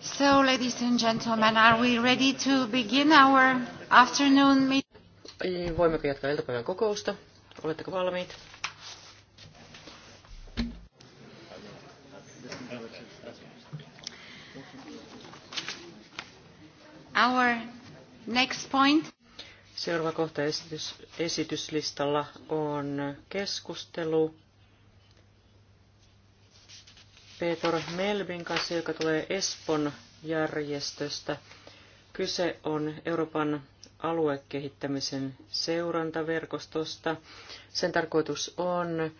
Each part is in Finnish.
So, ladies and gentlemen, are we ready to begin our afternoon meeting? Voimme jatkaa iltapäivän kokousta. Oletteko valmiit? Our next point. Seuraava kohta esityslistalla on keskustelu Peter Melvin kanssa, joka tulee Espon järjestöstä. Kyse on Euroopan aluekehittämisen seurantaverkostosta. Sen tarkoitus on ö,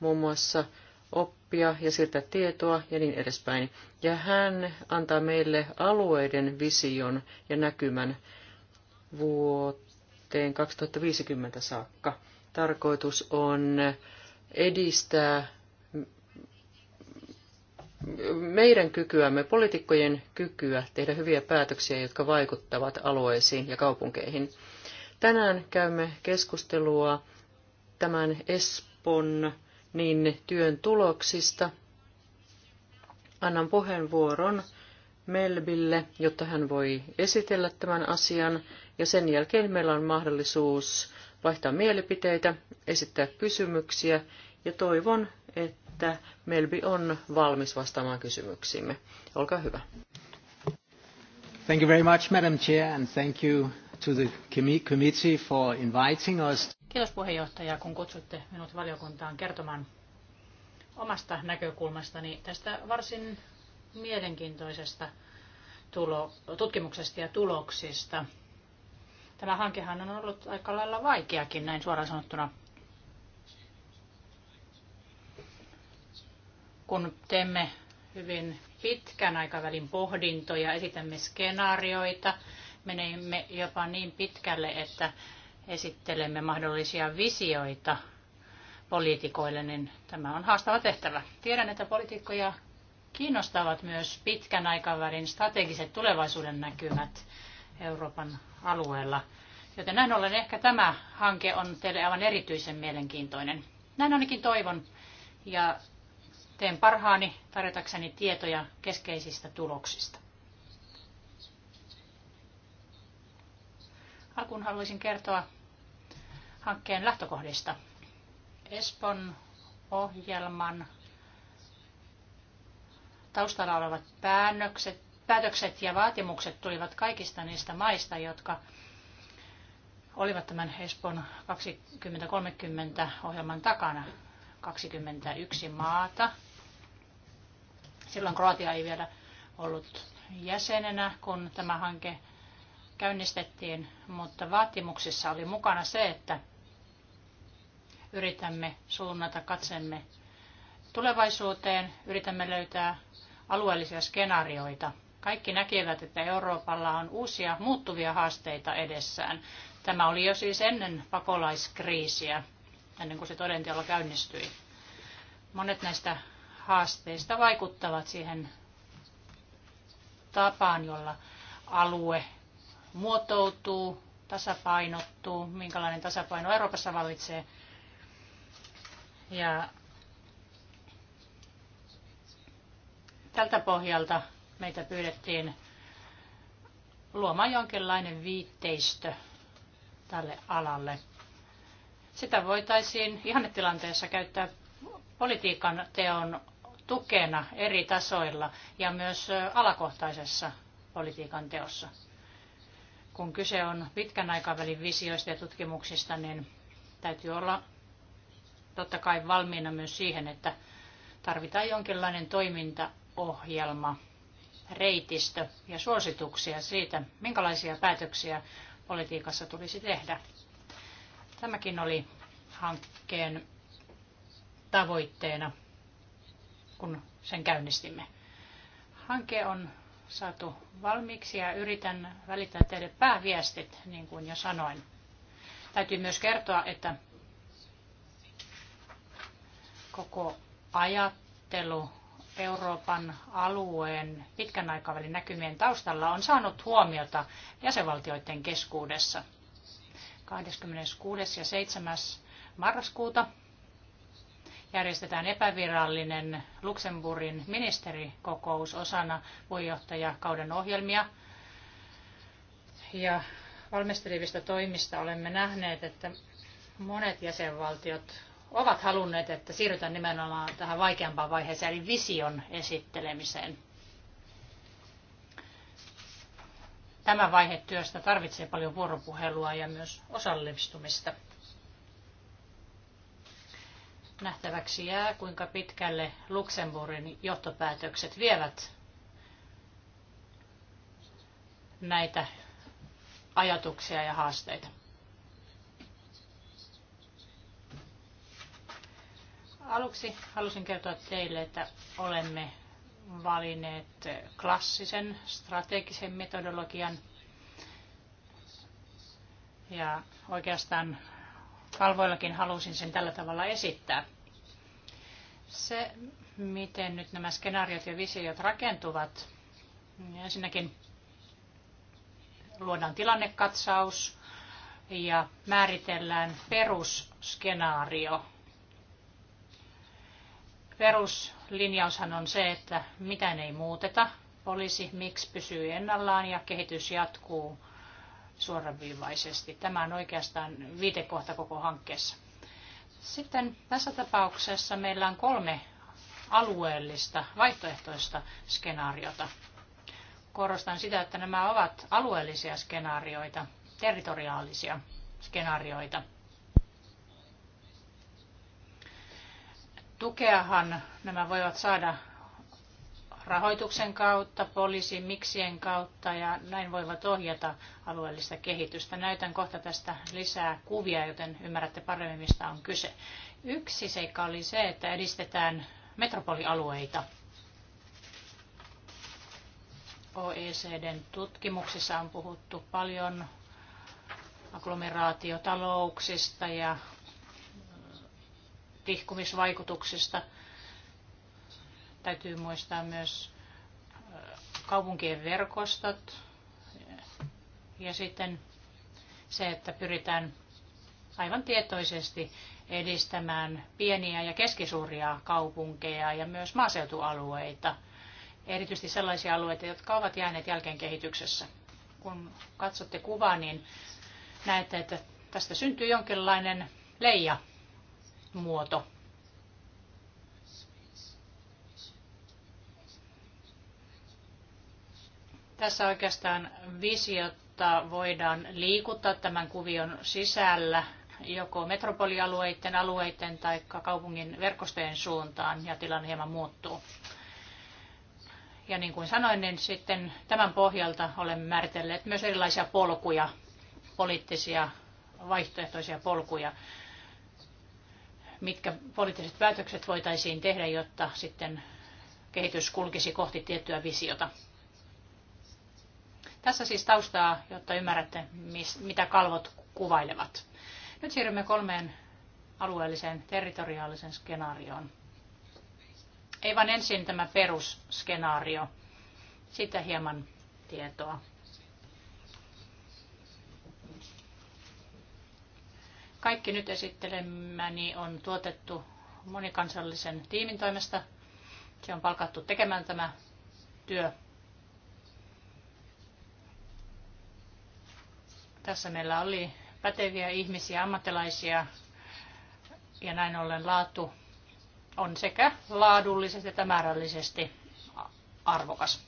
muun muassa oppia ja siirtää tietoa ja niin edespäin. Ja hän antaa meille alueiden vision ja näkymän vuoteen 2050 saakka. Tarkoitus on edistää meidän kykyämme, poliitikkojen kykyä tehdä hyviä päätöksiä, jotka vaikuttavat alueisiin ja kaupunkeihin. Tänään käymme keskustelua tämän Espon niin työn tuloksista. Annan puheenvuoron Melville, jotta hän voi esitellä tämän asian, ja sen jälkeen meillä on mahdollisuus vaihtaa mielipiteitä, esittää kysymyksiä, ja toivon, että että Melby on valmis vastaamaan kysymyksiimme. Olkaa hyvä. Thank you very much, Madam Chair, and thank you to the committee for inviting us. Kiitos puheenjohtaja, kun kutsutte minut valiokuntaan kertomaan omasta näkökulmastani tästä varsin mielenkiintoisesta tulo, tutkimuksesta ja tuloksista. Tämä hankehan on ollut aika lailla vaikeakin näin suoraan sanottuna kun teemme hyvin pitkän aikavälin pohdintoja, esitämme skenaarioita, menemme jopa niin pitkälle, että esittelemme mahdollisia visioita poliitikoille, niin tämä on haastava tehtävä. Tiedän, että poliitikkoja kiinnostavat myös pitkän aikavälin strategiset tulevaisuuden näkymät Euroopan alueella. Joten näin ollen ehkä tämä hanke on teille aivan erityisen mielenkiintoinen. Näin ainakin toivon. Ja Teen parhaani tarjotakseni tietoja keskeisistä tuloksista. Alkuun haluaisin kertoa hankkeen lähtökohdista. Espon ohjelman taustalla olevat päännökset, päätökset ja vaatimukset tulivat kaikista niistä maista, jotka olivat tämän Espon 2030 ohjelman takana. 21 maata Silloin Kroatia ei vielä ollut jäsenenä, kun tämä hanke käynnistettiin, mutta vaatimuksissa oli mukana se, että yritämme suunnata katsemme tulevaisuuteen, yritämme löytää alueellisia skenaarioita. Kaikki näkevät, että Euroopalla on uusia muuttuvia haasteita edessään. Tämä oli jo siis ennen pakolaiskriisiä, ennen kuin se todentiolla käynnistyi. Monet näistä haasteista vaikuttavat siihen tapaan, jolla alue muotoutuu, tasapainottuu, minkälainen tasapaino Euroopassa vallitsee. Ja tältä pohjalta meitä pyydettiin luomaan jonkinlainen viitteistö tälle alalle. Sitä voitaisiin ihannetilanteessa käyttää politiikan teon tukena eri tasoilla ja myös alakohtaisessa politiikan teossa. Kun kyse on pitkän aikavälin visioista ja tutkimuksista, niin täytyy olla totta kai valmiina myös siihen, että tarvitaan jonkinlainen toimintaohjelma, reitistö ja suosituksia siitä, minkälaisia päätöksiä politiikassa tulisi tehdä. Tämäkin oli hankkeen tavoitteena kun sen käynnistimme. Hanke on saatu valmiiksi ja yritän välittää teille pääviestit, niin kuin jo sanoin. Täytyy myös kertoa, että koko ajattelu Euroopan alueen pitkän aikavälin näkymien taustalla on saanut huomiota jäsenvaltioiden keskuudessa. 26. ja 7. marraskuuta järjestetään epävirallinen Luxemburgin ministerikokous osana puheenjohtajakauden ohjelmia. Ja valmistelivista toimista olemme nähneet, että monet jäsenvaltiot ovat halunneet, että siirrytään nimenomaan tähän vaikeampaan vaiheeseen, eli vision esittelemiseen. Tämä vaihe työstä tarvitsee paljon vuoropuhelua ja myös osallistumista. Nähtäväksi jää, kuinka pitkälle Luxemburgin johtopäätökset vievät näitä ajatuksia ja haasteita. Aluksi halusin kertoa teille, että olemme valinneet klassisen strategisen metodologian. Ja oikeastaan kalvoillakin halusin sen tällä tavalla esittää. Se, miten nyt nämä skenaariot ja visiot rakentuvat, niin ensinnäkin luodaan tilannekatsaus ja määritellään perusskenaario. Peruslinjaushan on se, että mitään ei muuteta, poliisi miksi pysyy ennallaan ja kehitys jatkuu suoraviivaisesti. Tämä on oikeastaan viitekohta koko hankkeessa. Sitten tässä tapauksessa meillä on kolme alueellista vaihtoehtoista skenaariota. Korostan sitä, että nämä ovat alueellisia skenaarioita, territoriaalisia skenaarioita. Tukeahan nämä voivat saada rahoituksen kautta, poliisin miksien kautta ja näin voivat ohjata alueellista kehitystä. Näytän kohta tästä lisää kuvia, joten ymmärrätte paremmin, mistä on kyse. Yksi seikka oli se, että edistetään metropolialueita. OECDn tutkimuksissa on puhuttu paljon agglomeraatiotalouksista ja tihkumisvaikutuksista – Täytyy muistaa myös kaupunkien verkostot ja sitten se, että pyritään aivan tietoisesti edistämään pieniä ja keskisuuria kaupunkeja ja myös maaseutualueita, erityisesti sellaisia alueita, jotka ovat jääneet jälkeen kehityksessä. Kun katsotte kuvaa, niin näette, että tästä syntyy jonkinlainen leija muoto. Tässä oikeastaan visiota voidaan liikuttaa tämän kuvion sisällä joko metropolialueiden, alueiden tai kaupungin verkostojen suuntaan ja tilanne hieman muuttuu. Ja niin kuin sanoin, niin sitten tämän pohjalta olemme määritelleet myös erilaisia polkuja, poliittisia vaihtoehtoisia polkuja, mitkä poliittiset päätökset voitaisiin tehdä, jotta sitten kehitys kulkisi kohti tiettyä visiota. Tässä siis taustaa, jotta ymmärrätte, mis, mitä kalvot kuvailevat. Nyt siirrymme kolmeen alueelliseen territoriaalisen skenaarioon. Ei vaan ensin tämä perusskenaario. Siitä hieman tietoa. Kaikki nyt esittelemäni on tuotettu monikansallisen tiimin toimesta. Se on palkattu tekemään tämä työ Tässä meillä oli päteviä ihmisiä, ammattilaisia ja näin ollen laatu on sekä laadullisesti että määrällisesti arvokas.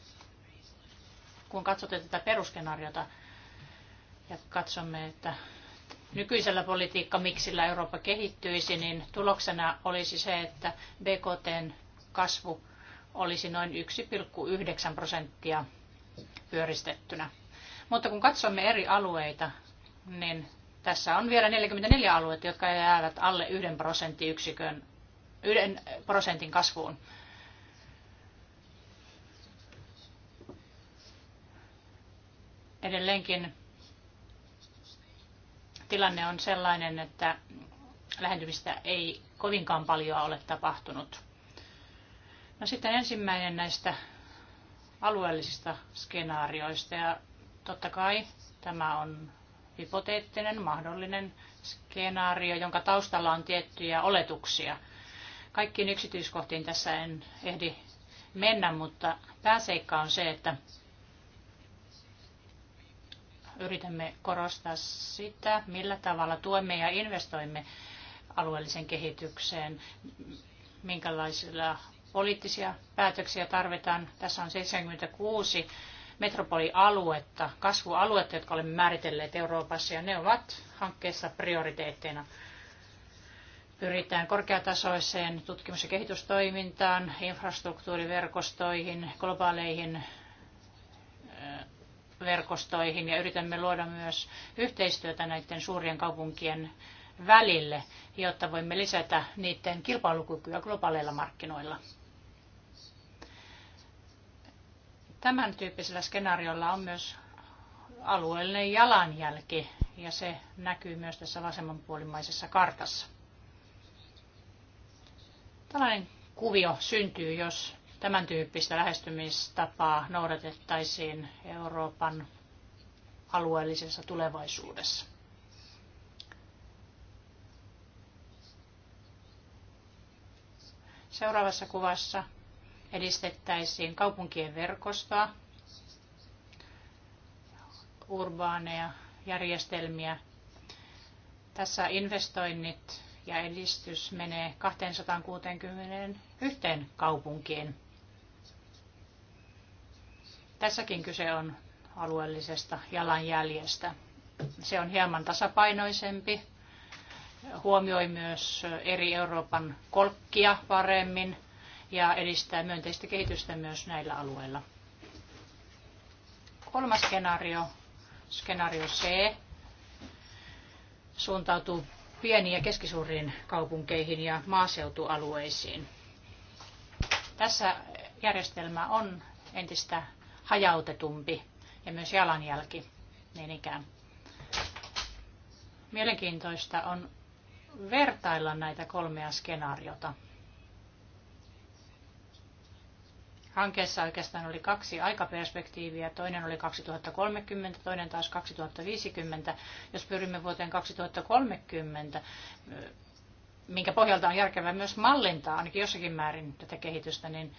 Kun katsotte tätä peruskenaariota ja katsomme, että nykyisellä politiikkamiksillä Eurooppa kehittyisi, niin tuloksena olisi se, että BKTn kasvu olisi noin 1,9 prosenttia pyöristettynä. Mutta kun katsomme eri alueita, niin tässä on vielä 44 aluetta, jotka jäävät alle 1 prosenttiyksikön, 1 prosentin kasvuun. Edelleenkin tilanne on sellainen, että lähentymistä ei kovinkaan paljon ole tapahtunut. No sitten ensimmäinen näistä alueellisista skenaarioista ja Totta kai tämä on hypoteettinen, mahdollinen skenaario, jonka taustalla on tiettyjä oletuksia. Kaikkiin yksityiskohtiin tässä en ehdi mennä, mutta pääseikka on se, että yritämme korostaa sitä, millä tavalla tuemme ja investoimme alueelliseen kehitykseen, minkälaisilla poliittisia päätöksiä tarvitaan. Tässä on 76 metropolialuetta, kasvualuetta, jotka olemme määritelleet Euroopassa, ja ne ovat hankkeessa prioriteetteina. Pyritään korkeatasoiseen tutkimus- ja kehitystoimintaan, infrastruktuuriverkostoihin, globaaleihin verkostoihin ja yritämme luoda myös yhteistyötä näiden suurien kaupunkien välille, jotta voimme lisätä niiden kilpailukykyä globaaleilla markkinoilla. Tämän tyyppisellä skenaariolla on myös alueellinen jalanjälki ja se näkyy myös tässä vasemmanpuolimaisessa kartassa. Tällainen kuvio syntyy, jos tämän tyyppistä lähestymistapaa noudatettaisiin Euroopan alueellisessa tulevaisuudessa. Seuraavassa kuvassa edistettäisiin kaupunkien verkostoa, urbaaneja järjestelmiä. Tässä investoinnit ja edistys menee 261 kaupunkiin. Tässäkin kyse on alueellisesta jalanjäljestä. Se on hieman tasapainoisempi, huomioi myös eri Euroopan kolkkia paremmin – ja edistää myönteistä kehitystä myös näillä alueilla. Kolmas skenaario, skenaario C, suuntautuu pieniin ja keskisuuriin kaupunkeihin ja maaseutualueisiin. Tässä järjestelmä on entistä hajautetumpi ja myös jalanjälki niin ikään. Mielenkiintoista on vertailla näitä kolmea skenaariota – Hankkeessa oikeastaan oli kaksi aikaperspektiiviä. Toinen oli 2030, toinen taas 2050. Jos pyrimme vuoteen 2030, minkä pohjalta on järkevää myös mallintaa ainakin jossakin määrin tätä kehitystä, niin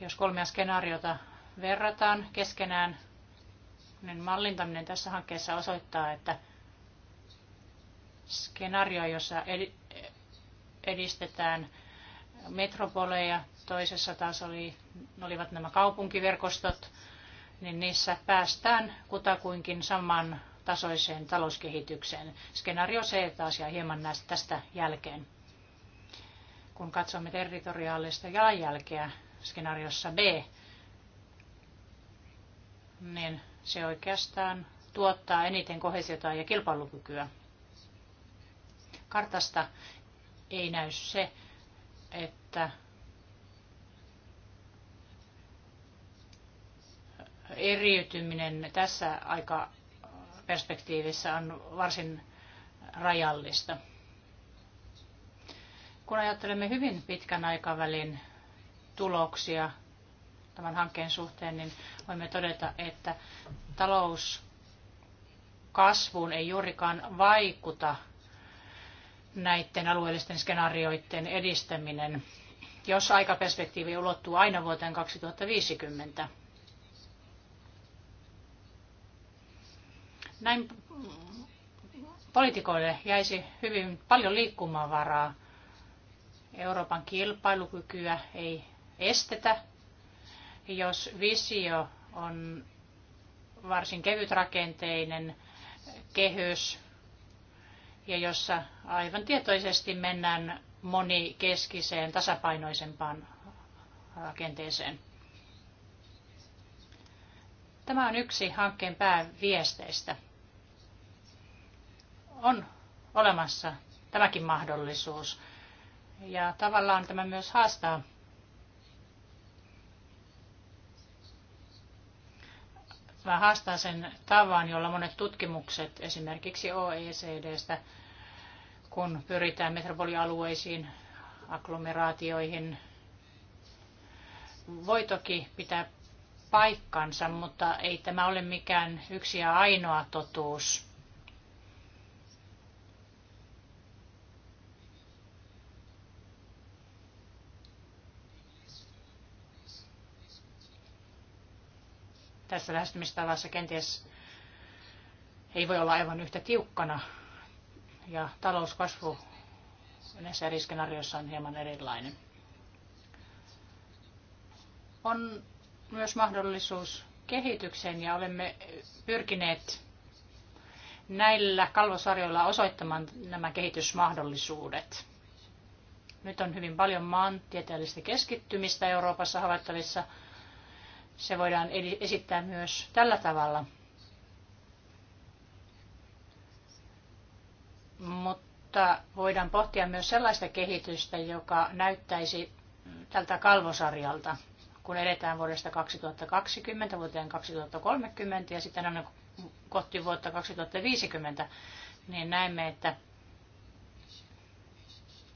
jos kolmea skenaariota verrataan keskenään, niin mallintaminen tässä hankkeessa osoittaa, että skenaario, jossa edistetään – metropoleja, toisessa taas oli, olivat nämä kaupunkiverkostot, niin niissä päästään kutakuinkin saman tasoiseen talouskehitykseen. Skenaario C taas ja hieman näistä tästä jälkeen. Kun katsomme territoriaalista jalanjälkeä skenaariossa B, niin se oikeastaan tuottaa eniten kohesiota ja kilpailukykyä. Kartasta ei näy se, että eriytyminen tässä aika perspektiivissä on varsin rajallista. Kun ajattelemme hyvin pitkän aikavälin tuloksia tämän hankkeen suhteen, niin voimme todeta, että talouskasvuun ei juurikaan vaikuta näiden alueellisten skenaarioiden edistäminen, jos aikaperspektiivi ulottuu aina vuoteen 2050. Näin poliitikoille jäisi hyvin paljon liikkumavaraa. Euroopan kilpailukykyä ei estetä, jos visio on varsin kevytrakenteinen kehys, ja jossa aivan tietoisesti mennään monikeskiseen, tasapainoisempaan rakenteeseen. Tämä on yksi hankkeen pääviesteistä. On olemassa tämäkin mahdollisuus. Ja tavallaan tämä myös haastaa vähän haastaa sen tavan, jolla monet tutkimukset esimerkiksi OECDstä, kun pyritään metropolialueisiin, agglomeraatioihin, voi toki pitää paikkansa, mutta ei tämä ole mikään yksi ja ainoa totuus. tässä lähestymistavassa kenties ei voi olla aivan yhtä tiukkana ja talouskasvu näissä eri skenaarioissa on hieman erilainen. On myös mahdollisuus kehitykseen ja olemme pyrkineet näillä kalvosarjoilla osoittamaan nämä kehitysmahdollisuudet. Nyt on hyvin paljon maantieteellistä keskittymistä Euroopassa havaittavissa – se voidaan esittää myös tällä tavalla. Mutta voidaan pohtia myös sellaista kehitystä, joka näyttäisi tältä kalvosarjalta, kun edetään vuodesta 2020 vuoteen 2030 ja sitten aina kohti vuotta 2050, niin näemme, että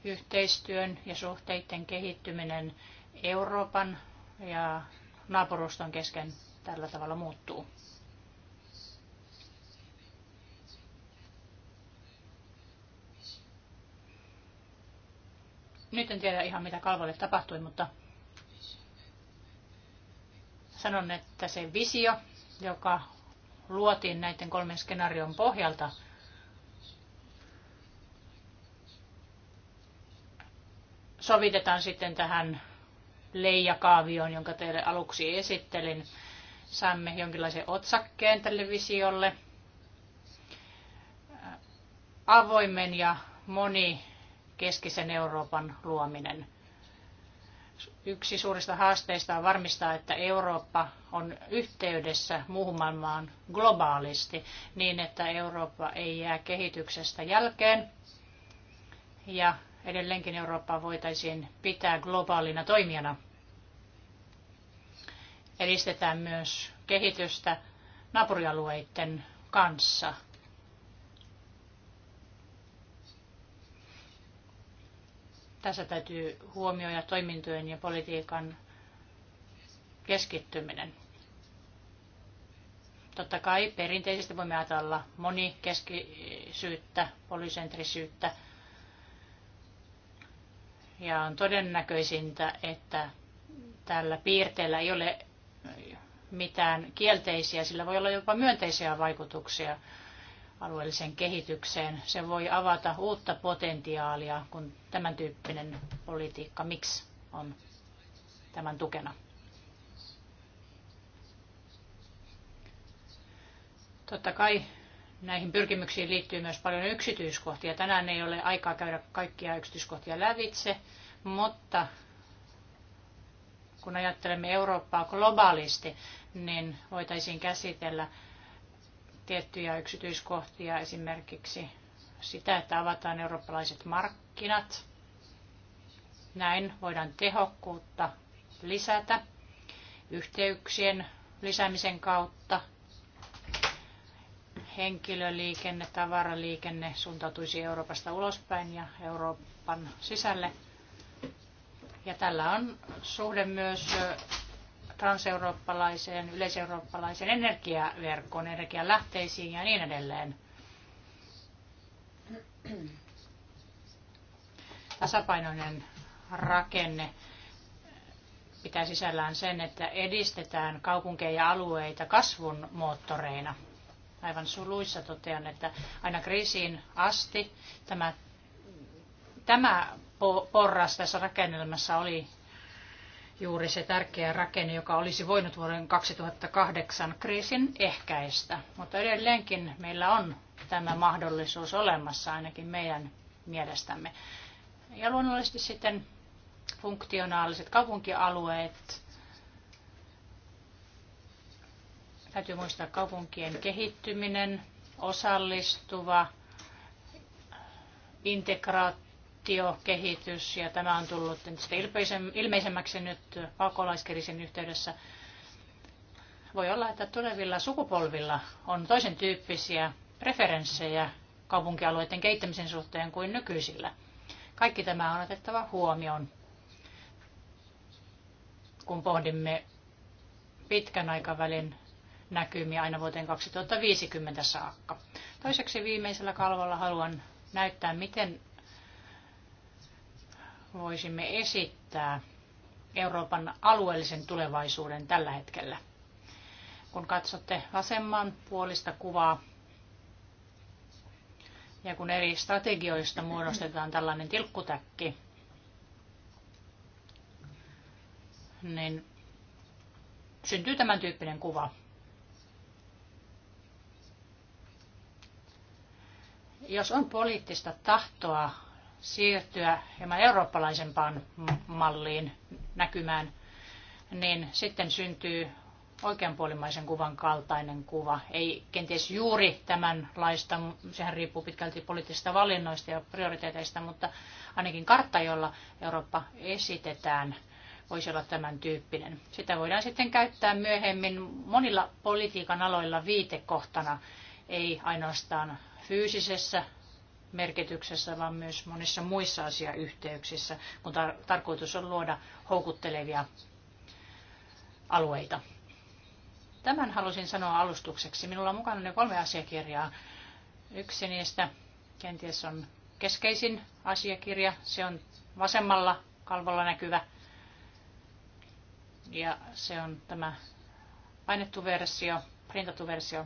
yhteistyön ja suhteiden kehittyminen Euroopan ja naapuruston kesken tällä tavalla muuttuu. Nyt en tiedä ihan mitä kalvolle tapahtui, mutta sanon, että se visio, joka luotiin näiden kolmen skenaarion pohjalta, sovitetaan sitten tähän leijakaavioon, jonka teille aluksi esittelin. Saamme jonkinlaisen otsakkeen tälle visiolle. Avoimen ja moni keskisen Euroopan luominen. Yksi suurista haasteista on varmistaa, että Eurooppa on yhteydessä muuhun maailmaan globaalisti niin, että Eurooppa ei jää kehityksestä jälkeen ja edelleenkin Eurooppaa voitaisiin pitää globaalina toimijana. Edistetään myös kehitystä naapurialueiden kanssa. Tässä täytyy huomioida toimintojen ja politiikan keskittyminen. Totta kai perinteisesti voimme ajatella monikeskisyyttä, polysentrisyyttä, ja on todennäköisintä, että tällä piirteellä ei ole mitään kielteisiä, sillä voi olla jopa myönteisiä vaikutuksia alueelliseen kehitykseen. Se voi avata uutta potentiaalia, kun tämän tyyppinen politiikka, miksi on tämän tukena. Totta kai näihin pyrkimyksiin liittyy myös paljon yksityiskohtia. Tänään ei ole aikaa käydä kaikkia yksityiskohtia lävitse, mutta kun ajattelemme Eurooppaa globaalisti, niin voitaisiin käsitellä tiettyjä yksityiskohtia, esimerkiksi sitä, että avataan eurooppalaiset markkinat. Näin voidaan tehokkuutta lisätä yhteyksien lisäämisen kautta – henkilöliikenne, tavaraliikenne suuntautuisi Euroopasta ulospäin ja Euroopan sisälle. Ja tällä on suhde myös transeurooppalaiseen, yleiseurooppalaiseen energiaverkkoon, energialähteisiin ja niin edelleen. Tasapainoinen rakenne pitää sisällään sen, että edistetään kaupunkeja ja alueita kasvun moottoreina – aivan suluissa totean, että aina kriisiin asti tämä, tämä porras tässä rakennelmassa oli juuri se tärkeä rakenne, joka olisi voinut vuoden 2008 kriisin ehkäistä. Mutta edelleenkin meillä on tämä mahdollisuus olemassa ainakin meidän mielestämme. Ja luonnollisesti sitten funktionaaliset kaupunkialueet Täytyy muistaa kaupunkien kehittyminen, osallistuva integraatiokehitys, ja tämä on tullut entistä ilmeisemmäksi nyt pakolaiskirisen yhteydessä. Voi olla, että tulevilla sukupolvilla on toisen tyyppisiä preferenssejä kaupunkialueiden kehittämisen suhteen kuin nykyisillä. Kaikki tämä on otettava huomioon, kun pohdimme pitkän aikavälin näkymiä aina vuoteen 2050 saakka. Toiseksi viimeisellä kalvolla haluan näyttää, miten voisimme esittää Euroopan alueellisen tulevaisuuden tällä hetkellä. Kun katsotte vasemman puolista kuvaa, ja kun eri strategioista muodostetaan tällainen tilkkutäkki, niin syntyy tämän tyyppinen kuva. Jos on poliittista tahtoa siirtyä hieman eurooppalaisempaan malliin näkymään, niin sitten syntyy oikeanpuolimaisen kuvan kaltainen kuva. Ei kenties juuri tämänlaista, sehän riippuu pitkälti poliittisista valinnoista ja prioriteeteista, mutta ainakin kartta, jolla Eurooppa esitetään, voisi olla tämän tyyppinen. Sitä voidaan sitten käyttää myöhemmin monilla politiikan aloilla viitekohtana, ei ainoastaan fyysisessä merkityksessä, vaan myös monissa muissa asiayhteyksissä, kun tar- tarkoitus on luoda houkuttelevia alueita. Tämän halusin sanoa alustukseksi. Minulla on mukana ne kolme asiakirjaa. Yksi niistä kenties on keskeisin asiakirja. Se on vasemmalla kalvolla näkyvä. Ja se on tämä painettu versio, printattu versio.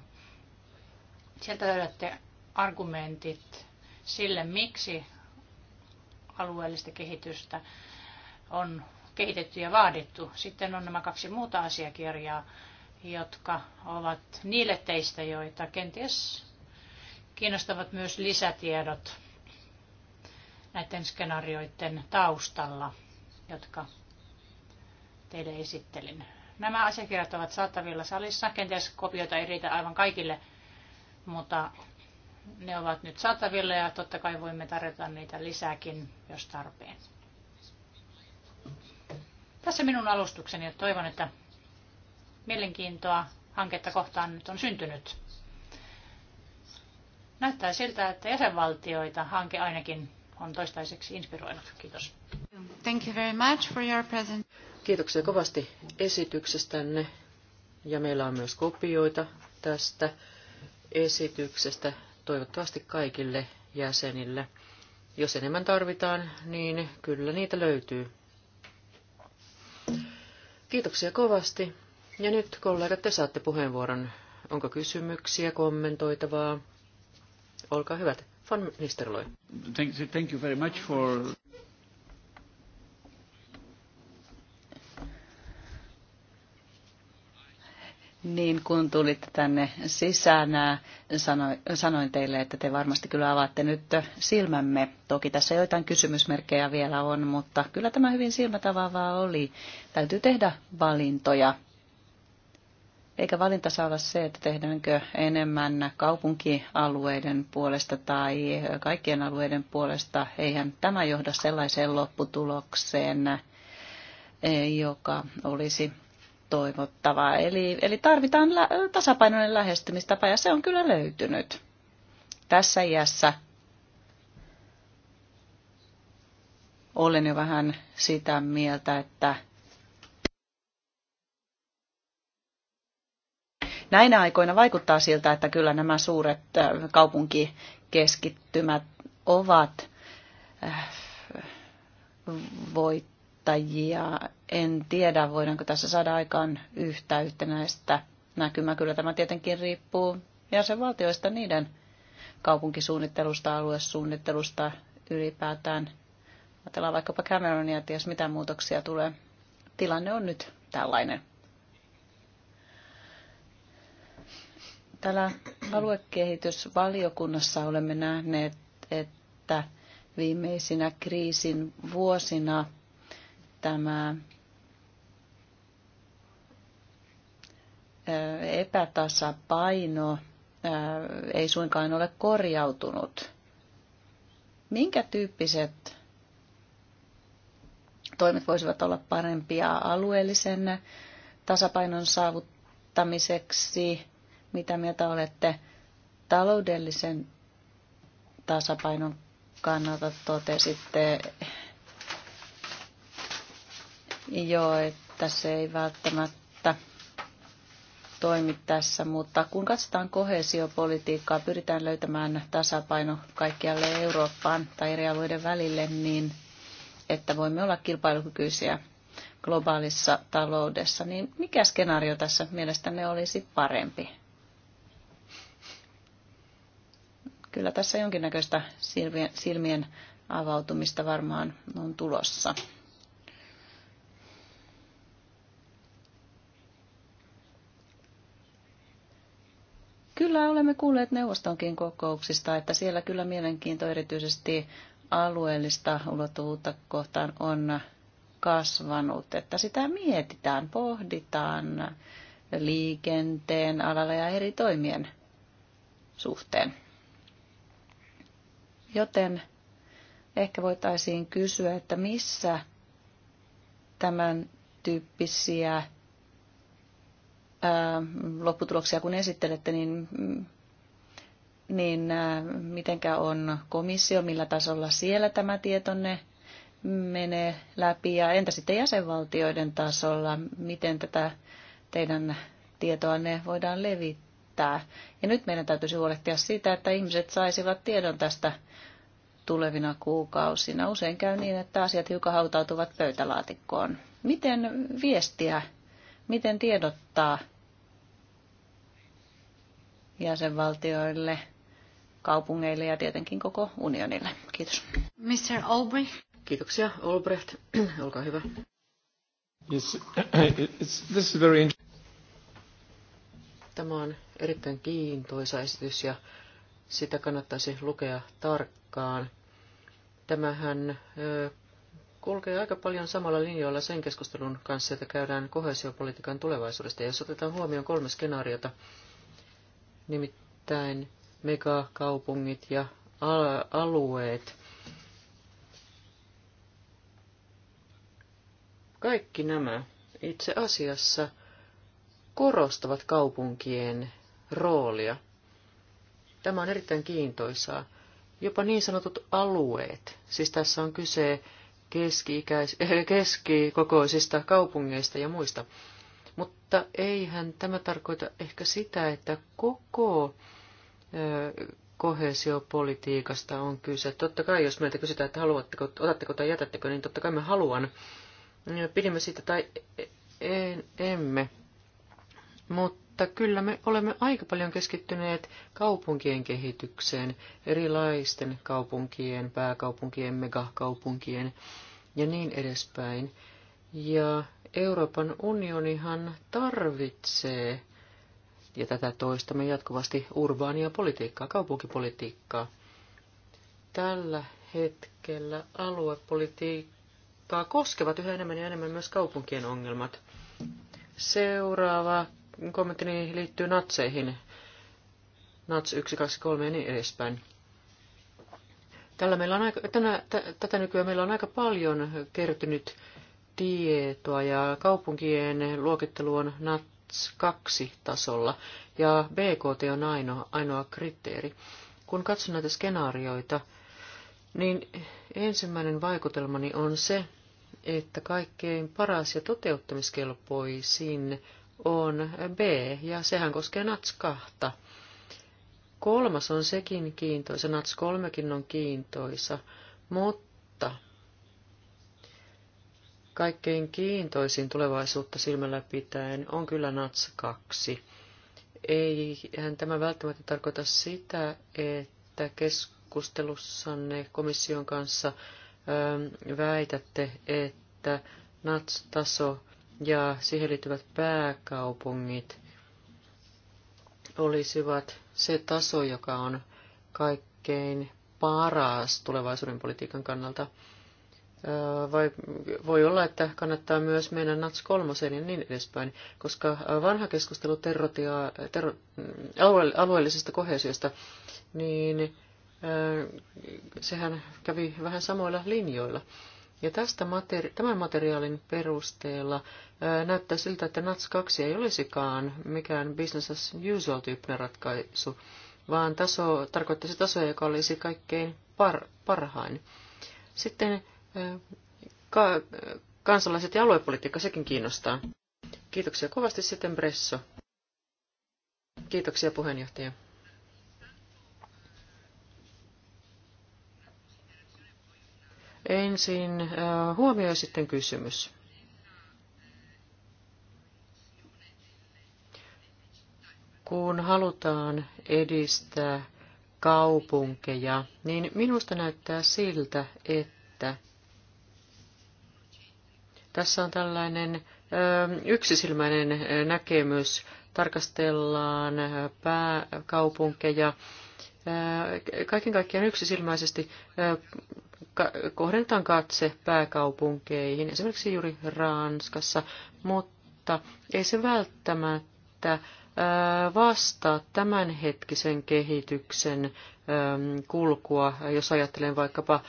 Sieltä löydätte argumentit sille, miksi alueellista kehitystä on kehitetty ja vaadittu. Sitten on nämä kaksi muuta asiakirjaa, jotka ovat niille teistä, joita kenties kiinnostavat myös lisätiedot näiden skenaarioiden taustalla, jotka teille esittelin. Nämä asiakirjat ovat saatavilla salissa. Kenties kopioita ei riitä aivan kaikille, mutta ne ovat nyt saatavilla ja totta kai voimme tarjota niitä lisääkin, jos tarpeen. Tässä minun alustukseni ja toivon, että mielenkiintoa hanketta kohtaan nyt on syntynyt. Näyttää siltä, että jäsenvaltioita hanke ainakin on toistaiseksi inspiroinut. Kiitos. Thank you very much for your present. Kiitoksia kovasti esityksestänne. Ja meillä on myös kopioita tästä esityksestä toivottavasti kaikille jäsenille. Jos enemmän tarvitaan, niin kyllä niitä löytyy. Kiitoksia kovasti. Ja nyt kollegat, te saatte puheenvuoron. Onko kysymyksiä, kommentoitavaa? Olkaa hyvät. Van Nistelrooy. Thank, you very much for... Niin kun tulitte tänne sisään, äh, sanoin, teille, että te varmasti kyllä avaatte nyt silmämme. Toki tässä joitain kysymysmerkkejä vielä on, mutta kyllä tämä hyvin silmätavaavaa oli. Täytyy tehdä valintoja. Eikä valinta saa olla se, että tehdäänkö enemmän kaupunkialueiden puolesta tai kaikkien alueiden puolesta. Eihän tämä johda sellaiseen lopputulokseen, joka olisi toivottavaa. Eli, eli tarvitaan lä- tasapainoinen lähestymistapa ja se on kyllä löytynyt tässä iässä. Olen jo vähän sitä mieltä, että näinä aikoina vaikuttaa siltä, että kyllä nämä suuret kaupunkikeskittymät ovat äh, voit kuluttajia. En tiedä, voidaanko tässä saada aikaan yhtä yhtenäistä näkymää. Kyllä tämä tietenkin riippuu jäsenvaltioista niiden kaupunkisuunnittelusta, aluesuunnittelusta ylipäätään. Ajatellaan vaikkapa Cameronia, ties mitä muutoksia tulee. Tilanne on nyt tällainen. Täällä aluekehitysvaliokunnassa olemme nähneet, että viimeisinä kriisin vuosina tämä epätasapaino ei suinkaan ole korjautunut. Minkä tyyppiset toimet voisivat olla parempia alueellisen tasapainon saavuttamiseksi? Mitä mieltä olette taloudellisen tasapainon kannalta totesitte, Joo, että se ei välttämättä toimi tässä, mutta kun katsotaan kohesiopolitiikkaa, pyritään löytämään tasapaino kaikkialle Eurooppaan tai eri alueiden välille, niin että voimme olla kilpailukykyisiä globaalissa taloudessa, niin mikä skenaario tässä mielestänne olisi parempi? Kyllä tässä jonkinnäköistä silmien avautumista varmaan on tulossa. Kyllä olemme kuulleet neuvostonkin kokouksista, että siellä kyllä mielenkiinto erityisesti alueellista ulottuvuutta kohtaan on kasvanut, että sitä mietitään, pohditaan liikenteen alalla ja eri toimien suhteen. Joten ehkä voitaisiin kysyä, että missä tämän tyyppisiä lopputuloksia kun esittelette, niin, niin mitenkä on komissio, millä tasolla siellä tämä tietonne menee läpi ja entä sitten jäsenvaltioiden tasolla, miten tätä teidän tietoanne voidaan levittää. Ja nyt meidän täytyisi huolehtia siitä, että ihmiset saisivat tiedon tästä tulevina kuukausina. Usein käy niin, että asiat hiukan hautautuvat pöytälaatikkoon. Miten viestiä miten tiedottaa jäsenvaltioille, kaupungeille ja tietenkin koko unionille. Kiitos. Mr. Albrecht. Kiitoksia, Albrecht. Olkaa hyvä. Yes, it's, this is very Tämä on erittäin kiintoisa esitys ja sitä kannattaisi lukea tarkkaan. Tämähän kulkee aika paljon samalla linjoilla sen keskustelun kanssa, jota käydään kohesiopolitiikan tulevaisuudesta. Ja jos otetaan huomioon kolme skenaariota, nimittäin megakaupungit ja alueet, kaikki nämä itse asiassa korostavat kaupunkien roolia. Tämä on erittäin kiintoisaa. Jopa niin sanotut alueet, siis tässä on kyse Eh, keskikokoisista kaupungeista ja muista. Mutta eihän tämä tarkoita ehkä sitä, että koko kohesiopolitiikasta on kyse. Totta kai, jos meiltä kysytään, että haluatteko, otatteko tai jätättekö, niin totta kai me haluan. Pidimme siitä tai en, e- emme. Mutta mutta kyllä me olemme aika paljon keskittyneet kaupunkien kehitykseen, erilaisten kaupunkien, pääkaupunkien, megakaupunkien ja niin edespäin. Ja Euroopan unionihan tarvitsee, ja tätä toistamme jatkuvasti, urbaania politiikkaa, kaupunkipolitiikkaa. Tällä hetkellä aluepolitiikkaa koskevat yhä enemmän ja enemmän myös kaupunkien ongelmat. Seuraava kommenttini liittyy natseihin. Nats 1, 2, 3 ja niin edespäin. Tällä meillä on aika, tänä, t- tätä nykyään meillä on aika paljon kertynyt tietoa ja kaupunkien luokittelu on NATS 2 tasolla ja BKT on ainoa, ainoa kriteeri. Kun katson näitä skenaarioita, niin ensimmäinen vaikutelmani on se, että kaikkein paras ja toteuttamiskelpoisin on B, ja sehän koskee NATS 2. Kolmas on sekin kiintoisa, NATS 3kin on kiintoisa, mutta kaikkein kiintoisin tulevaisuutta silmällä pitäen on kyllä NATS 2. Eihän tämä välttämättä tarkoita sitä, että keskustelussanne komission kanssa ähm, väitätte, että NATS-taso ja siihen liittyvät pääkaupungit olisivat se taso, joka on kaikkein paras tulevaisuuden politiikan kannalta. Vai voi olla, että kannattaa myös mennä NATS kolmoseen ja niin edespäin, koska vanha keskustelu terrotia, terro, mm, alue, alueellisesta kohesiosta, niin sehän kävi vähän samoilla linjoilla. Ja tästä materi- tämän materiaalin perusteella ää, näyttää siltä, että NATS 2 ei olisikaan mikään business as usual tyyppinen ratkaisu, vaan taso, tarkoittaisi tasoa, joka olisi kaikkein par- parhain. Sitten ää, ka- kansalaiset ja aluepolitiikka, sekin kiinnostaa. Kiitoksia kovasti sitten Bresso. Kiitoksia puheenjohtaja. Ensin äh, huomio ja sitten kysymys. Kun halutaan edistää kaupunkeja, niin minusta näyttää siltä, että tässä on tällainen äh, yksisilmäinen äh, näkemys. Tarkastellaan pääkaupunkeja kaiken kaikkiaan yksisilmäisesti kohdentaan katse pääkaupunkeihin, esimerkiksi juuri Ranskassa, mutta ei se välttämättä vastaa tämänhetkisen kehityksen kulkua. Jos ajattelen vaikkapa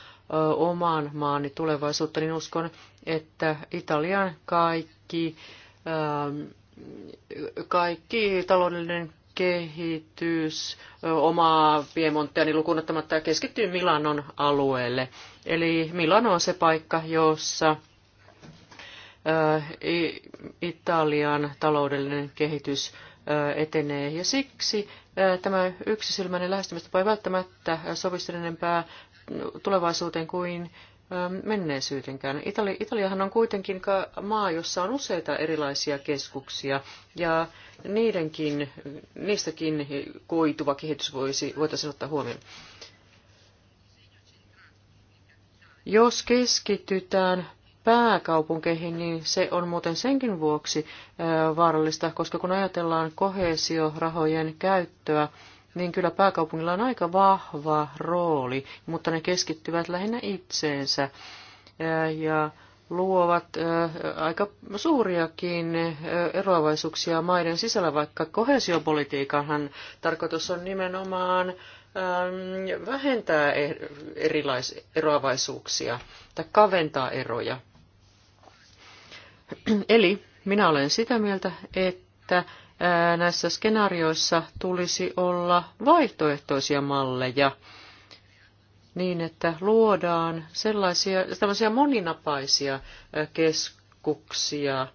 oman maani tulevaisuutta, niin uskon, että Italian kaikki kaikki taloudellinen kehitys omaa Piemonttiani niin lukunottamatta keskittyy Milanon alueelle. Eli Milano on se paikka, jossa Italian taloudellinen kehitys etenee. Ja siksi tämä yksisilmäinen lähestymistapa ei välttämättä sovi pää tulevaisuuteen kuin Ähm, menneisyytenkään. Itali, Italiahan on kuitenkin maa, jossa on useita erilaisia keskuksia, ja niidenkin, niistäkin koituva kehitys voisi, voitaisiin ottaa huomioon. Jos keskitytään pääkaupunkeihin, niin se on muuten senkin vuoksi äh, vaarallista, koska kun ajatellaan kohesiorahojen käyttöä, niin kyllä pääkaupungilla on aika vahva rooli, mutta ne keskittyvät lähinnä itseensä ja luovat aika suuriakin eroavaisuuksia maiden sisällä, vaikka kohesiopolitiikanhan tarkoitus on nimenomaan vähentää er-, erilais- eroavaisuuksia tai kaventaa eroja. Eli minä olen sitä mieltä, että näissä skenaarioissa tulisi olla vaihtoehtoisia malleja niin, että luodaan sellaisia tällaisia moninapaisia keskuksia,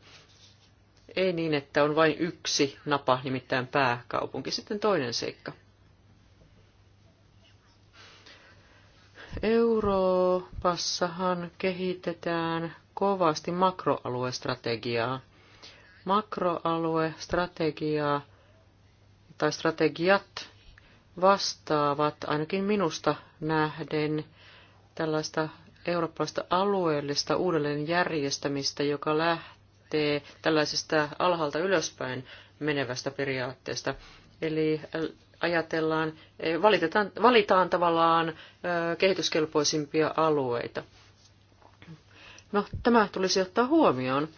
ei niin, että on vain yksi napa, nimittäin pääkaupunki. Sitten toinen seikka. Euroopassahan kehitetään kovasti makroaluestrategiaa. Makroalue, strategiaa tai strategiat vastaavat ainakin minusta nähden tällaista eurooppalaista alueellista uudelleenjärjestämistä, joka lähtee tällaisesta alhaalta ylöspäin menevästä periaatteesta. Eli äh, ajatellaan, eh, valitetaan, valitaan tavallaan kehityskelpoisimpia alueita. No, tämä tulisi ottaa huomioon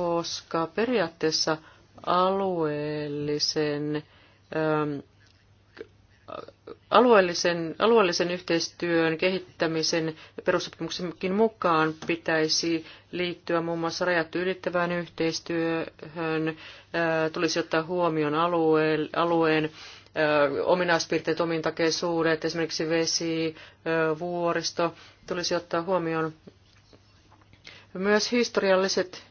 koska periaatteessa alueellisen, ähm, alueellisen, alueellisen yhteistyön kehittämisen perussopimuksenkin mukaan pitäisi liittyä muun muassa rajat ylittävään yhteistyöhön, äh, tulisi ottaa huomioon alueen, äh, ominaispiirteet, omintakeisuudet, esimerkiksi vesi, äh, vuoristo, tulisi ottaa huomioon myös historialliset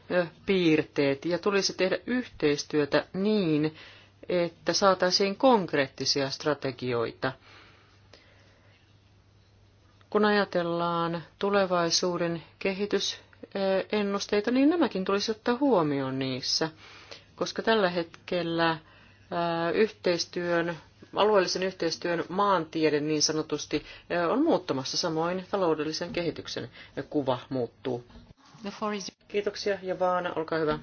piirteet ja tulisi tehdä yhteistyötä niin, että saataisiin konkreettisia strategioita. Kun ajatellaan tulevaisuuden kehitysennusteita, niin nämäkin tulisi ottaa huomioon niissä, koska tällä hetkellä yhteistyön, alueellisen yhteistyön maantiede niin sanotusti on muuttumassa, samoin taloudellisen kehityksen kuva muuttuu. The floor is... Kiitoksia ja Vaana, olkaa hyvä.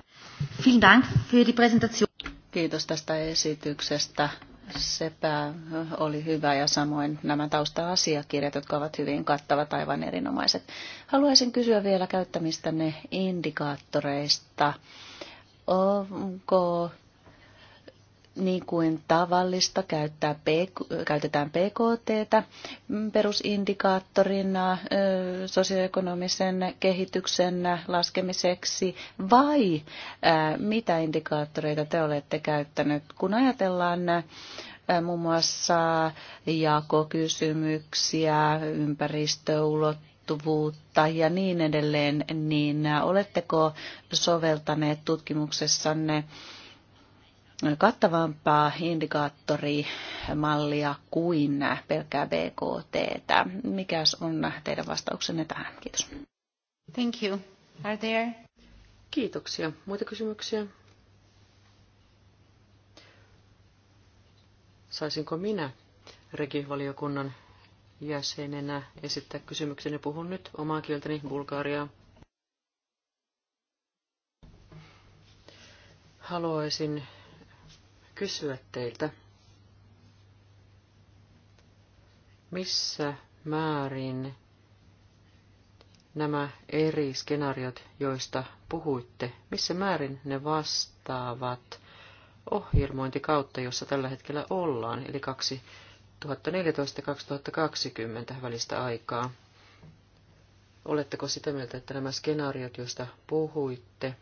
Vielen Dank für die Präsentation. Kiitos tästä esityksestä. Sepä oli hyvä ja samoin nämä tausta-asiakirjat, jotka ovat hyvin kattavat, aivan erinomaiset. Haluaisin kysyä vielä ne indikaattoreista. Onko niin kuin tavallista käyttää PK, käytetään PKT perusindikaattorina sosioekonomisen kehityksen laskemiseksi vai mitä indikaattoreita te olette käyttänyt, kun ajatellaan muun muassa jakokysymyksiä, ympäristöulottuvuutta, ja niin edelleen, niin oletteko soveltaneet tutkimuksessanne kattavampaa indikaattorimallia kuin pelkkää BKT. Mikäs on teidän vastauksenne tähän? Kiitos. Thank you. Are there? Kiitoksia. Muita kysymyksiä? Saisinko minä regivaliokunnan jäsenenä esittää kysymyksen ja puhun nyt omaa kieltäni Bulgariaa. Haluaisin kysyä teiltä, missä määrin nämä eri skenaariot, joista puhuitte, missä määrin ne vastaavat ohjelmointikautta, jossa tällä hetkellä ollaan, eli 2014-2020 välistä aikaa. Oletteko sitä mieltä, että nämä skenaariot, joista puhuitte,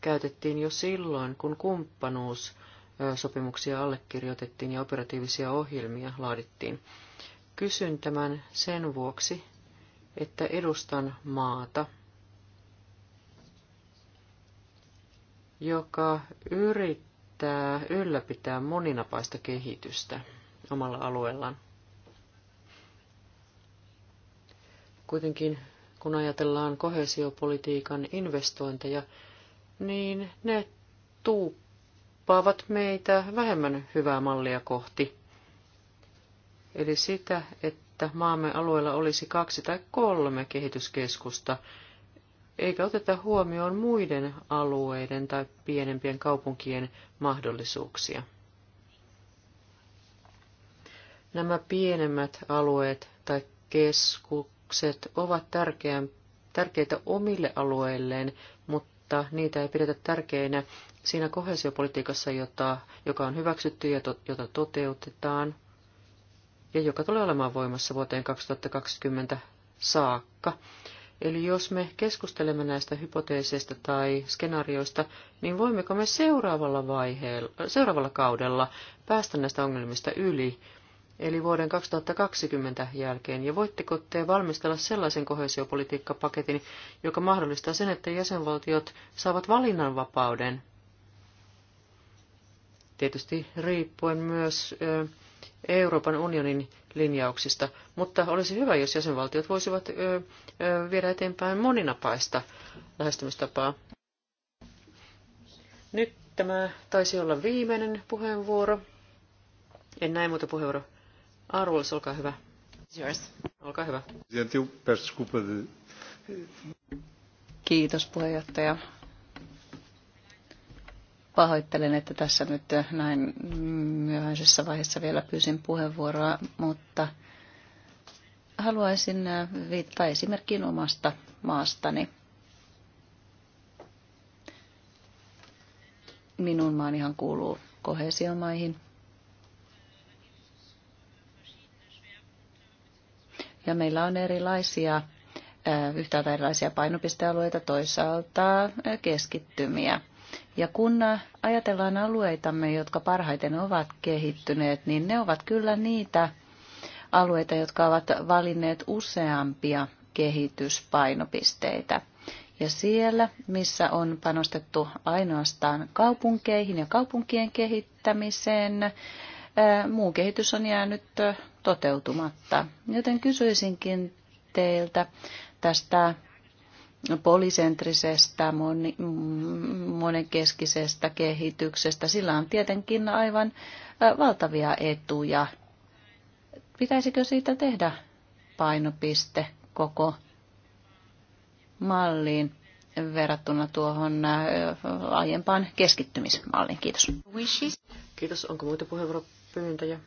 käytettiin jo silloin, kun kumppanuussopimuksia allekirjoitettiin ja operatiivisia ohjelmia laadittiin. Kysyn tämän sen vuoksi, että edustan maata, joka yrittää ylläpitää moninapaista kehitystä omalla alueellaan. Kuitenkin kun ajatellaan kohesiopolitiikan investointeja, niin ne tuuppaavat meitä vähemmän hyvää mallia kohti. Eli sitä, että maamme alueella olisi kaksi tai kolme kehityskeskusta, eikä oteta huomioon muiden alueiden tai pienempien kaupunkien mahdollisuuksia. Nämä pienemmät alueet tai keskukset ovat tärkeitä omille alueilleen, mutta mutta niitä ei pidetä tärkeinä siinä kohesiopolitiikassa, jota, joka on hyväksytty ja to, jota toteutetaan ja joka tulee olemaan voimassa vuoteen 2020 saakka. Eli jos me keskustelemme näistä hypoteeseista tai skenaarioista, niin voimmeko me seuraavalla, vaiheella, seuraavalla kaudella päästä näistä ongelmista yli eli vuoden 2020 jälkeen, ja voitteko te valmistella sellaisen kohesiopolitiikkapaketin, joka mahdollistaa sen, että jäsenvaltiot saavat valinnanvapauden, tietysti riippuen myös Euroopan unionin linjauksista, mutta olisi hyvä, jos jäsenvaltiot voisivat viedä eteenpäin moninapaista lähestymistapaa. Nyt tämä taisi olla viimeinen puheenvuoro. En näe muuta puheenvuoroa. Arvolis, olkaa hyvä. Yours. Olkaa hyvä. Kiitos puheenjohtaja. Pahoittelen, että tässä nyt näin myöhäisessä vaiheessa vielä pyysin puheenvuoroa, mutta haluaisin viittaa esimerkkiin omasta maastani. Minun maanihan kuuluu kohesiomaihin – ja meillä on erilaisia yhtäältä erilaisia painopistealueita, toisaalta keskittymiä. Ja kun ajatellaan alueitamme, jotka parhaiten ovat kehittyneet, niin ne ovat kyllä niitä alueita, jotka ovat valinneet useampia kehityspainopisteitä. Ja siellä, missä on panostettu ainoastaan kaupunkeihin ja kaupunkien kehittämiseen, muu kehitys on jäänyt toteutumatta. Joten kysyisinkin teiltä tästä polisentrisestä, moni, monenkeskisestä kehityksestä. Sillä on tietenkin aivan valtavia etuja. Pitäisikö siitä tehdä painopiste koko malliin verrattuna tuohon aiempaan keskittymismalliin? Kiitos. Kiitos. Onko muita puheenvuoropyyntöjä?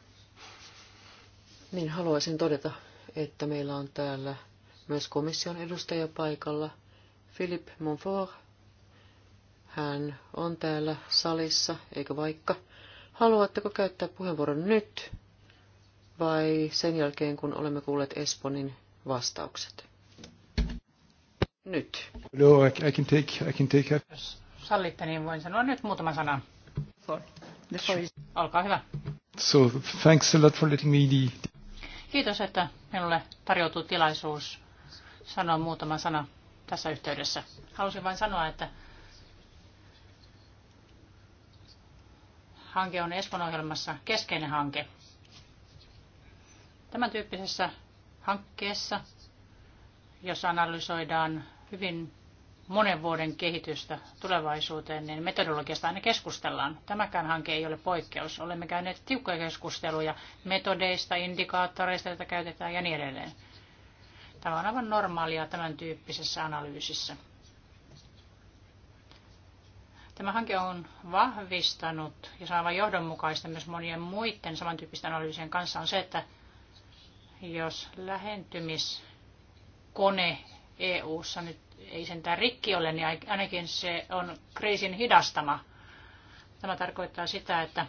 Niin haluaisin todeta, että meillä on täällä myös komission edustaja paikalla, Philippe Monfort. Hän on täällä salissa, eikö vaikka. Haluatteko käyttää puheenvuoron nyt vai sen jälkeen, kun olemme kuulleet Esponin vastaukset? Nyt. No, I, can take, I can take it. Jos sallitte, niin voin sanoa nyt muutama sana. Alkaa Olkaa hyvä. So, thanks a lot for letting me the... Kiitos, että minulle tarjoutuu tilaisuus sanoa muutama sana tässä yhteydessä. Halusin vain sanoa, että hanke on Espoon ohjelmassa keskeinen hanke. Tämän tyyppisessä hankkeessa, jossa analysoidaan hyvin monen vuoden kehitystä tulevaisuuteen, niin metodologiasta aina keskustellaan. Tämäkään hanke ei ole poikkeus. Olemme käyneet tiukkoja keskusteluja metodeista, indikaattoreista, joita käytetään ja niin edelleen. Tämä on aivan normaalia tämän tyyppisessä analyysissä. Tämä hanke on vahvistanut ja saava johdonmukaista myös monien muiden samantyyppisten analyysien kanssa on se, että jos lähentymiskone EU-ssa nyt ei sentään rikki ole, niin ainakin se on kriisin hidastama. Tämä tarkoittaa sitä, että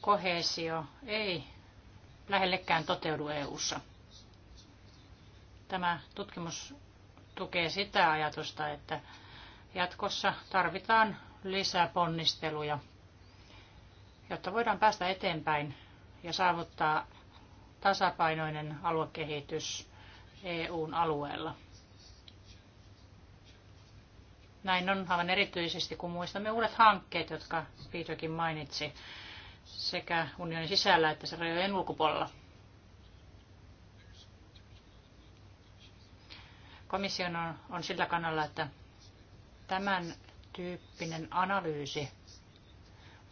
kohesio ei lähellekään toteudu EU:ssa. Tämä tutkimus tukee sitä ajatusta, että jatkossa tarvitaan lisää ponnisteluja, jotta voidaan päästä eteenpäin ja saavuttaa tasapainoinen aluekehitys EUn alueella. Näin on aivan erityisesti, kun muistamme uudet hankkeet, jotka Peterkin mainitsi, sekä unionin sisällä että se rajojen ulkopuolella. Komissio on, on sillä kannalla, että tämän tyyppinen analyysi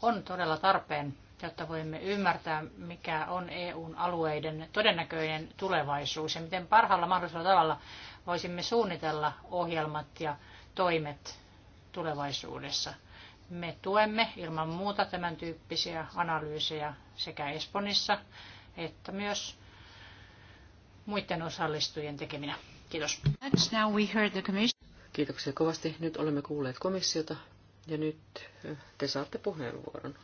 on todella tarpeen jotta voimme ymmärtää, mikä on EUn alueiden todennäköinen tulevaisuus ja miten parhaalla mahdollisella tavalla voisimme suunnitella ohjelmat ja toimet tulevaisuudessa. Me tuemme ilman muuta tämän tyyppisiä analyysejä sekä Espanissa että myös muiden osallistujien tekeminä. Kiitos. Kiitoksia kovasti. Nyt olemme kuulleet komissiota ja nyt eh, te saatte puheenvuoron.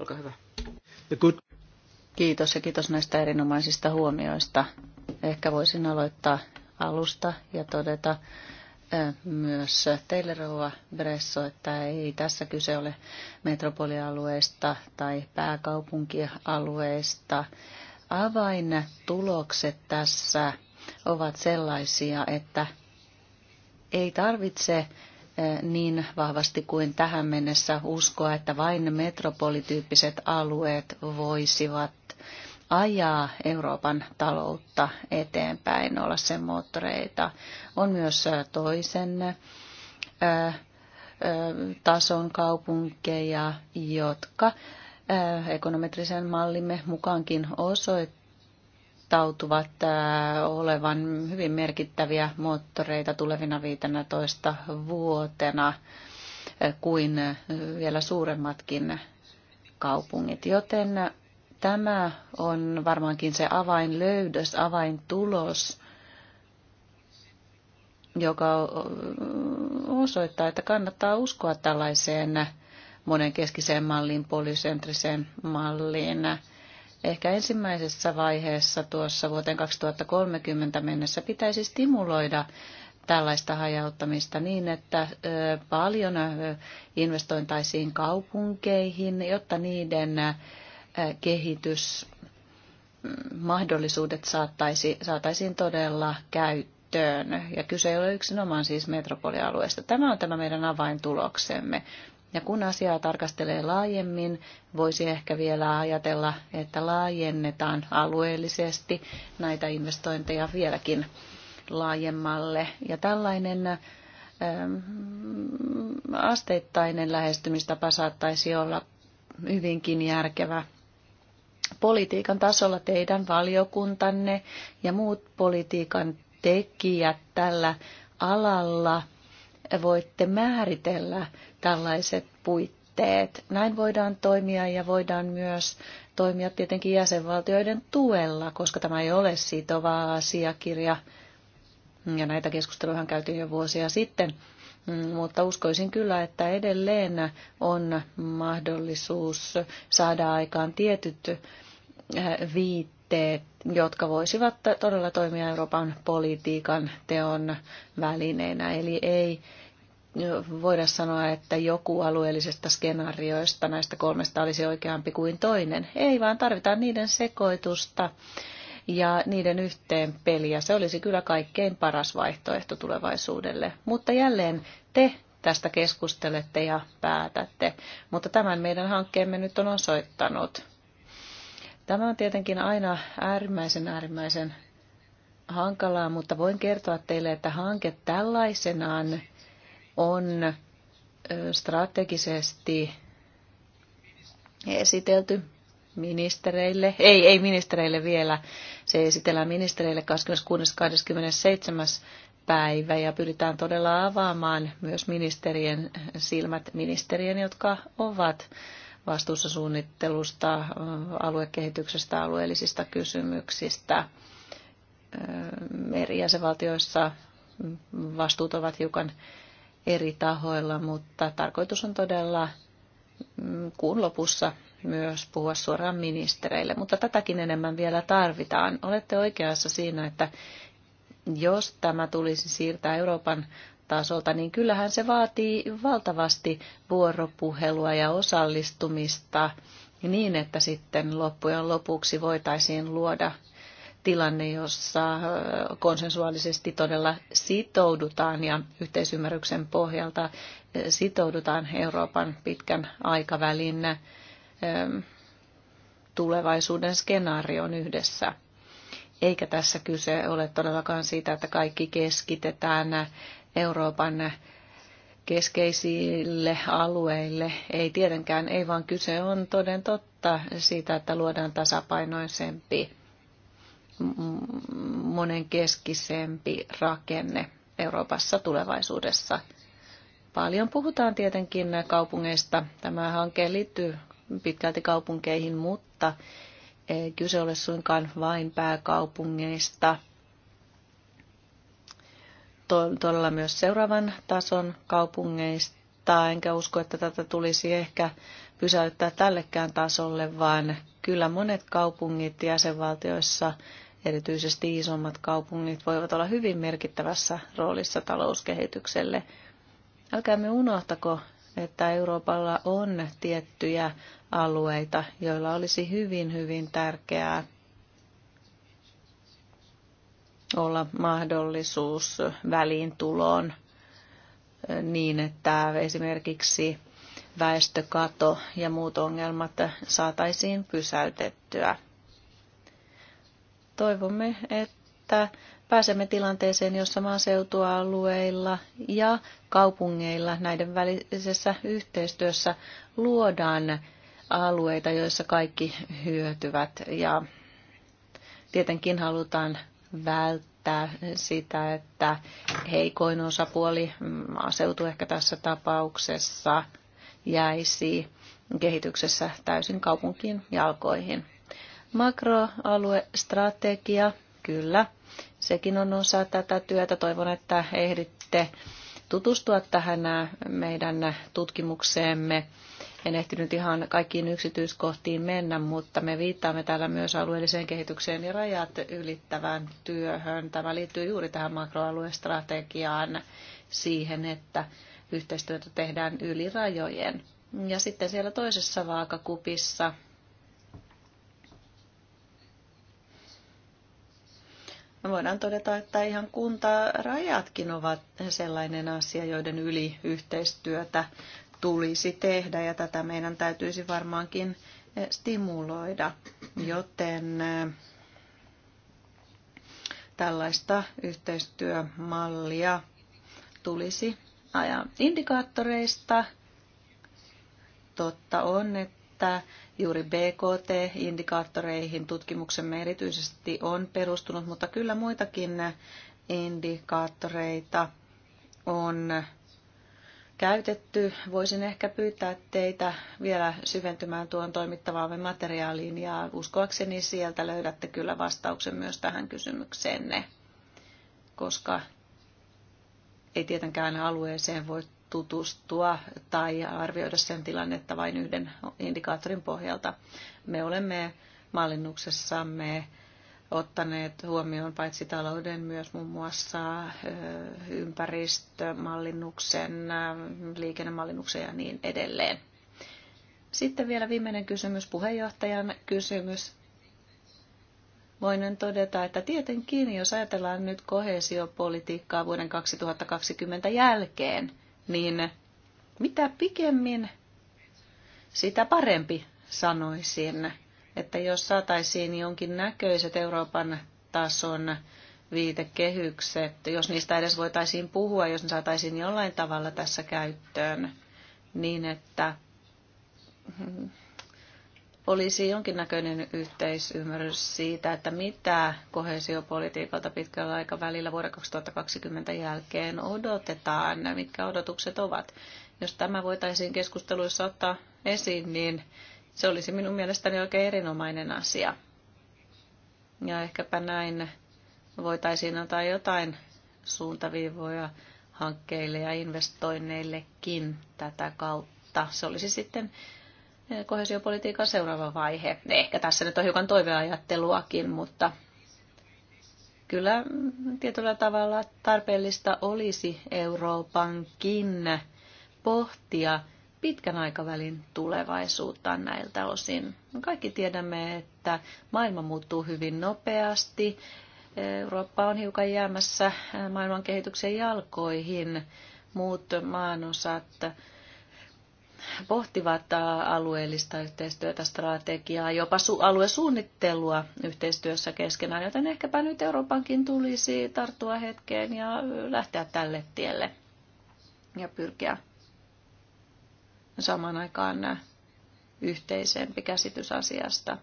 Olkaa hyvä. Good. Kiitos ja kiitos näistä erinomaisista huomioista. Ehkä voisin aloittaa alusta ja todeta myös teille rouva Bresso, että ei tässä kyse ole metropolialueista tai pääkaupunkialueista. Avain tulokset tässä ovat sellaisia, että ei tarvitse Eh, niin vahvasti kuin tähän mennessä uskoa, että vain metropolityyppiset alueet voisivat ajaa Euroopan taloutta eteenpäin, olla sen moottoreita. On myös eh, toisen eh, tason kaupunkeja, jotka ekonometrisen mallimme mukaankin osoittavat, osoittautuvat olevan hyvin merkittäviä moottoreita tulevina 15 vuotena kuin vielä suuremmatkin kaupungit. Joten tämä on varmaankin se avainlöydös, avaintulos, joka osoittaa, että kannattaa uskoa tällaiseen monenkeskiseen malliin, polycentriseen malliin ehkä ensimmäisessä vaiheessa tuossa vuoteen 2030 mennessä pitäisi stimuloida tällaista hajauttamista niin, että paljon investointaisiin kaupunkeihin, jotta niiden kehitysmahdollisuudet mm, saattaisi, saataisiin todella käyttöön. Ja kyse ei ole yksinomaan siis metropolialueesta. Tämä on tämä meidän avaintuloksemme. Ja kun asiaa tarkastelee laajemmin, voisi ehkä vielä ajatella, että laajennetaan alueellisesti näitä investointeja vieläkin laajemmalle. Ja tällainen ähm, asteittainen lähestymistapa saattaisi olla hyvinkin järkevä. Politiikan tasolla teidän valiokuntanne ja muut politiikan tekijät tällä alalla voitte määritellä tällaiset puitteet. Näin voidaan toimia ja voidaan myös toimia tietenkin jäsenvaltioiden tuella, koska tämä ei ole sitova asiakirja. Ja näitä keskusteluja käytiin jo vuosia sitten. Mm, mutta uskoisin kyllä, että edelleen on mahdollisuus saada aikaan tietyt äh, viitteet, jotka voisivat todella toimia Euroopan politiikan teon välineinä. Eli ei voida sanoa, että joku alueellisesta skenaarioista näistä kolmesta olisi oikeampi kuin toinen. Ei, vaan tarvitaan niiden sekoitusta ja niiden yhteen peliä. Se olisi kyllä kaikkein paras vaihtoehto tulevaisuudelle. Mutta jälleen te tästä keskustelette ja päätätte. Mutta tämän meidän hankkeemme nyt on osoittanut. Tämä on tietenkin aina äärimmäisen äärimmäisen hankalaa, mutta voin kertoa teille, että hanke tällaisenaan on strategisesti esitelty ministereille, ei, ei ministereille vielä, se esitellään ministereille 26.–27. päivä ja pyritään todella avaamaan myös ministerien silmät, ministerien, jotka ovat vastuussa suunnittelusta, aluekehityksestä, alueellisista kysymyksistä. Eri jäsenvaltioissa vastuut ovat hiukan eri tahoilla, mutta tarkoitus on todella mm, kuun lopussa myös puhua suoraan ministereille, mutta tätäkin enemmän vielä tarvitaan. Olette oikeassa siinä, että jos tämä tulisi siirtää Euroopan tasolta, niin kyllähän se vaatii valtavasti vuoropuhelua ja osallistumista niin, että sitten loppujen lopuksi voitaisiin luoda tilanne, jossa konsensuaalisesti todella sitoudutaan ja yhteisymmärryksen pohjalta sitoudutaan Euroopan pitkän aikavälin tulevaisuuden skenaarioon yhdessä. Eikä tässä kyse ole todellakaan siitä, että kaikki keskitetään Euroopan keskeisille alueille. Ei tietenkään, ei vaan kyse on toden totta siitä, että luodaan tasapainoisempi monenkeskisempi rakenne Euroopassa tulevaisuudessa. Paljon puhutaan tietenkin kaupungeista. Tämä hanke liittyy pitkälti kaupunkeihin, mutta ei kyse ole suinkaan vain pääkaupungeista. Todella myös seuraavan tason kaupungeista. Enkä usko, että tätä tulisi ehkä pysäyttää tällekään tasolle, vaan kyllä monet kaupungit jäsenvaltioissa – Erityisesti isommat kaupungit voivat olla hyvin merkittävässä roolissa talouskehitykselle. Älkäämme unohtako, että Euroopalla on tiettyjä alueita, joilla olisi hyvin, hyvin tärkeää olla mahdollisuus väliintuloon niin, että esimerkiksi väestökato ja muut ongelmat saataisiin pysäytettyä. Toivomme, että pääsemme tilanteeseen, jossa maaseutualueilla ja kaupungeilla näiden välisessä yhteistyössä luodaan alueita, joissa kaikki hyötyvät ja tietenkin halutaan välttää sitä, että heikoin osapuoli, maaseutu ehkä tässä tapauksessa, jäisi kehityksessä täysin kaupunkiin jalkoihin. Makroaluestrategia, kyllä, sekin on osa tätä työtä. Toivon, että ehditte tutustua tähän meidän tutkimukseemme. En ehtinyt ihan kaikkiin yksityiskohtiin mennä, mutta me viittaamme täällä myös alueelliseen kehitykseen ja rajat ylittävään työhön. Tämä liittyy juuri tähän makroaluestrategiaan siihen, että yhteistyötä tehdään yli rajojen. Ja sitten siellä toisessa vaakakupissa Me voidaan todeta, että ihan kuntarajatkin ovat sellainen asia, joiden yli yhteistyötä tulisi tehdä ja tätä meidän täytyisi varmaankin eh, stimuloida, joten eh, tällaista yhteistyömallia tulisi ajaa indikaattoreista. Totta on, että juuri BKT-indikaattoreihin tutkimuksemme erityisesti on perustunut, mutta kyllä muitakin indikaattoreita on käytetty. Voisin ehkä pyytää teitä vielä syventymään tuon toimittavaamme materiaaliin ja uskoakseni sieltä löydätte kyllä vastauksen myös tähän kysymykseenne, koska ei tietenkään alueeseen voi tutustua tai arvioida sen tilannetta vain yhden indikaattorin pohjalta. Me olemme mallinnuksessamme ottaneet huomioon paitsi talouden myös muun muassa ympäristömallinnuksen, liikennemallinnuksen ja niin edelleen. Sitten vielä viimeinen kysymys, puheenjohtajan kysymys. Voin todeta, että tietenkin, jos ajatellaan nyt kohesiopolitiikkaa vuoden 2020 jälkeen, niin mitä pikemmin, sitä parempi sanoisin, että jos saataisiin jonkin näköiset Euroopan tason viitekehykset, jos niistä edes voitaisiin puhua, jos ne saataisiin jollain tavalla tässä käyttöön, niin että olisi jonkinnäköinen yhteisymmärrys siitä, että mitä kohesiopolitiikalta pitkällä aikavälillä vuoden 2020 jälkeen odotetaan, mitkä odotukset ovat. Jos tämä voitaisiin keskusteluissa ottaa esiin, niin se olisi minun mielestäni oikein erinomainen asia. Ja ehkäpä näin voitaisiin antaa jotain suuntaviivoja hankkeille ja investoinneillekin tätä kautta. Se olisi sitten kohesiopolitiikan seuraava vaihe. Ehkä tässä nyt on hiukan toiveajatteluakin, mutta kyllä tietyllä tavalla tarpeellista olisi Euroopankin pohtia pitkän aikavälin tulevaisuutta näiltä osin. Kaikki tiedämme, että maailma muuttuu hyvin nopeasti. Eurooppa on hiukan jäämässä maailman kehityksen jalkoihin. Muut maanosat pohtivat alueellista yhteistyötä, strategiaa, jopa su- aluesuunnittelua yhteistyössä keskenään, joten ehkäpä nyt Euroopankin tulisi tarttua hetkeen ja lähteä tälle tielle ja pyrkiä samaan aikaan yhteisempi käsitys asiasta.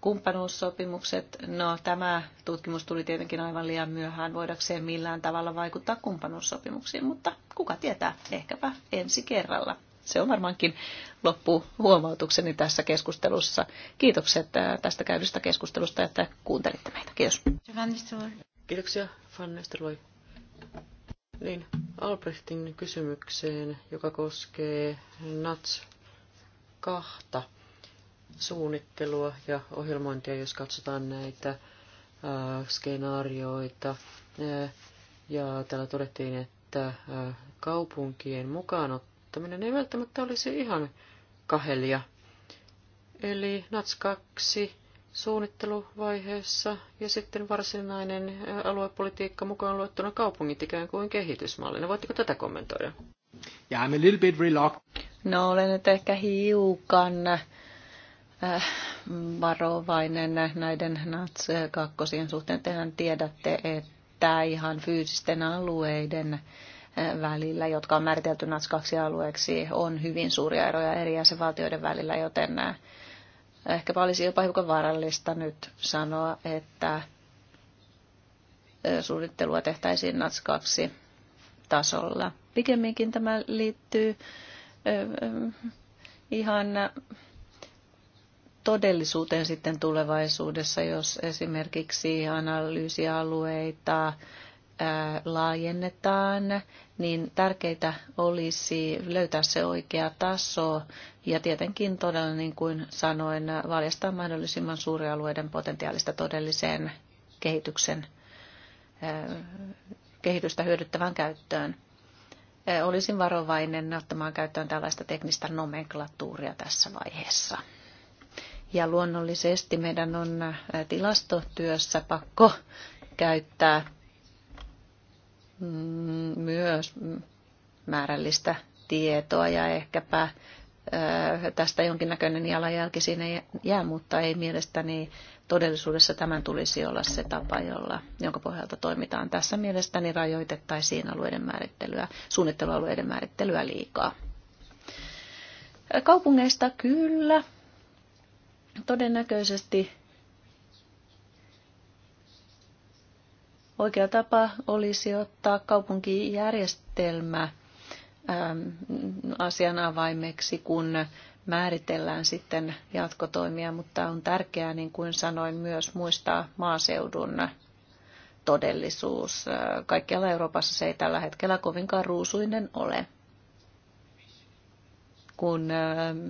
Kumppanuussopimukset, no tämä tutkimus tuli tietenkin aivan liian myöhään, voidakseen millään tavalla vaikuttaa kumppanuussopimuksiin, mutta kuka tietää, ehkäpä ensi kerralla. Se on varmaankin loppu huomautukseni tässä keskustelussa. Kiitokset äh, tästä käydystä keskustelusta, että kuuntelitte meitä. Kiitos. Kiitoksia, Van Niin, Albrechtin kysymykseen, joka koskee NATS kahta suunnittelua ja ohjelmointia, jos katsotaan näitä äh, skenaarioita. Äh, ja täällä todettiin, että äh, kaupunkien mukaanotto saattaminen ei välttämättä olisi ihan kahelia. Eli NATS 2 suunnitteluvaiheessa ja sitten varsinainen aluepolitiikka mukaan luettuna kaupungit ikään kuin kehitysmallina. Voitteko tätä kommentoida? Yeah, I'm a little bit reluctant. No olen nyt ehkä hiukan äh, varovainen näiden nats kakkosien suhteen. Tehän tiedätte, että ihan fyysisten alueiden äh, välillä, jotka on määritelty NATS 2 alueeksi, on hyvin suuria eroja eri jäsenvaltioiden välillä, joten äh, ehkä olisi jopa hiukan vaarallista nyt sanoa, että äh, suunnittelua tehtäisiin NATS 2 tasolla. Pikemminkin tämä liittyy ihan todellisuuteen sitten tulevaisuudessa, jos esimerkiksi analyysialueita, laajennetaan, niin tärkeitä olisi löytää se oikea taso ja tietenkin todella, niin kuin sanoin, valjastaa mahdollisimman suuri alueiden potentiaalista todelliseen kehityksen, kehitystä hyödyttävän käyttöön. Olisin varovainen ottamaan käyttöön tällaista teknistä nomenklatuuria tässä vaiheessa. Ja luonnollisesti meidän on tilastotyössä pakko käyttää Mm, myös määrällistä tietoa ja ehkäpä tästä jonkinnäköinen jalanjälki siinä jää, mutta ei mielestäni todellisuudessa tämän tulisi olla se tapa, jolla, jonka pohjalta toimitaan. Tässä mielestäni rajoitettaisiin alueiden määrittelyä, suunnittelualueiden määrittelyä liikaa. Kaupungeista kyllä, todennäköisesti Oikea tapa olisi ottaa kaupunkijärjestelmä ähm, asian avaimeksi, kun määritellään sitten jatkotoimia, mutta on tärkeää, niin kuin sanoin, myös muistaa maaseudun todellisuus. Äh, kaikkialla Euroopassa se ei tällä hetkellä kovinkaan ruusuinen ole. Kun ähm,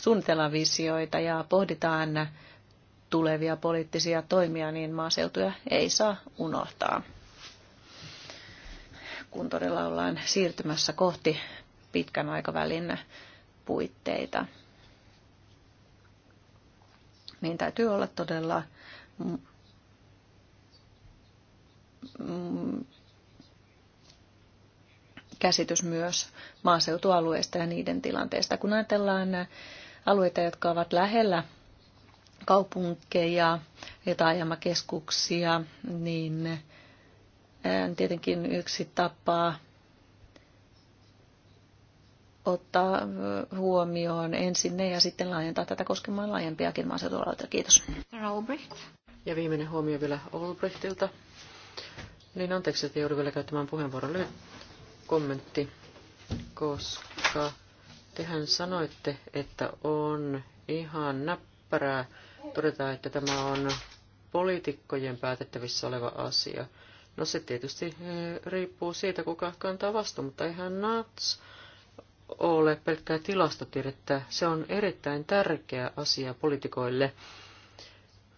suunnitellaan visioita ja pohditaan tulevia poliittisia toimia, niin maaseutuja ei saa unohtaa, kun todella ollaan siirtymässä kohti pitkän aikavälin puitteita. Niin täytyy olla todella käsitys myös maaseutualueista ja niiden tilanteesta. Kun ajatellaan alueita, jotka ovat lähellä kaupunkeja ja taajamakeskuksia, niin tietenkin yksi tapa ottaa huomioon ensin ne ja sitten laajentaa tätä koskemaan laajempiakin maaseutualueita. Kiitos. Albrecht. Ja viimeinen huomio vielä Olbrechtilta. Niin anteeksi, että joudun vielä käyttämään puheenvuoron. Lyhyt kommentti, koska tehän sanoitte, että on ihan näppärää todeta, että tämä on poliitikkojen päätettävissä oleva asia. No se tietysti riippuu siitä, kuka kantaa vastuun, mutta eihän NATS ole pelkkää tilastotiedettä. Se on erittäin tärkeä asia poliitikoille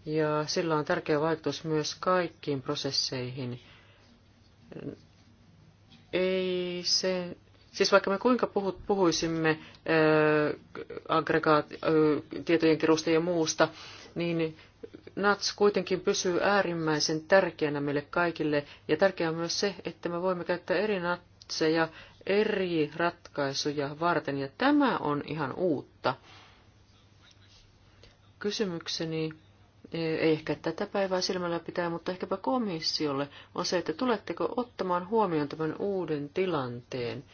ja sillä on tärkeä vaikutus myös kaikkiin prosesseihin. Ei se, Siis vaikka me kuinka puhuisimme äh, aggregaat, äh, tietojen keruusta ja muusta, niin NATS kuitenkin pysyy äärimmäisen tärkeänä meille kaikille, ja tärkeää on myös se, että me voimme käyttää eri NATSeja eri ratkaisuja varten, ja tämä on ihan uutta. Kysymykseni, eh, ei ehkä tätä päivää silmällä pitää, mutta ehkäpä komissiolle, on se, että tuletteko ottamaan huomioon tämän uuden tilanteen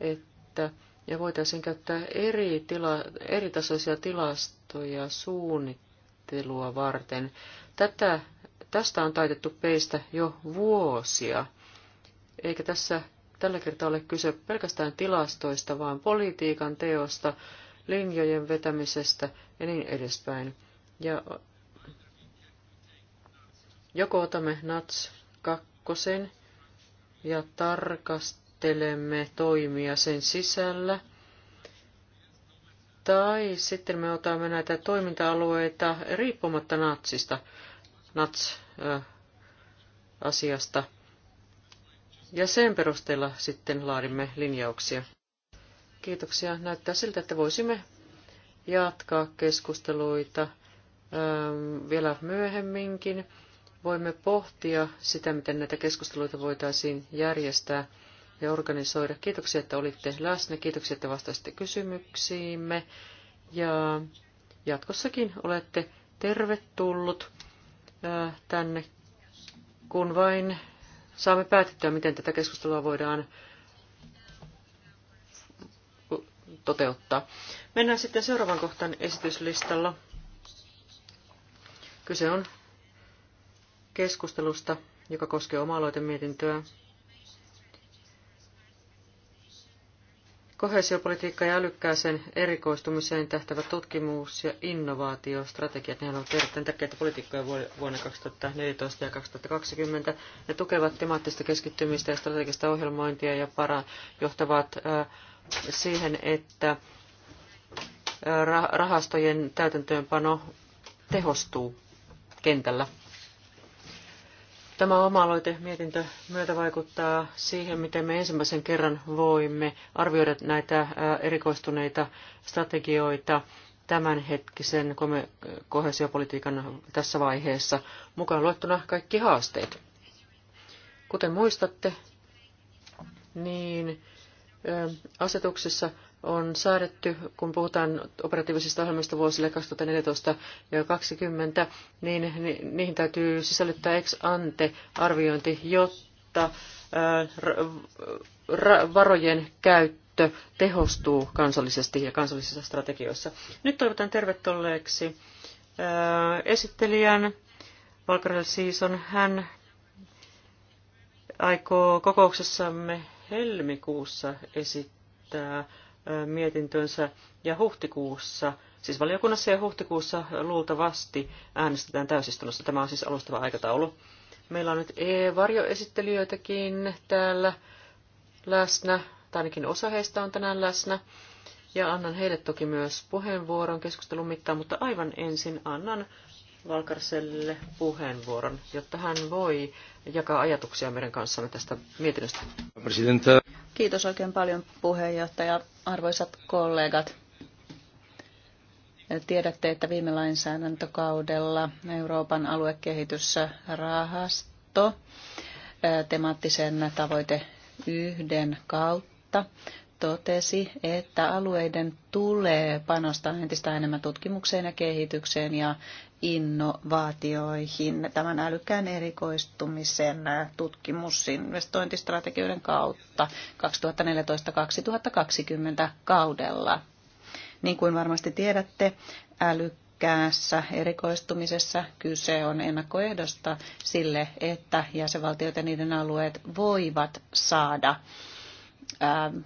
että ja voitaisiin käyttää eri, tila, eri tasoisia tilastoja suunnittelua varten. Tätä, tästä on taitettu peistä jo vuosia, eikä tässä tällä kertaa ole kyse pelkästään tilastoista, vaan politiikan teosta, linjojen vetämisestä ja niin edespäin. Ja joko otamme NATS 2 ja tarkastamme odottelemme toimia sen sisällä. Tai sitten me otamme näitä toiminta-alueita riippumatta natsista, nats-asiasta. Ja sen perusteella sitten laadimme linjauksia. Kiitoksia. Näyttää siltä, että voisimme jatkaa keskusteluita vielä myöhemminkin. Voimme pohtia sitä, miten näitä keskusteluita voitaisiin järjestää ja organisoida. Kiitoksia, että olitte läsnä. Kiitoksia, että vastasitte kysymyksiimme. Ja jatkossakin olette tervetullut äh, tänne, kun vain saamme päätettyä, miten tätä keskustelua voidaan toteuttaa. Mennään sitten seuraavan kohtaan esityslistalla. Kyse on keskustelusta, joka koskee oma-aloitemietintöä. mietintöä Kohesiopolitiikka ja älykkääseen erikoistumiseen tähtävät tutkimus- ja innovaatiostrategiat, ne ovat erittäin tärkeitä politiikkoja vuonna 2014 ja 2020. Ne tukevat temaattista keskittymistä ja strategista ohjelmointia ja para johtavat siihen, että rahastojen täytäntöönpano tehostuu kentällä. Tämä oma-aloite mietintö myötä vaikuttaa siihen, miten me ensimmäisen kerran voimme arvioida näitä erikoistuneita strategioita tämänhetkisen kohesiopolitiikan tässä vaiheessa, mukaan luettuna kaikki haasteet. Kuten muistatte, niin asetuksessa on säädetty, kun puhutaan operatiivisista ohjelmista vuosille 2014 ja 2020, niin niihin täytyy sisällyttää ex ante arviointi, jotta varojen käyttö tehostuu kansallisesti ja kansallisissa strategioissa. Nyt toivotan tervetulleeksi esittelijän Valkarel Siison. Hän aikoo kokouksessamme helmikuussa esittää mietintönsä ja huhtikuussa, siis valiokunnassa ja huhtikuussa luultavasti äänestetään täysistunnossa. Tämä on siis alustava aikataulu. Meillä on nyt e-varjoesittelijöitäkin täällä läsnä, tai ainakin osa heistä on tänään läsnä. Ja annan heille toki myös puheenvuoron keskustelun mittaan, mutta aivan ensin annan Valkarselle puheenvuoron, jotta hän voi jakaa ajatuksia meidän kanssamme tästä mietinnöstä. Presidenta. Kiitos oikein paljon puheenjohtaja, arvoisat kollegat. Tiedätte, että viime lainsäädäntökaudella Euroopan aluekehitysrahasto temaattisen tavoite yhden kautta totesi, että alueiden tulee panostaa entistä enemmän tutkimukseen ja kehitykseen ja innovaatioihin tämän älykkään erikoistumisen tutkimusinvestointistrategioiden kautta 2014-2020 kaudella. Niin kuin varmasti tiedätte, älykkäässä erikoistumisessa kyse on ennakkoehdosta sille, että jäsenvaltiot ja niiden alueet voivat saada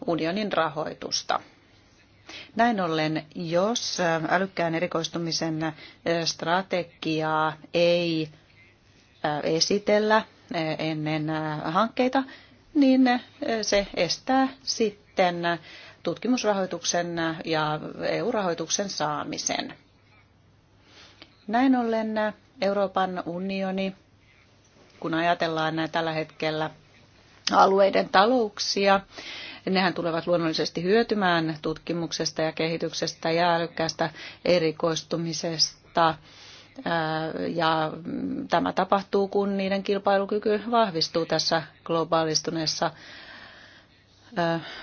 unionin rahoitusta. Näin ollen, jos äh, älykkään erikoistumisen äh, strategiaa ei äh, esitellä ennen hankkeita, niin se estää sitten tutkimusrahoituksen ja EU-rahoituksen saamisen. Näin ollen Euroopan unioni, kun ajatellaan tällä hetkellä alueiden talouksia, nehän tulevat luonnollisesti hyötymään tutkimuksesta ja kehityksestä ja älykkäästä erikoistumisesta. Ja tämä tapahtuu, kun niiden kilpailukyky vahvistuu tässä globaalistuneessa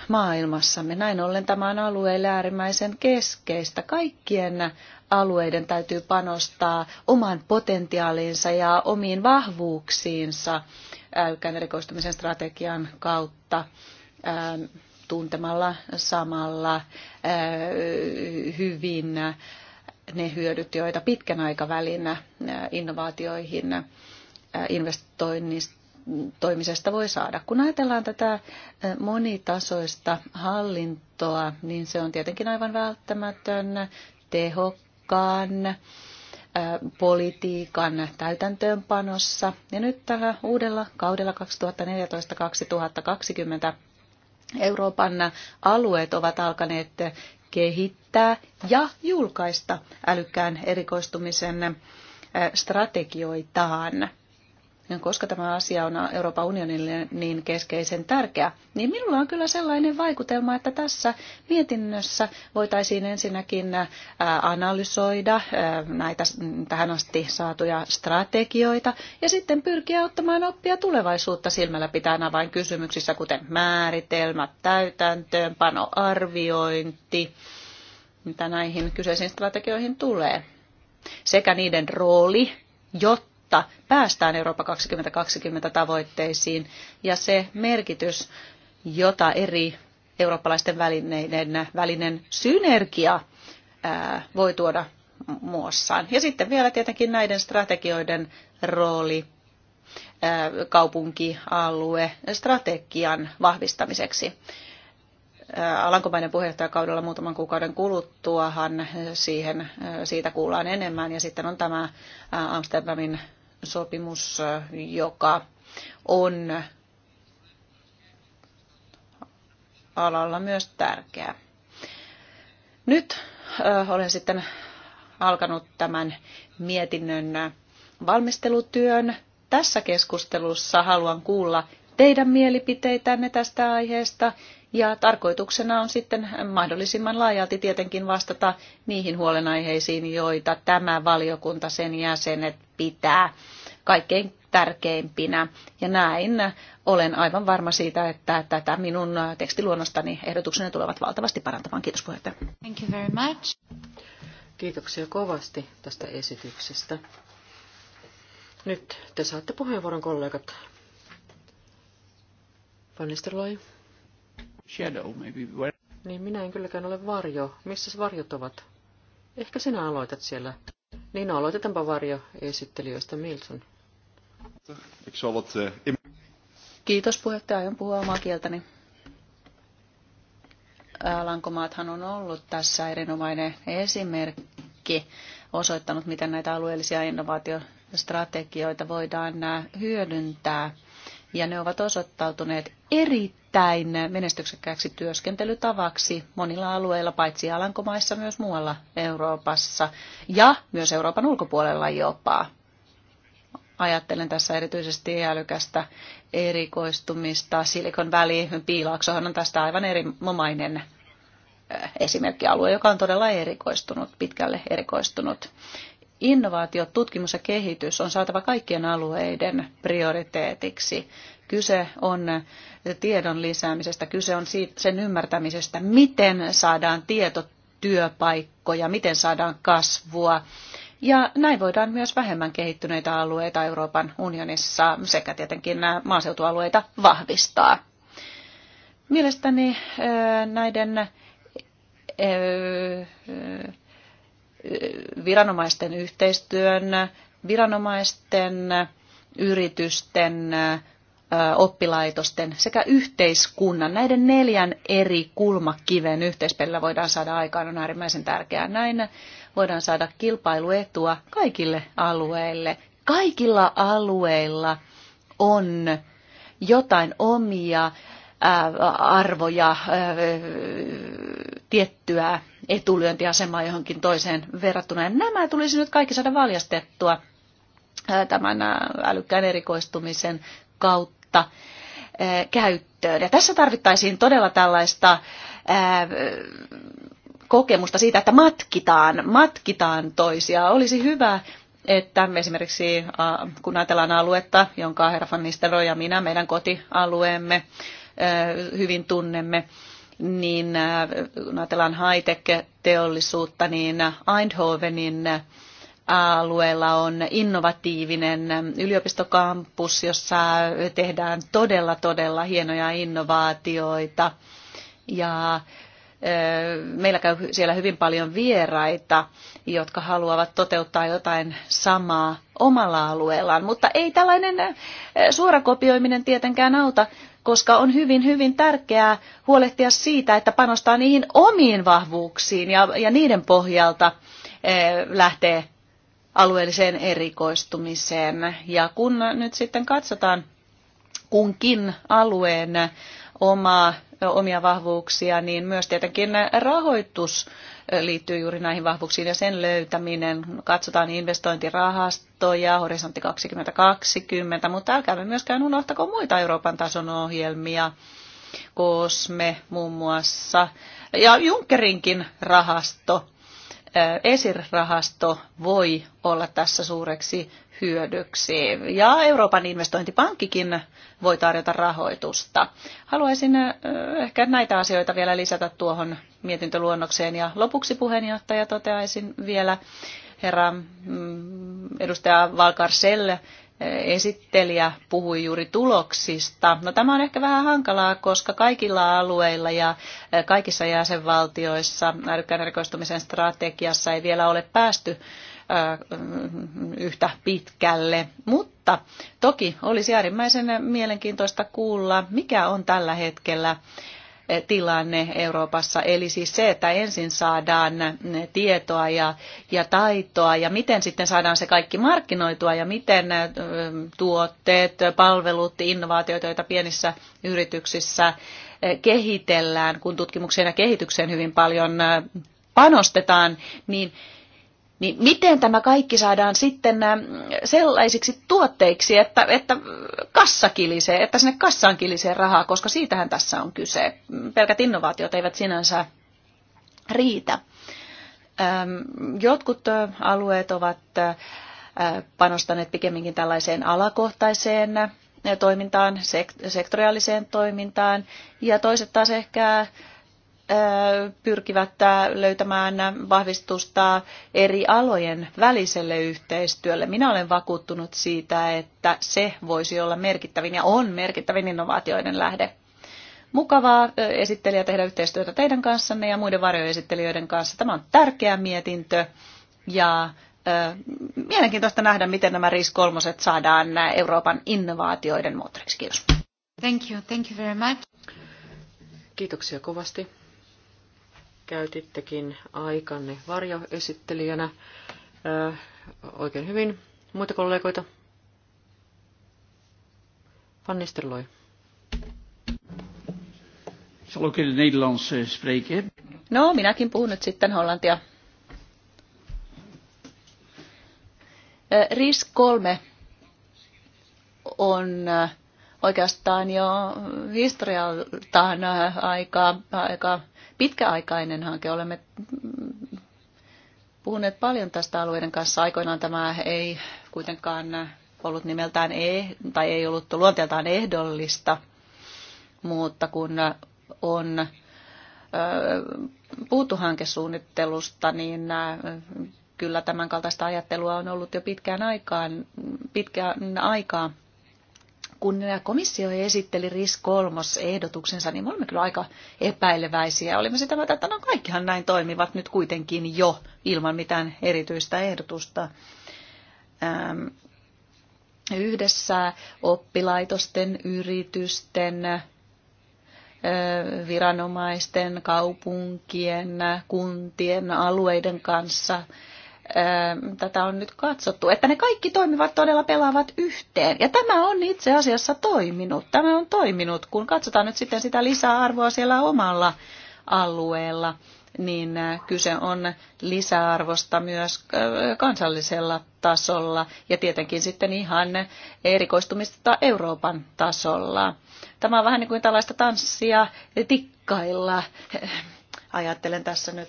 maailmassamme. Näin ollen tämä on alueelle äärimmäisen keskeistä. Kaikkien alueiden täytyy panostaa oman potentiaaliinsa ja omiin vahvuuksiinsa älykkään erikoistumisen strategian kautta. Ähm, tuntemalla samalla äh, hyvin ne hyödyt, joita pitkän aikavälin äh, innovaatioihin äh, investoinnista toimisesta voi saada. Kun ajatellaan tätä monitasoista hallintoa, niin se on tietenkin aivan välttämätön tehokkaan politiikan täytäntöönpanossa. Ja nyt tällä uudella kaudella 2014-2020 Euroopan alueet ovat alkaneet kehittää ja julkaista älykkään erikoistumisen strategioitaan koska tämä asia on Euroopan unionille niin keskeisen tärkeä, niin minulla on kyllä sellainen vaikutelma, että tässä mietinnössä voitaisiin ensinnäkin analysoida näitä tähän asti saatuja strategioita ja sitten pyrkiä ottamaan oppia tulevaisuutta silmällä pitäen kysymyksissä kuten määritelmät, täytäntöönpano, arviointi, mitä näihin kyseisiin strategioihin tulee, sekä niiden rooli, jotta jotta päästään Eurooppa 2020 tavoitteisiin ja se merkitys, jota eri eurooppalaisten välineiden välinen synergia voi tuoda muossaan. Ja sitten vielä tietenkin näiden strategioiden rooli kaupunkialue strategian vahvistamiseksi. Alankomainen puheenjohtajakaudella muutaman kuukauden kuluttuahan siihen, siitä kuullaan enemmän. Ja sitten on tämä Amsterdamin sopimus, joka on alalla myös tärkeä. Nyt olen sitten alkanut tämän mietinnön valmistelutyön. Tässä keskustelussa haluan kuulla teidän mielipiteitänne tästä aiheesta ja tarkoituksena on sitten mahdollisimman laajalti tietenkin vastata niihin huolenaiheisiin, joita tämä valiokunta sen jäsenet pitää kaikkein tärkeimpinä. Ja näin olen aivan varma siitä, että tätä minun tekstiluonnostani ehdotukseni tulevat valtavasti parantamaan. Kiitos puheenjohtaja. Thank you very much. Kiitoksia kovasti tästä esityksestä. Nyt te saatte puheenvuoron kollegat. Van Nistelrooy. Shadow, maybe. Where... Niin minä en kylläkään ole varjo. Missä varjot ovat? Ehkä sinä aloitat siellä. Niin no, aloitetaanpa varjo esittelijöistä Milson. Kiitos puheenjohtaja, aion puhua omaa kieltäni. Lankomaathan on ollut tässä erinomainen esimerkki osoittanut, miten näitä alueellisia innovaatiostrategioita voidaan äh, hyödyntää ja ne ovat osoittautuneet erittäin menestyksekkääksi työskentelytavaksi monilla alueilla, paitsi Alankomaissa myös muualla Euroopassa ja myös Euroopan ulkopuolella jopa. Ajattelen tässä erityisesti älykästä erikoistumista. Silikon väli piilaaksohan on tästä aivan erinomainen äh, esimerkkialue, joka on todella erikoistunut, pitkälle erikoistunut innovaatio, tutkimus ja kehitys on saatava kaikkien alueiden prioriteetiksi. Kyse on tiedon lisäämisestä, kyse on sen ymmärtämisestä, miten saadaan tietotyöpaikkoja, miten saadaan kasvua. Ja näin voidaan myös vähemmän kehittyneitä alueita Euroopan unionissa sekä tietenkin nämä maaseutualueita vahvistaa. Mielestäni näiden viranomaisten yhteistyön, viranomaisten, yritysten, oppilaitosten sekä yhteiskunnan, näiden neljän eri kulmakiven yhteispelillä voidaan saada aikaan, on äärimmäisen tärkeää. Näin voidaan saada kilpailuetua kaikille alueille. Kaikilla alueilla on jotain omia arvoja, tiettyä etulyöntiasemaa johonkin toiseen verrattuna. Ja nämä tulisi nyt kaikki saada valjastettua tämän älykkään erikoistumisen kautta käyttöön. Ja tässä tarvittaisiin todella tällaista kokemusta siitä, että matkitaan, matkitaan toisia. Olisi hyvä, että esimerkiksi kun ajatellaan aluetta, jonka herra Van Nistelrooy ja minä, meidän kotialueemme, hyvin tunnemme, niin äh, kun ajatellaan high-tech-teollisuutta, niin Eindhovenin äh, alueella on innovatiivinen ähm, yliopistokampus, jossa tehdään todella, todella hienoja innovaatioita. Ja äh, meillä käy siellä hyvin paljon vieraita, jotka haluavat toteuttaa jotain samaa omalla alueellaan, mutta ei tällainen suorakopioiminen tietenkään auta koska on hyvin, hyvin tärkeää huolehtia siitä, että panostaa niihin omiin vahvuuksiin ja, ja niiden pohjalta eh, lähtee alueelliseen erikoistumiseen. Ja kun nyt sitten katsotaan kunkin alueen omaa, omia vahvuuksia, niin myös tietenkin rahoitus liittyy juuri näihin vahvuuksiin ja sen löytäminen. Katsotaan investointirahastoja, horisontti 2020, mutta me myöskään unohtako muita Euroopan tason ohjelmia. Kosme muun muassa ja Junckerinkin rahasto ESIR-rahasto voi olla tässä suureksi hyödyksi. Ja Euroopan investointipankkikin voi tarjota rahoitusta. Haluaisin ehkä näitä asioita vielä lisätä tuohon mietintöluonnokseen. Ja lopuksi puheenjohtaja toteaisin vielä herra mm, edustaja Valkarselle esittelijä puhui juuri tuloksista. No tämä on ehkä vähän hankalaa, koska kaikilla alueilla ja kaikissa jäsenvaltioissa älykkään erikoistumisen strategiassa ei vielä ole päästy yhtä pitkälle. Mutta toki olisi äärimmäisen mielenkiintoista kuulla, mikä on tällä hetkellä tilanne Euroopassa. Eli siis se, että ensin saadaan tietoa ja, ja taitoa ja miten sitten saadaan se kaikki markkinoitua ja miten tuotteet, palvelut, innovaatiot, joita pienissä yrityksissä kehitellään, kun tutkimukseen ja kehitykseen hyvin paljon panostetaan, niin niin miten tämä kaikki saadaan sitten ähm, sellaisiksi tuotteiksi, että, että kassa kilisee, että sinne kassaan kilisee rahaa, koska siitähän tässä on kyse. Pelkät innovaatiot eivät sinänsä riitä. Ähm, jotkut äh, alueet ovat äh, panostaneet pikemminkin tällaiseen alakohtaiseen äh, toimintaan, sektoriaaliseen toimintaan, ja toiset taas ehkä pyrkivät löytämään vahvistusta eri alojen väliselle yhteistyölle. Minä olen vakuuttunut siitä, että se voisi olla merkittävin ja on merkittävin innovaatioiden lähde. Mukavaa esittelijä tehdä yhteistyötä teidän kanssanne ja muiden varjoesittelijöiden kanssa. Tämä on tärkeä mietintö ja mielenkiintoista nähdä, miten nämä RIS-kolmoset saadaan Euroopan innovaatioiden moottoriksi. Kiitos. Thank you. Thank you very much. Kiitoksia kovasti. Käytittekin aikanne varjoesittelijänä oikein hyvin. Muita kollegoita? Van eh, No, minäkin puhun nyt sitten hollantia. RIS 3 on oikeastaan jo historialtaan aika, aika pitkäaikainen hanke. Olemme mm, puhuneet paljon tästä alueiden kanssa. Aikoinaan tämä ei kuitenkaan ollut nimeltään ei, tai ei ollut luonteeltaan ehdollista, mutta kun on puhuttu hankesuunnittelusta, niin kyllä tämän kaltaista ajattelua on ollut jo pitkään aikaan, pitkään aikaa kun komissio esitteli RIS kolmos ehdotuksensa, niin me olimme kyllä aika epäileväisiä. Olimme sitä mieltä, että no kaikkihan näin toimivat nyt kuitenkin jo ilman mitään erityistä ehdotusta. Ähm, yhdessä oppilaitosten, yritysten, viranomaisten, kaupunkien, kuntien, alueiden kanssa Öö, tätä on nyt katsottu, että ne kaikki toimivat todella pelaavat yhteen. Ja tämä on itse asiassa toiminut. Tämä on toiminut, kun katsotaan nyt sitten sitä lisäarvoa siellä omalla alueella niin kyse on lisäarvosta myös kansallisella tasolla ja tietenkin sitten ihan erikoistumista Euroopan tasolla. Tämä on vähän niin kuin tällaista tanssia tikkailla Ajattelen tässä nyt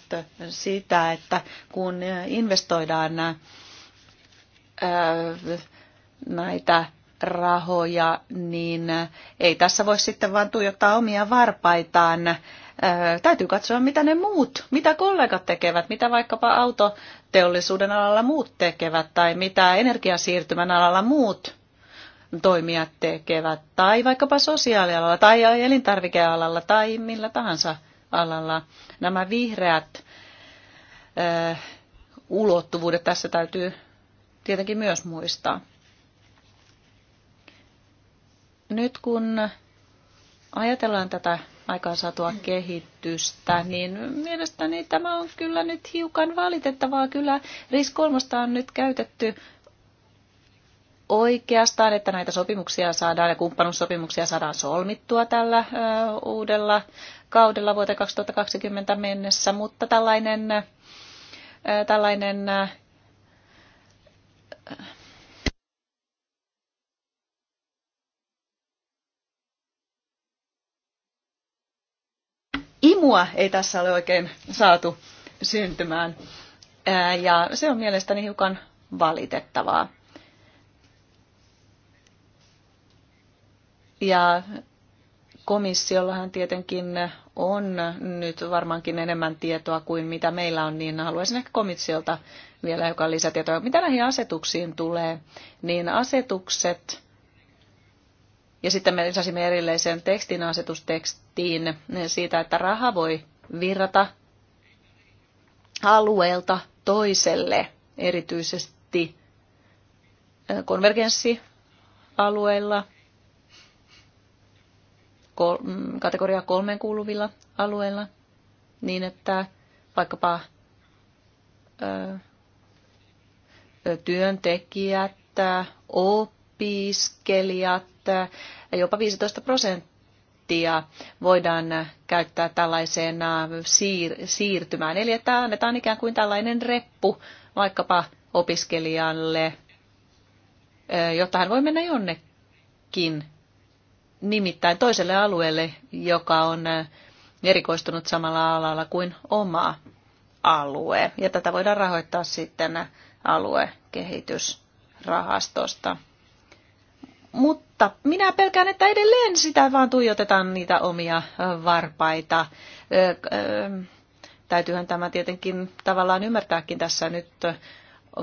sitä, että kun investoidaan näitä rahoja, niin ei tässä voi sitten vaan tuijottaa omia varpaitaan. Täytyy katsoa, mitä ne muut, mitä kollegat tekevät, mitä vaikkapa autoteollisuuden alalla muut tekevät tai mitä energiasiirtymän alalla muut toimijat tekevät tai vaikkapa sosiaalialalla tai elintarvikealalla tai millä tahansa alalla. Nämä vihreät ulottuvuudet tässä täytyy tietenkin myös muistaa. Nyt kun ajatellaan tätä aikaansaatua kehitystä, niin mielestäni tämä on kyllä nyt hiukan valitettavaa. Kyllä RIS 3 on nyt käytetty oikeastaan, että näitä sopimuksia saadaan ja kumppanussopimuksia saadaan solmittua tällä uudella kaudella vuoteen 2020 mennessä, mutta tällainen, tällainen imua ei tässä ole oikein saatu syntymään. Ja se on mielestäni hiukan valitettavaa. Ja Komissiollahan tietenkin on nyt varmaankin enemmän tietoa kuin mitä meillä on, niin haluaisin ehkä komissiolta vielä joka lisätietoa. Mitä näihin asetuksiin tulee, niin asetukset, ja sitten me lisäsimme erillisen tekstin asetustekstiin siitä, että raha voi virrata alueelta toiselle, erityisesti konvergenssialueilla – kol- mm, kategoria kolmeen kuuluvilla alueilla, niin että vaikkapa ö, työntekijät, opiskelijat, jopa 15 prosenttia voidaan käyttää tällaiseen siir- siirtymään. Eli että annetaan ikään kuin tällainen reppu vaikkapa opiskelijalle, jotta hän voi mennä jonnekin nimittäin toiselle alueelle, joka on erikoistunut samalla alalla kuin oma alue. Ja tätä voidaan rahoittaa sitten aluekehitysrahastosta. Mutta minä pelkään, että edelleen sitä vaan tuijotetaan niitä omia varpaita. Öö, öö, täytyyhän tämä tietenkin tavallaan ymmärtääkin tässä nyt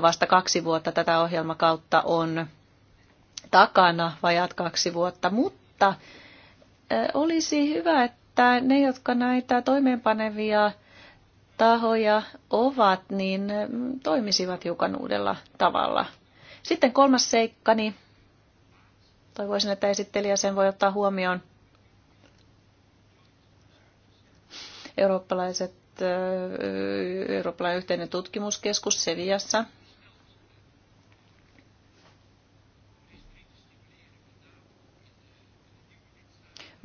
vasta kaksi vuotta tätä ohjelmakautta on takana, vajaat kaksi vuotta, mutta mutta olisi hyvä, että ne, jotka näitä toimeenpanevia tahoja ovat, niin toimisivat hiukan uudella tavalla. Sitten kolmas seikka, niin toivoisin, että esittelijä sen voi ottaa huomioon. Eurooppalaiset, Eurooppalainen yhteinen tutkimuskeskus Seviassa –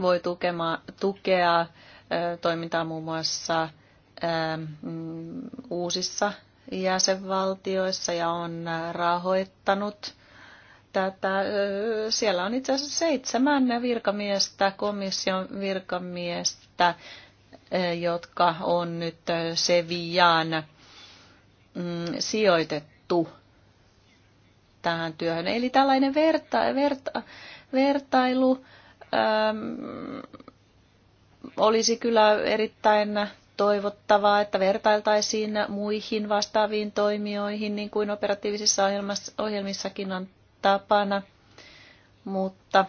voi tukema, tukea toimintaa muun muassa mm, uusissa jäsenvaltioissa ja on rahoittanut tätä. Siellä on itse asiassa seitsemän virkamiestä, komission virkamiestä, jotka on nyt Seviaan mm, sijoitettu tähän työhön. Eli tällainen verta, verta, vertailu olisi kyllä erittäin toivottavaa, että vertailtaisiin muihin vastaaviin toimijoihin, niin kuin operatiivisissa ohjelmissakin on tapana. Mutta,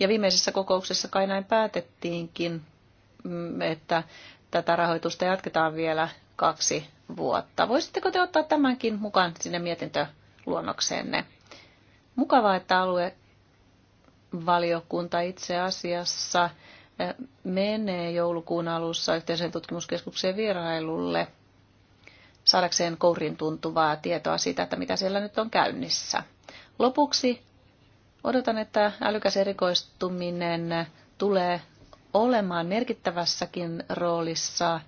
ja viimeisessä kokouksessa kai näin päätettiinkin, mm, että tätä rahoitusta jatketaan vielä kaksi vuotta. Voisitteko te ottaa tämänkin mukaan sinne mietintöluonnokseenne? Mukavaa, että alue valiokunta itse asiassa eh, menee joulukuun alussa yhteisen tutkimuskeskuksen vierailulle saadakseen kourin tuntuvaa tietoa siitä, että mitä siellä nyt on käynnissä. Lopuksi odotan, että älykäs erikoistuminen tulee olemaan merkittävässäkin roolissa,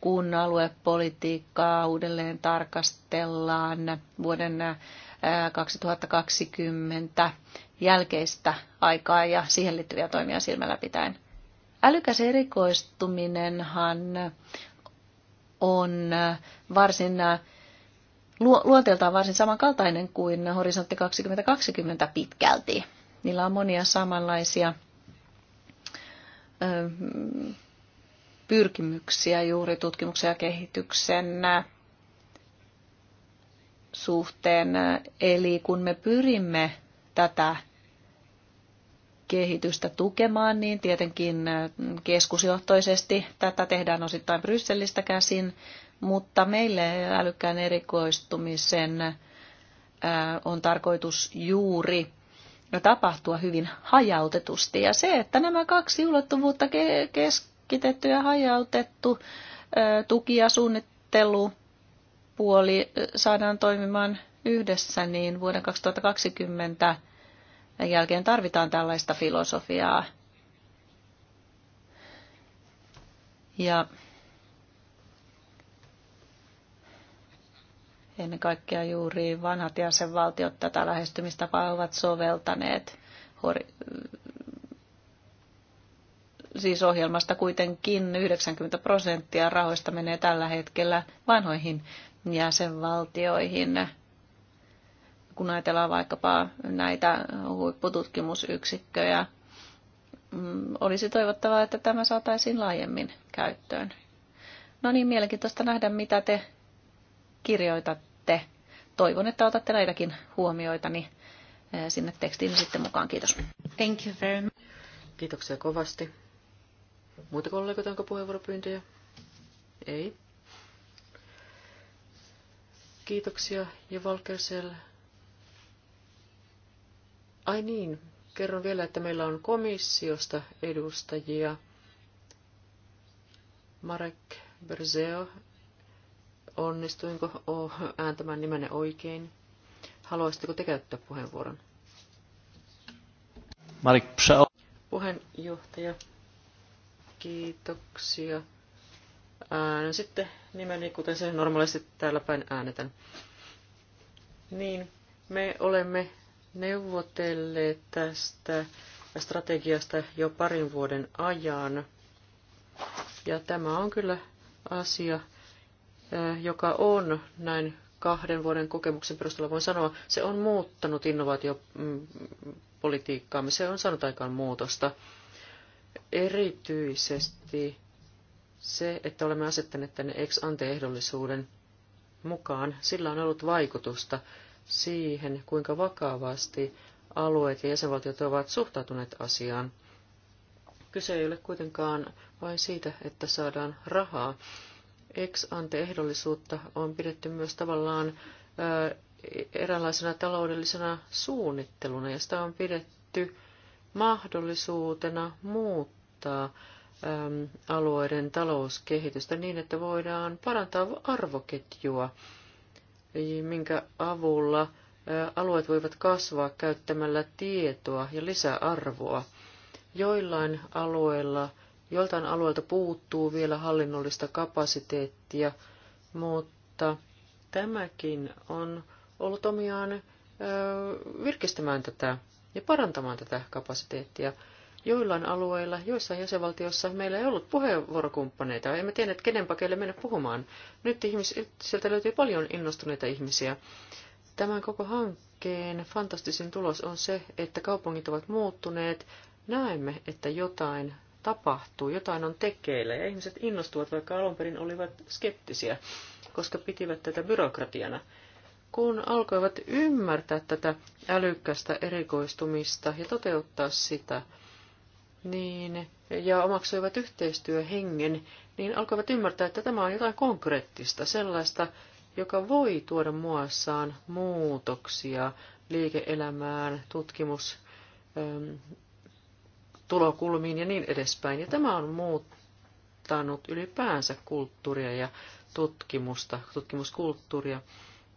kun aluepolitiikkaa uudelleen tarkastellaan vuoden 2020 jälkeistä aikaa ja siihen liittyviä toimia silmällä pitäen. Älykäs erikoistuminenhan on varsin luonteeltaan varsin samankaltainen kuin Horisontti 2020 pitkälti. Niillä on monia samanlaisia pyrkimyksiä juuri tutkimuksen ja kehityksen suhteen. Eli kun me pyrimme tätä kehitystä tukemaan, niin tietenkin keskusjohtoisesti tätä tehdään osittain Brysselistä käsin, mutta meille älykkään erikoistumisen on tarkoitus juuri tapahtua hyvin hajautetusti. Ja se, että nämä kaksi ulottuvuutta keskitetty ja hajautettu tuki ja suunnittelu puoli saadaan toimimaan yhdessä, niin vuoden 2020 jälkeen tarvitaan tällaista filosofiaa. Ja ennen kaikkea juuri vanhat jäsenvaltiot tätä lähestymistapaa ovat soveltaneet. Siis ohjelmasta kuitenkin 90 prosenttia rahoista menee tällä hetkellä vanhoihin jäsenvaltioihin, kun ajatellaan vaikkapa näitä huippututkimusyksikköjä, mm, olisi toivottavaa, että tämä saataisiin laajemmin käyttöön. No niin, mielenkiintoista nähdä, mitä te kirjoitatte. Toivon, että otatte näitäkin huomioitani eh, sinne tekstiin sitten mukaan. Kiitos. Thank you very much. Kiitoksia kovasti. Muita kollegoita, onko puheenvuoropyyntöjä? Ei. Kiitoksia ja Valkersel. Ai niin, kerron vielä, että meillä on komissiosta edustajia. Marek Berzeo, onnistuinko ääntämään nimenne oikein? Haluaisitteko te käyttää puheenvuoron? Marek Puheenjohtaja, kiitoksia äänen sitten nimeni, kuten se normaalisti täällä päin äänetän. Niin, me olemme neuvotelleet tästä strategiasta jo parin vuoden ajan. Ja tämä on kyllä asia, eh, joka on näin kahden vuoden kokemuksen perusteella voin sanoa, se on muuttanut innovaatiopolitiikkaamme, se on saanut aikaan muutosta. Erityisesti se, että olemme asettaneet tänne ex ehdollisuuden mukaan, sillä on ollut vaikutusta siihen, kuinka vakavasti alueet ja jäsenvaltiot ovat suhtautuneet asiaan. Kyse ei ole kuitenkaan vain siitä, että saadaan rahaa. Ex ante ehdollisuutta on pidetty myös tavallaan ää, eräänlaisena taloudellisena suunnitteluna, ja sitä on pidetty mahdollisuutena muuttaa Ähm, alueiden talouskehitystä niin, että voidaan parantaa arvoketjua, minkä avulla äh, alueet voivat kasvaa käyttämällä tietoa ja lisäarvoa. Joillain alueilla, joiltain alueelta puuttuu vielä hallinnollista kapasiteettia, mutta tämäkin on ollut omiaan äh, virkistämään tätä ja parantamaan tätä kapasiteettia joillain alueilla, joissain jäsenvaltioissa meillä ei ollut puheenvuorokumppaneita. Emme tienneet, kenen pakeille mennä puhumaan. Nyt ihmis, sieltä löytyy paljon innostuneita ihmisiä. Tämän koko hankkeen fantastisin tulos on se, että kaupungit ovat muuttuneet. Näemme, että jotain tapahtuu, jotain on tekeillä ja ihmiset innostuvat, vaikka alun perin olivat skeptisiä, koska pitivät tätä byrokratiana kun alkoivat ymmärtää tätä älykkästä erikoistumista ja toteuttaa sitä, niin, ja omaksuivat yhteistyöhengen, niin alkoivat ymmärtää, että tämä on jotain konkreettista, sellaista, joka voi tuoda muassaan muutoksia liike-elämään, tutkimus, ähm, tulokulmiin ja niin edespäin. Ja tämä on muuttanut ylipäänsä kulttuuria ja tutkimusta, tutkimuskulttuuria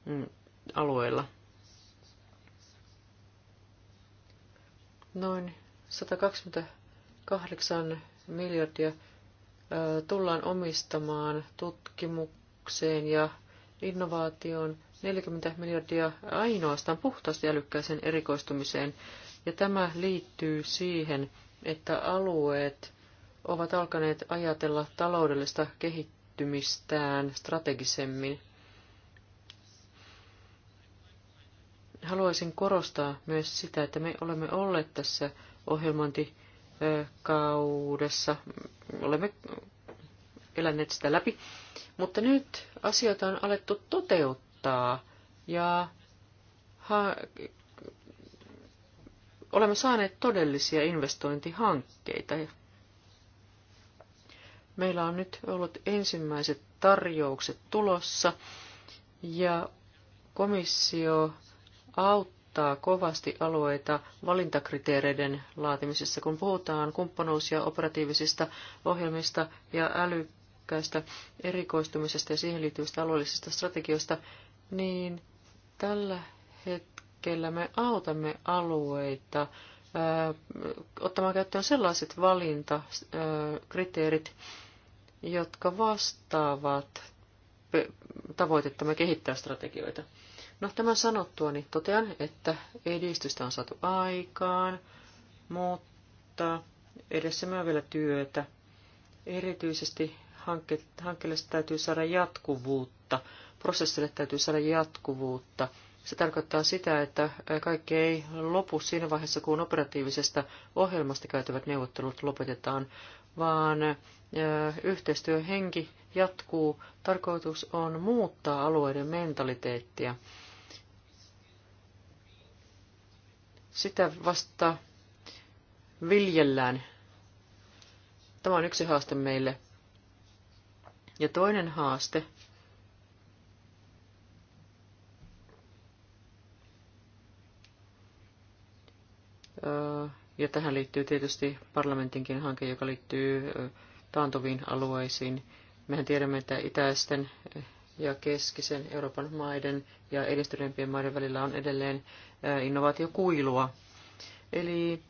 mm, alueella. Noin 120 Kahdeksan miljardia tullaan omistamaan tutkimukseen ja innovaatioon, 40 miljardia ainoastaan puhtaasti älykkäiseen erikoistumiseen. Ja tämä liittyy siihen, että alueet ovat alkaneet ajatella taloudellista kehittymistään strategisemmin. Haluaisin korostaa myös sitä, että me olemme olleet tässä ohjelmointi kaudessa. Olemme eläneet sitä läpi. Mutta nyt asioita on alettu toteuttaa ja ha- olemme saaneet todellisia investointihankkeita. Meillä on nyt ollut ensimmäiset tarjoukset tulossa ja komissio auttaa auttaa kovasti alueita valintakriteereiden laatimisessa, kun puhutaan kumppanuus- ja operatiivisista ohjelmista ja älykkäästä erikoistumisesta ja siihen liittyvistä alueellisista strategioista, niin tällä hetkellä me autamme alueita ää, ottamaan käyttöön sellaiset valintakriteerit, jotka vastaavat tavoitettamme kehittää strategioita. No tämän niin totean, että edistystä on saatu aikaan, mutta edessämme on vielä työtä. Erityisesti hankke, hankkeelle täytyy saada jatkuvuutta, prosessille täytyy saada jatkuvuutta. Se tarkoittaa sitä, että kaikki ei lopu siinä vaiheessa, kun operatiivisesta ohjelmasta käytävät neuvottelut lopetetaan, vaan yhteistyöhenki jatkuu. Tarkoitus on muuttaa alueiden mentaliteettia. Sitä vasta viljellään. Tämä on yksi haaste meille. Ja toinen haaste Ja tähän liittyy tietysti parlamentinkin hanke, joka liittyy taantuviin alueisiin. Mehän tiedämme, että itäisten ja keskisen Euroopan maiden ja edistyneempien maiden välillä on edelleen innovaatiokuilua. Eli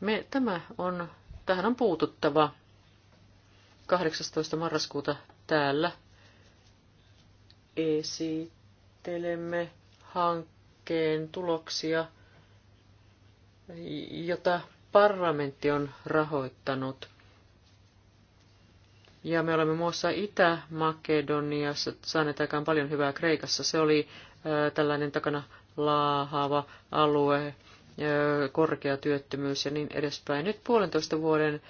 me, tämä on, tähän on puututtava 18. marraskuuta täällä esittelemme hankkeen tuloksia, jota parlamentti on rahoittanut – ja me olemme muussa Itä-Makedoniassa saaneet aikaan paljon hyvää Kreikassa. Se oli tällainen takana laahaava alue, korkea työttömyys ja niin edespäin. Nyt puolentoista vuoden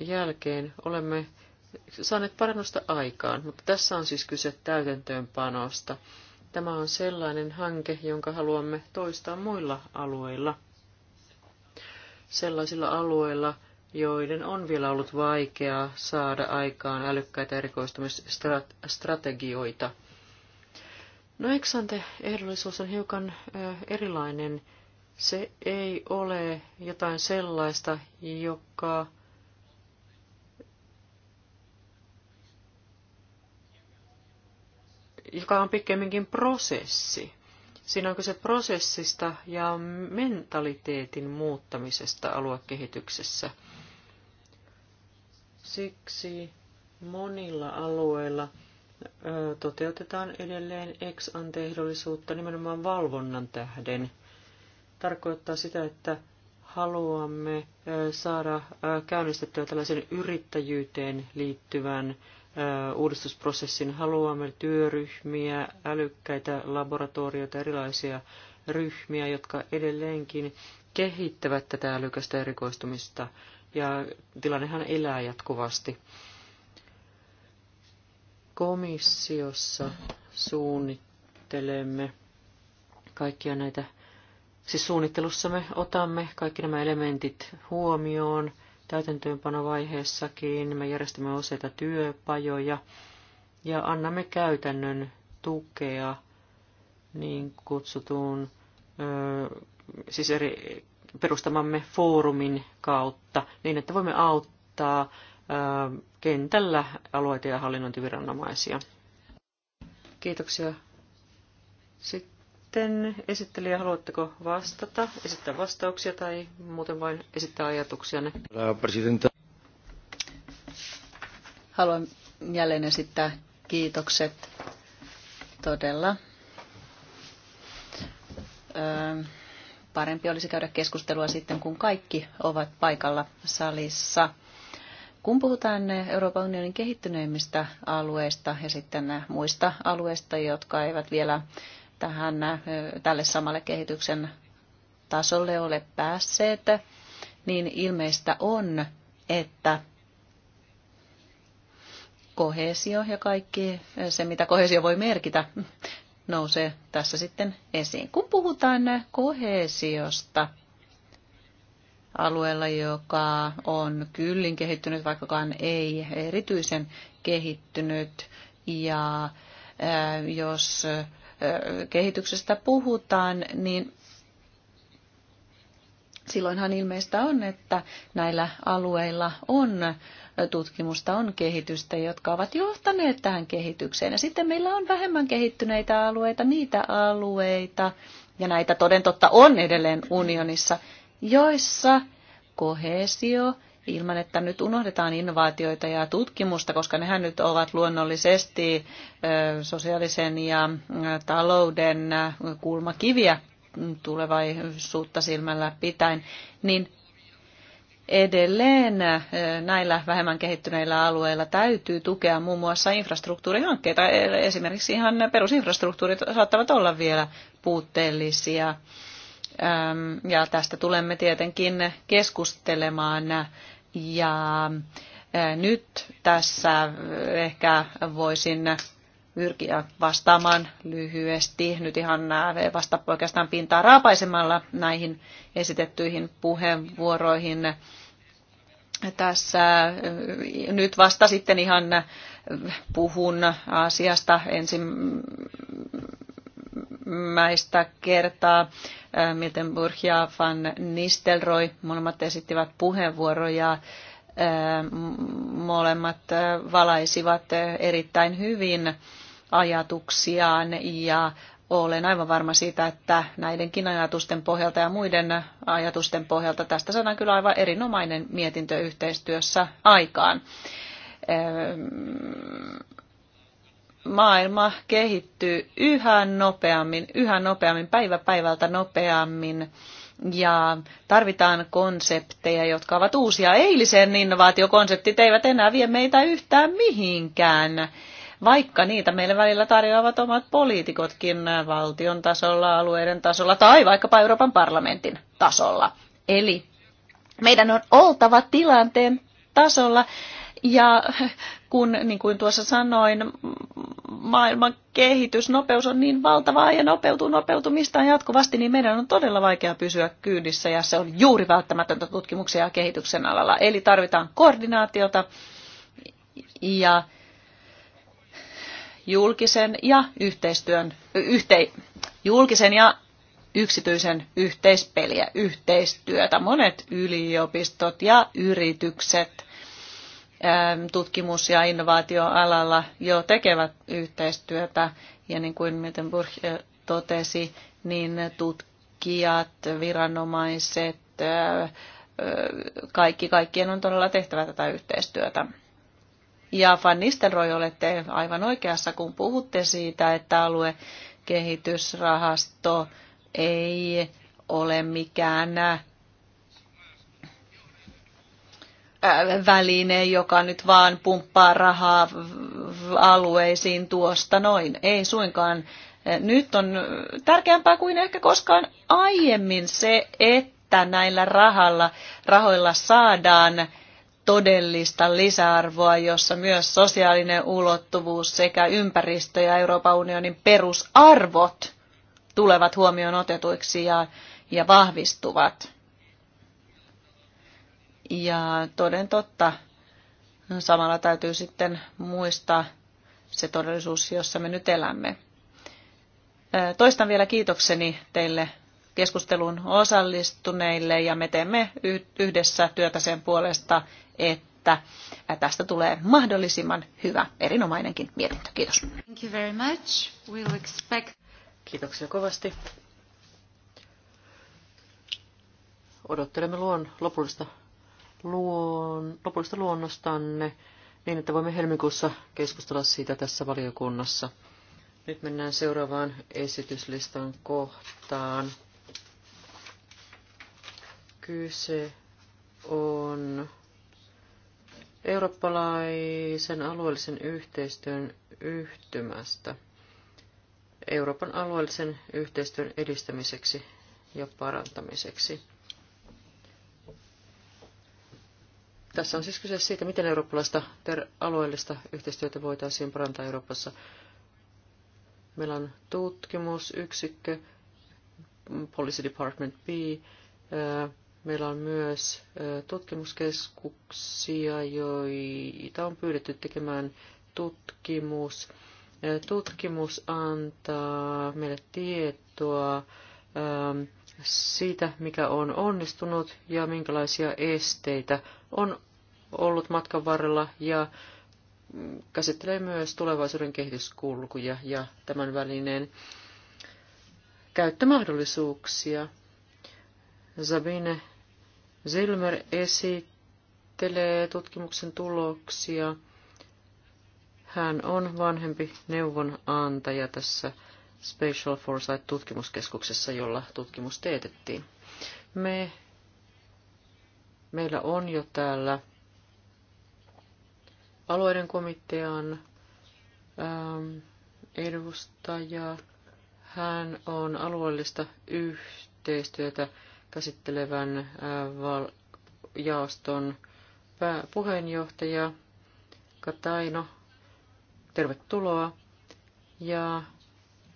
jälkeen olemme saaneet parannusta aikaan, mutta tässä on siis kyse täytäntöönpanosta. Tämä on sellainen hanke, jonka haluamme toistaa muilla alueilla. Sellaisilla alueilla, joiden on vielä ollut vaikeaa saada aikaan älykkäitä erikoistumisstrategioita. No eksante ehdollisuus on hiukan ö, erilainen. Se ei ole jotain sellaista, joka joka on pikemminkin prosessi. Siinä on kyse prosessista ja mentaliteetin muuttamisesta aluekehityksessä – Siksi monilla alueilla toteutetaan edelleen ex ante ehdollisuutta nimenomaan valvonnan tähden. Tarkoittaa sitä, että haluamme saada käynnistettyä tällaisen yrittäjyyteen liittyvän uudistusprosessin. Haluamme työryhmiä, älykkäitä laboratorioita, erilaisia ryhmiä, jotka edelleenkin kehittävät tätä älykästä erikoistumista ja tilannehan elää jatkuvasti. Komissiossa suunnittelemme kaikkia näitä, siis suunnittelussa me otamme kaikki nämä elementit huomioon, täytäntöönpanovaiheessakin me järjestämme useita työpajoja ja annamme käytännön tukea niin kutsutuun, siis eri perustamamme foorumin kautta, niin että voimme auttaa kentällä alueita ja hallinnointiviranomaisia. Kiitoksia. Sitten esittelijä, haluatteko vastata, esittää vastauksia tai muuten vain esittää ajatuksianne? Haluan jälleen esittää kiitokset todella parempi olisi käydä keskustelua sitten, kun kaikki ovat paikalla salissa. Kun puhutaan Euroopan unionin kehittyneimmistä alueista ja sitten muista alueista, jotka eivät vielä tähän, tälle samalle kehityksen tasolle ole päässeet, niin ilmeistä on, että kohesio ja kaikki se, mitä kohesio voi merkitä, nousee tässä sitten esiin. Kun puhutaan kohesiosta alueella, joka on kyllin kehittynyt, vaikkakaan ei erityisen kehittynyt, ja jos kehityksestä puhutaan, niin silloinhan ilmeistä on, että näillä alueilla on tutkimusta, on kehitystä, jotka ovat johtaneet tähän kehitykseen. Ja sitten meillä on vähemmän kehittyneitä alueita, niitä alueita, ja näitä toden totta on edelleen unionissa, joissa kohesio, ilman että nyt unohdetaan innovaatioita ja tutkimusta, koska nehän nyt ovat luonnollisesti sosiaalisen ja talouden kulmakiviä tulevaisuutta silmällä pitäen, niin edelleen näillä vähemmän kehittyneillä alueilla täytyy tukea muun muassa infrastruktuurihankkeita. Esimerkiksi ihan perusinfrastruktuurit saattavat olla vielä puutteellisia. Ja tästä tulemme tietenkin keskustelemaan. Ja nyt tässä ehkä voisin pyrkiä vastaamaan lyhyesti, nyt ihan vasta oikeastaan pintaa raapaisemalla näihin esitettyihin puheenvuoroihin. Tässä äh, nyt vasta sitten ihan äh, puhun asiasta ensimmäistä kertaa. Äh, Miltenburg ja Van Nistelrooy molemmat esittivät puheenvuoroja molemmat valaisivat erittäin hyvin ajatuksiaan ja olen aivan varma siitä, että näidenkin ajatusten pohjalta ja muiden ajatusten pohjalta tästä saadaan kyllä aivan erinomainen mietintö yhteistyössä aikaan. Ehm, maailma kehittyy yhä nopeammin, yhä nopeammin, päivä päivältä nopeammin ja tarvitaan konsepteja, jotka ovat uusia. Eilisen innovaatiokonseptit eivät enää vie meitä yhtään mihinkään vaikka niitä meille välillä tarjoavat omat poliitikotkin valtion tasolla, alueiden tasolla tai vaikkapa Euroopan parlamentin tasolla. Eli meidän on oltava tilanteen tasolla ja kun, niin kuin tuossa sanoin, maailman kehitysnopeus on niin valtavaa ja nopeutuu nopeutumistaan jatkuvasti, niin meidän on todella vaikea pysyä kyydissä ja se on juuri välttämätöntä tutkimuksen ja kehityksen alalla. Eli tarvitaan koordinaatiota ja julkisen ja, yhteistyön, yhte, julkisen ja yksityisen yhteispeliä, yhteistyötä. Monet yliopistot ja yritykset ähm, tutkimus- ja innovaatioalalla jo tekevät yhteistyötä. Ja niin kuin Miltenburg äh, totesi, niin tutkijat, viranomaiset, äh, äh, kaikki, kaikkien on todella tehtävä tätä yhteistyötä. Ja Van Nistelrooy, olette aivan oikeassa, kun puhutte siitä, että aluekehitysrahasto ei ole mikään äh, väline, joka nyt vaan pumppaa rahaa alueisiin tuosta noin. Ei suinkaan. Nyt on tärkeämpää kuin ehkä koskaan aiemmin se, että näillä rahalla, rahoilla saadaan todellista lisäarvoa, jossa myös sosiaalinen ulottuvuus sekä ympäristö ja Euroopan unionin perusarvot tulevat huomioon otetuiksi ja, ja vahvistuvat. Ja toden totta, samalla täytyy sitten muistaa se todellisuus, jossa me nyt elämme. Toistan vielä kiitokseni teille keskustelun osallistuneille ja me teemme yhdessä työtä sen puolesta, että tästä tulee mahdollisimman hyvä, erinomainenkin mietintö. Kiitos. Thank you very much. We'll expect... Kiitoksia kovasti. Odottelemme luon lopullista, luon, lopullista luonnostanne niin, että voimme helmikuussa keskustella siitä tässä valiokunnassa. Nyt mennään seuraavaan esityslistan kohtaan. Kyse on eurooppalaisen alueellisen yhteistyön yhtymästä Euroopan alueellisen yhteistyön edistämiseksi ja parantamiseksi. Tässä on siis kyse siitä, miten eurooppalaista ter- alueellista yhteistyötä voitaisiin parantaa Euroopassa. Meillä on tutkimusyksikkö, Policy Department B, Meillä on myös tutkimuskeskuksia, joita on pyydetty tekemään tutkimus. Tutkimus antaa meille tietoa siitä, mikä on onnistunut ja minkälaisia esteitä on ollut matkan varrella ja mm, käsittelee myös tulevaisuuden kehityskulkuja ja tämän välineen käyttömahdollisuuksia. Sabine Zilmer esittelee tutkimuksen tuloksia. Hän on vanhempi neuvonantaja tässä Special Foresight-tutkimuskeskuksessa, jolla tutkimus teetettiin. Me, meillä on jo täällä alueiden komitean ähm, edustaja. Hän on alueellista yhteistyötä käsittelevän äh, jaoston puheenjohtaja Kataino. Tervetuloa. Ja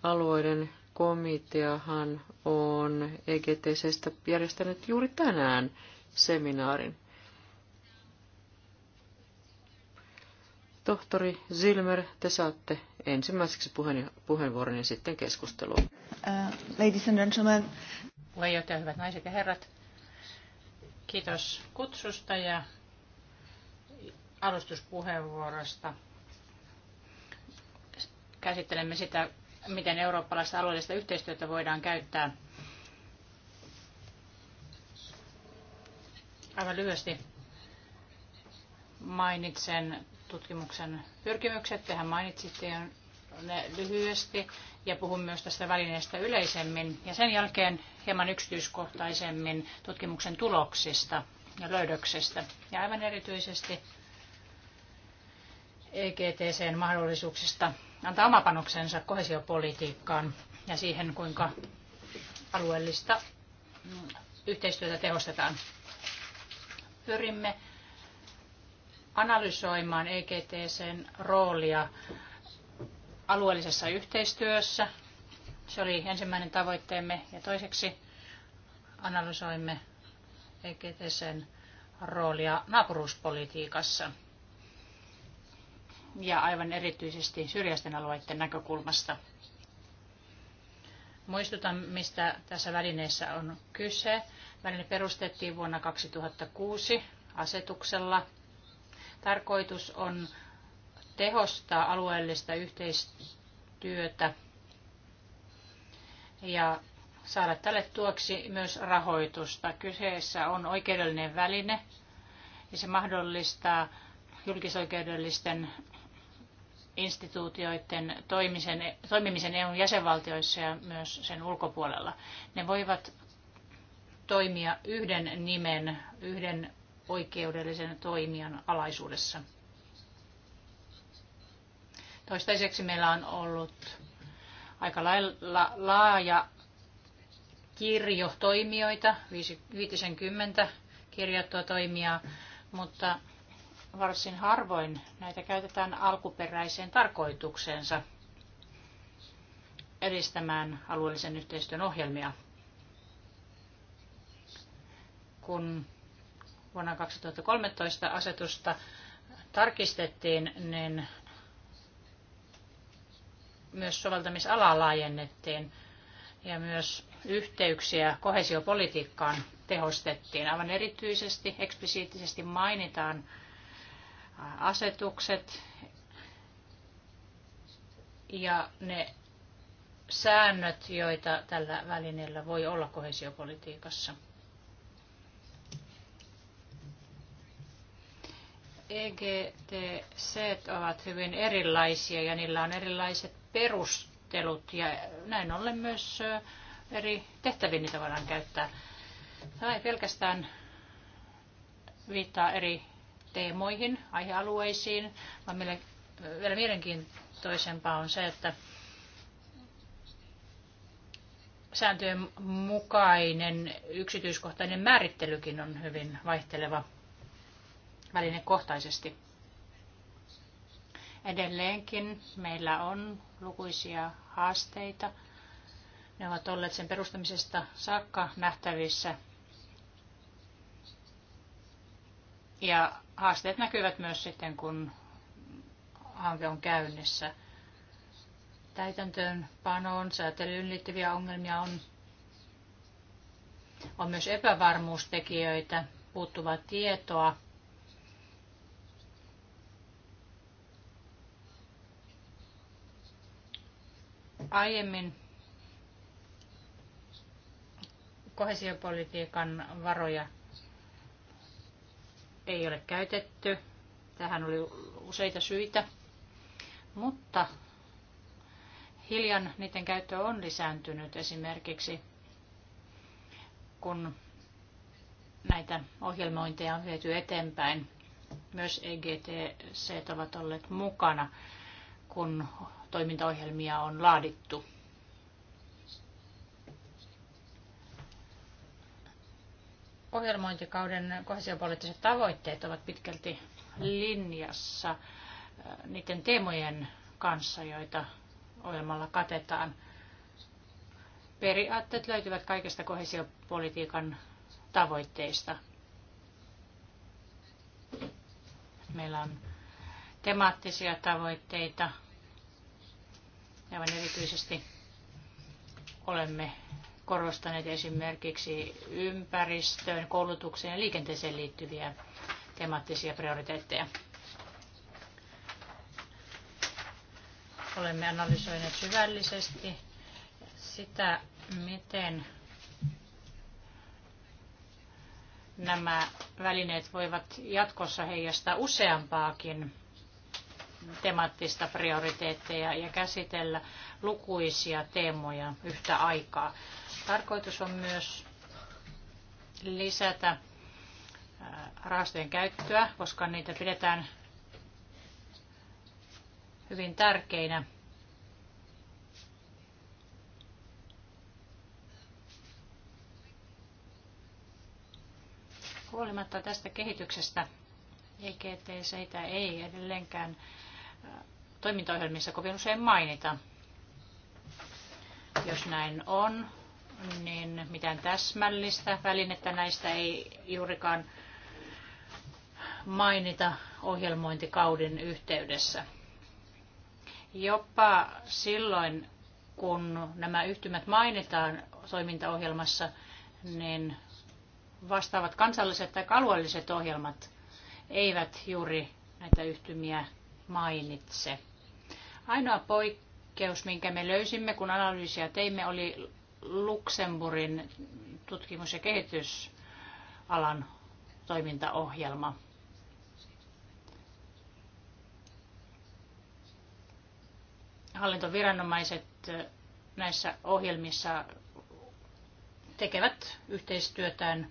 alueiden komiteahan on EGTCstä järjestänyt juuri tänään seminaarin. Tohtori Zilmer, te saatte ensimmäiseksi puheenvuoron ja sitten keskustelua. Uh, ladies and gentlemen, puheenjohtaja, hyvät naiset ja herrat. Kiitos kutsusta ja alustuspuheenvuorosta. Käsittelemme sitä, miten eurooppalaista alueellista yhteistyötä voidaan käyttää. Aivan lyhyesti mainitsen tutkimuksen pyrkimykset. Tehän mainitsitte lyhyesti ja puhun myös tästä välineestä yleisemmin ja sen jälkeen hieman yksityiskohtaisemmin tutkimuksen tuloksista ja löydöksistä ja aivan erityisesti EGTCn mahdollisuuksista antaa oma panoksensa kohesiopolitiikkaan ja siihen, kuinka alueellista yhteistyötä tehostetaan. Pyrimme analysoimaan EGTCn roolia alueellisessa yhteistyössä. Se oli ensimmäinen tavoitteemme ja toiseksi analysoimme EGTCn roolia naapuruuspolitiikassa ja aivan erityisesti syrjäisten alueiden näkökulmasta. Muistutan, mistä tässä välineessä on kyse. Väline perustettiin vuonna 2006 asetuksella. Tarkoitus on tehostaa alueellista yhteistyötä ja saada tälle tuoksi myös rahoitusta. Kyseessä on oikeudellinen väline ja se mahdollistaa julkisoikeudellisten instituutioiden toimisen, toimimisen EUn jäsenvaltioissa ja myös sen ulkopuolella. Ne voivat toimia yhden nimen, yhden oikeudellisen toimijan alaisuudessa. Toistaiseksi meillä on ollut aika lailla laaja kirjo toimijoita, 50 kirjattua toimijaa, mutta varsin harvoin näitä käytetään alkuperäiseen tarkoitukseensa edistämään alueellisen yhteistyön ohjelmia. Kun vuonna 2013 asetusta tarkistettiin, niin myös soveltamisalaa laajennettiin ja myös yhteyksiä kohesiopolitiikkaan tehostettiin. Aivan erityisesti eksplisiittisesti mainitaan asetukset ja ne säännöt, joita tällä välineellä voi olla kohesiopolitiikassa. EGTC ovat hyvin erilaisia ja niillä on erilaiset perustelut ja näin ollen myös eri tehtäviin niitä voidaan käyttää. Tämä ei pelkästään viittaa eri teemoihin, aihealueisiin, vaan meille vielä mielenkiintoisempaa on se, että sääntöjen mukainen yksityiskohtainen määrittelykin on hyvin vaihteleva välinekohtaisesti. Edelleenkin meillä on lukuisia haasteita. Ne ovat olleet sen perustamisesta saakka nähtävissä. Ja haasteet näkyvät myös sitten, kun hanke on käynnissä. Täytäntöönpanoon, säätelyyn liittyviä ongelmia on. On myös epävarmuustekijöitä, puuttuvaa tietoa Aiemmin kohesiopolitiikan varoja ei ole käytetty. Tähän oli useita syitä, mutta hiljan niiden käyttö on lisääntynyt esimerkiksi, kun näitä ohjelmointeja on viety eteenpäin. Myös EGTC ovat olleet mukana, kun toimintaohjelmia on laadittu. Ohjelmointikauden kohesiopoliittiset tavoitteet ovat pitkälti linjassa äh, niiden teemojen kanssa, joita ohjelmalla katetaan. Periaatteet löytyvät kaikista kohesiopolitiikan tavoitteista. Meillä on temaattisia tavoitteita, Aivan erityisesti olemme korostaneet esimerkiksi ympäristöön, koulutukseen ja liikenteeseen liittyviä temaattisia prioriteetteja. Olemme analysoineet syvällisesti sitä, miten nämä välineet voivat jatkossa heijastaa useampaakin temaattista prioriteetteja ja käsitellä lukuisia teemoja yhtä aikaa. Tarkoitus on myös lisätä äh, rahastojen käyttöä, koska niitä pidetään hyvin tärkeinä. Huolimatta tästä kehityksestä EGT seitä ei edelleenkään toimintaohjelmissa kovin usein mainita. Jos näin on, niin mitään täsmällistä välinettä näistä ei juurikaan mainita ohjelmointikauden yhteydessä. Jopa silloin, kun nämä yhtymät mainitaan toimintaohjelmassa, niin vastaavat kansalliset tai alueelliset ohjelmat eivät juuri näitä yhtymiä mainitse. Ainoa poikkeus, minkä me löysimme, kun analyysiä teimme, oli Luxemburgin tutkimus- ja kehitysalan toimintaohjelma. Hallintoviranomaiset näissä ohjelmissa tekevät yhteistyötään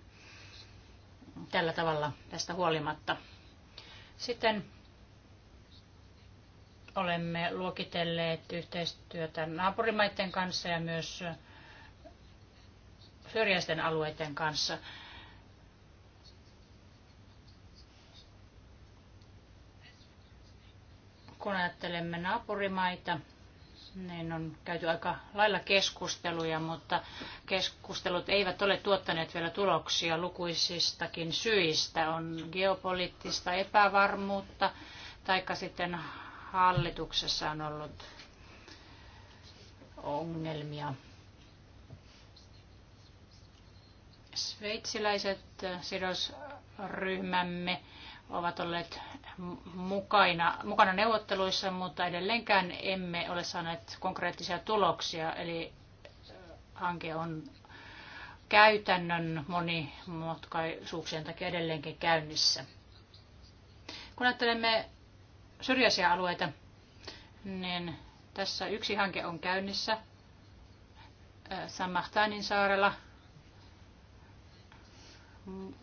tällä tavalla tästä huolimatta. Sitten Olemme luokitelleet yhteistyötä naapurimaiden kanssa ja myös syrjäisten alueiden kanssa. Kun ajattelemme naapurimaita, niin on käyty aika lailla keskusteluja, mutta keskustelut eivät ole tuottaneet vielä tuloksia lukuisistakin syistä. On geopoliittista epävarmuutta, taikka sitten hallituksessa on ollut ongelmia. Sveitsiläiset sidosryhmämme ovat olleet mukana, mukana neuvotteluissa, mutta edelleenkään emme ole saaneet konkreettisia tuloksia. Eli äh, hanke on käytännön monimutkaisuuksien takia edelleenkin käynnissä. Kun ajattelemme syrjäisiä alueita, niin tässä yksi hanke on käynnissä äh, Sammahtainin saarella.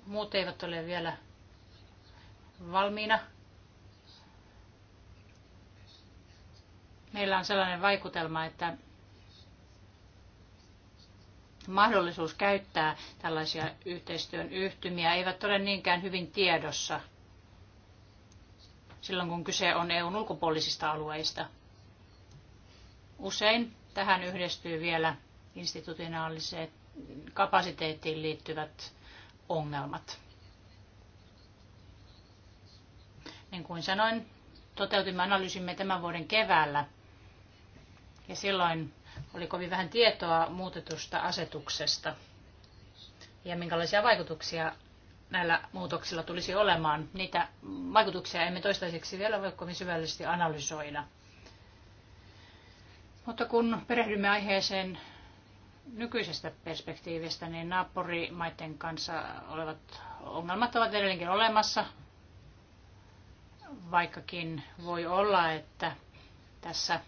Muut eivät ole vielä valmiina. Meillä on sellainen vaikutelma, että mahdollisuus käyttää tällaisia yhteistyön yhtymiä eivät ole niinkään hyvin tiedossa – silloin kun kyse on EUn ulkopuolisista alueista. Usein tähän yhdistyy vielä institutionaaliset kapasiteettiin liittyvät ongelmat. Niin kuin sanoin, toteutimme analyysimme tämän vuoden keväällä ja silloin oli kovin vähän tietoa muutetusta asetuksesta ja minkälaisia vaikutuksia näillä muutoksilla tulisi olemaan. Niitä vaikutuksia emme toistaiseksi vielä voi kovin syvällisesti analysoida. Mutta kun perehdymme aiheeseen nykyisestä perspektiivistä, niin naapurimaiden kanssa olevat ongelmat ovat edelleenkin olemassa, vaikkakin voi olla, että tässä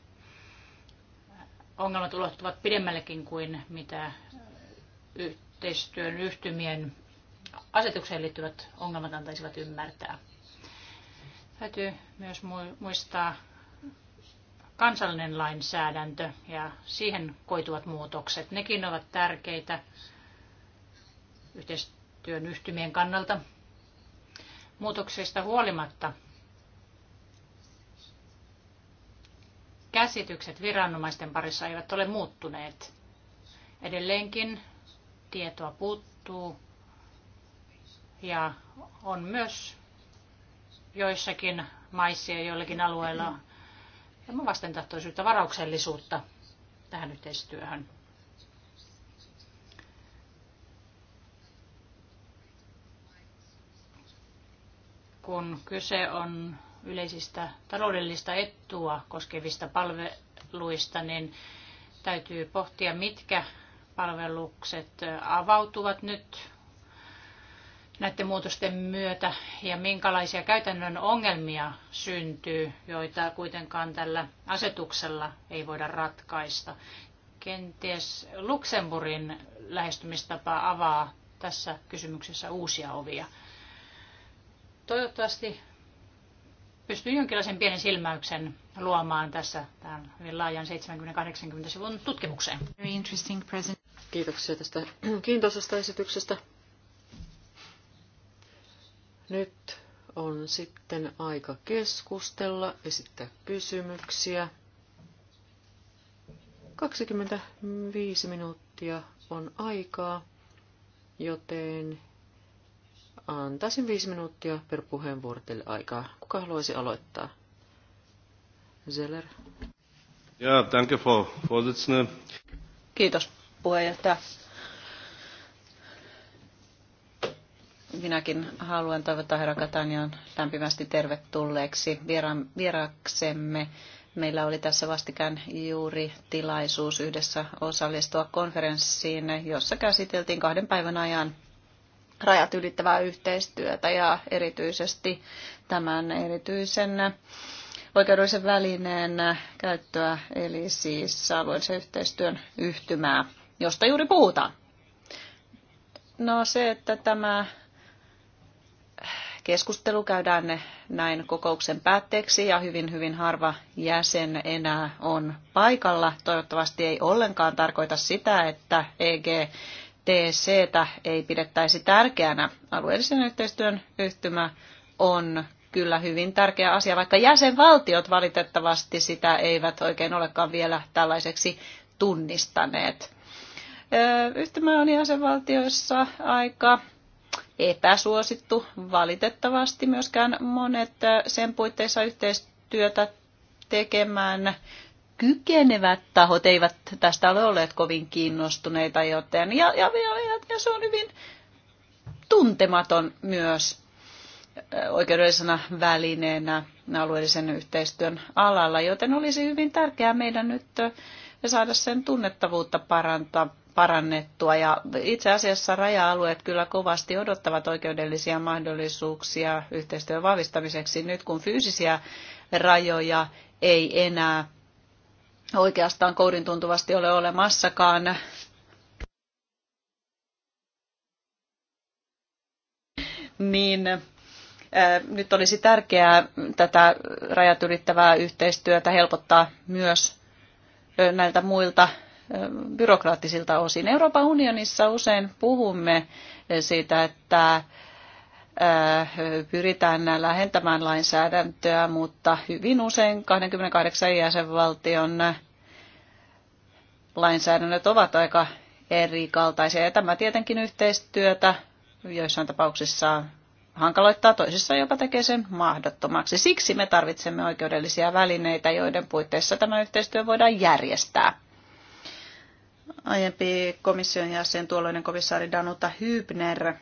ongelmat ulottuvat pidemmällekin kuin mitä yhteistyön yhtymien asetukseen liittyvät ongelmat antaisivat ymmärtää. Täytyy myös muistaa kansallinen lainsäädäntö ja siihen koituvat muutokset. Nekin ovat tärkeitä yhteistyön yhtymien kannalta. Muutoksista huolimatta käsitykset viranomaisten parissa eivät ole muuttuneet. Edelleenkin tietoa puuttuu ja on myös joissakin maissa ja joillakin alueilla hieman vastentahtoisuutta, varauksellisuutta tähän yhteistyöhön. Kun kyse on yleisistä taloudellista etua koskevista palveluista, niin täytyy pohtia, mitkä palvelukset avautuvat nyt näiden muutosten myötä ja minkälaisia käytännön ongelmia syntyy, joita kuitenkaan tällä asetuksella ei voida ratkaista. Kenties Luxemburgin lähestymistapa avaa tässä kysymyksessä uusia ovia. Toivottavasti pystyy jonkinlaisen pienen silmäyksen luomaan tässä tämän hyvin laajan 70-80 sivun tutkimukseen. Very interesting present. Kiitoksia tästä kiintoisesta esityksestä. Nyt on sitten aika keskustella, esittää kysymyksiä. 25 minuuttia on aikaa, joten antaisin 5 minuuttia per puheenvuoro teille aikaa. Kuka haluaisi aloittaa? Zeller. Ja, danke, Frau Vorsitzende. Kiitos, puheenjohtaja. Minäkin haluan toivottaa herra Katanian lämpimästi tervetulleeksi vieraksemme. Meillä oli tässä vastikään juuri tilaisuus yhdessä osallistua konferenssiin, jossa käsiteltiin kahden päivän ajan rajat ylittävää yhteistyötä ja erityisesti tämän erityisen oikeudellisen välineen käyttöä, eli siis alueellisen yhteistyön yhtymää, josta juuri puhutaan. No se, että tämä keskustelu käydään näin kokouksen päätteeksi ja hyvin hyvin harva jäsen enää on paikalla. Toivottavasti ei ollenkaan tarkoita sitä, että EGTCtä ei pidettäisi tärkeänä. Alueellisen yhteistyön yhtymä on kyllä hyvin tärkeä asia, vaikka jäsenvaltiot valitettavasti sitä eivät oikein olekaan vielä tällaiseksi tunnistaneet. Yhtymä on jäsenvaltioissa aika epäsuosittu. Valitettavasti myöskään monet sen puitteissa yhteistyötä tekemään kykenevät tahot eivät tästä ole olleet kovin kiinnostuneita, joten ja, ja, ja, ja se on hyvin tuntematon myös oikeudellisena välineenä alueellisen yhteistyön alalla, joten olisi hyvin tärkeää meidän nyt saada sen tunnettavuutta parantaa, parannettua. Ja itse asiassa raja-alueet kyllä kovasti odottavat oikeudellisia mahdollisuuksia yhteistyön vahvistamiseksi nyt, kun fyysisiä rajoja ei enää oikeastaan kourin tuntuvasti ole olemassakaan. Niin äh, nyt olisi tärkeää tätä rajat ylittävää yhteistyötä helpottaa myös näiltä muilta byrokraattisilta osin. Euroopan unionissa usein puhumme siitä, että äh, pyritään lähentämään lainsäädäntöä, mutta hyvin usein 28 jäsenvaltion lainsäädännöt ovat aika erikaltaisia. Ja tämä tietenkin yhteistyötä joissain tapauksissa hankaloittaa, toisissa jopa tekee sen mahdottomaksi. Siksi me tarvitsemme oikeudellisia välineitä, joiden puitteissa tämä yhteistyö voidaan järjestää. Aiempi komission jäsen, tuolloinen komissaari Danuta Hübner,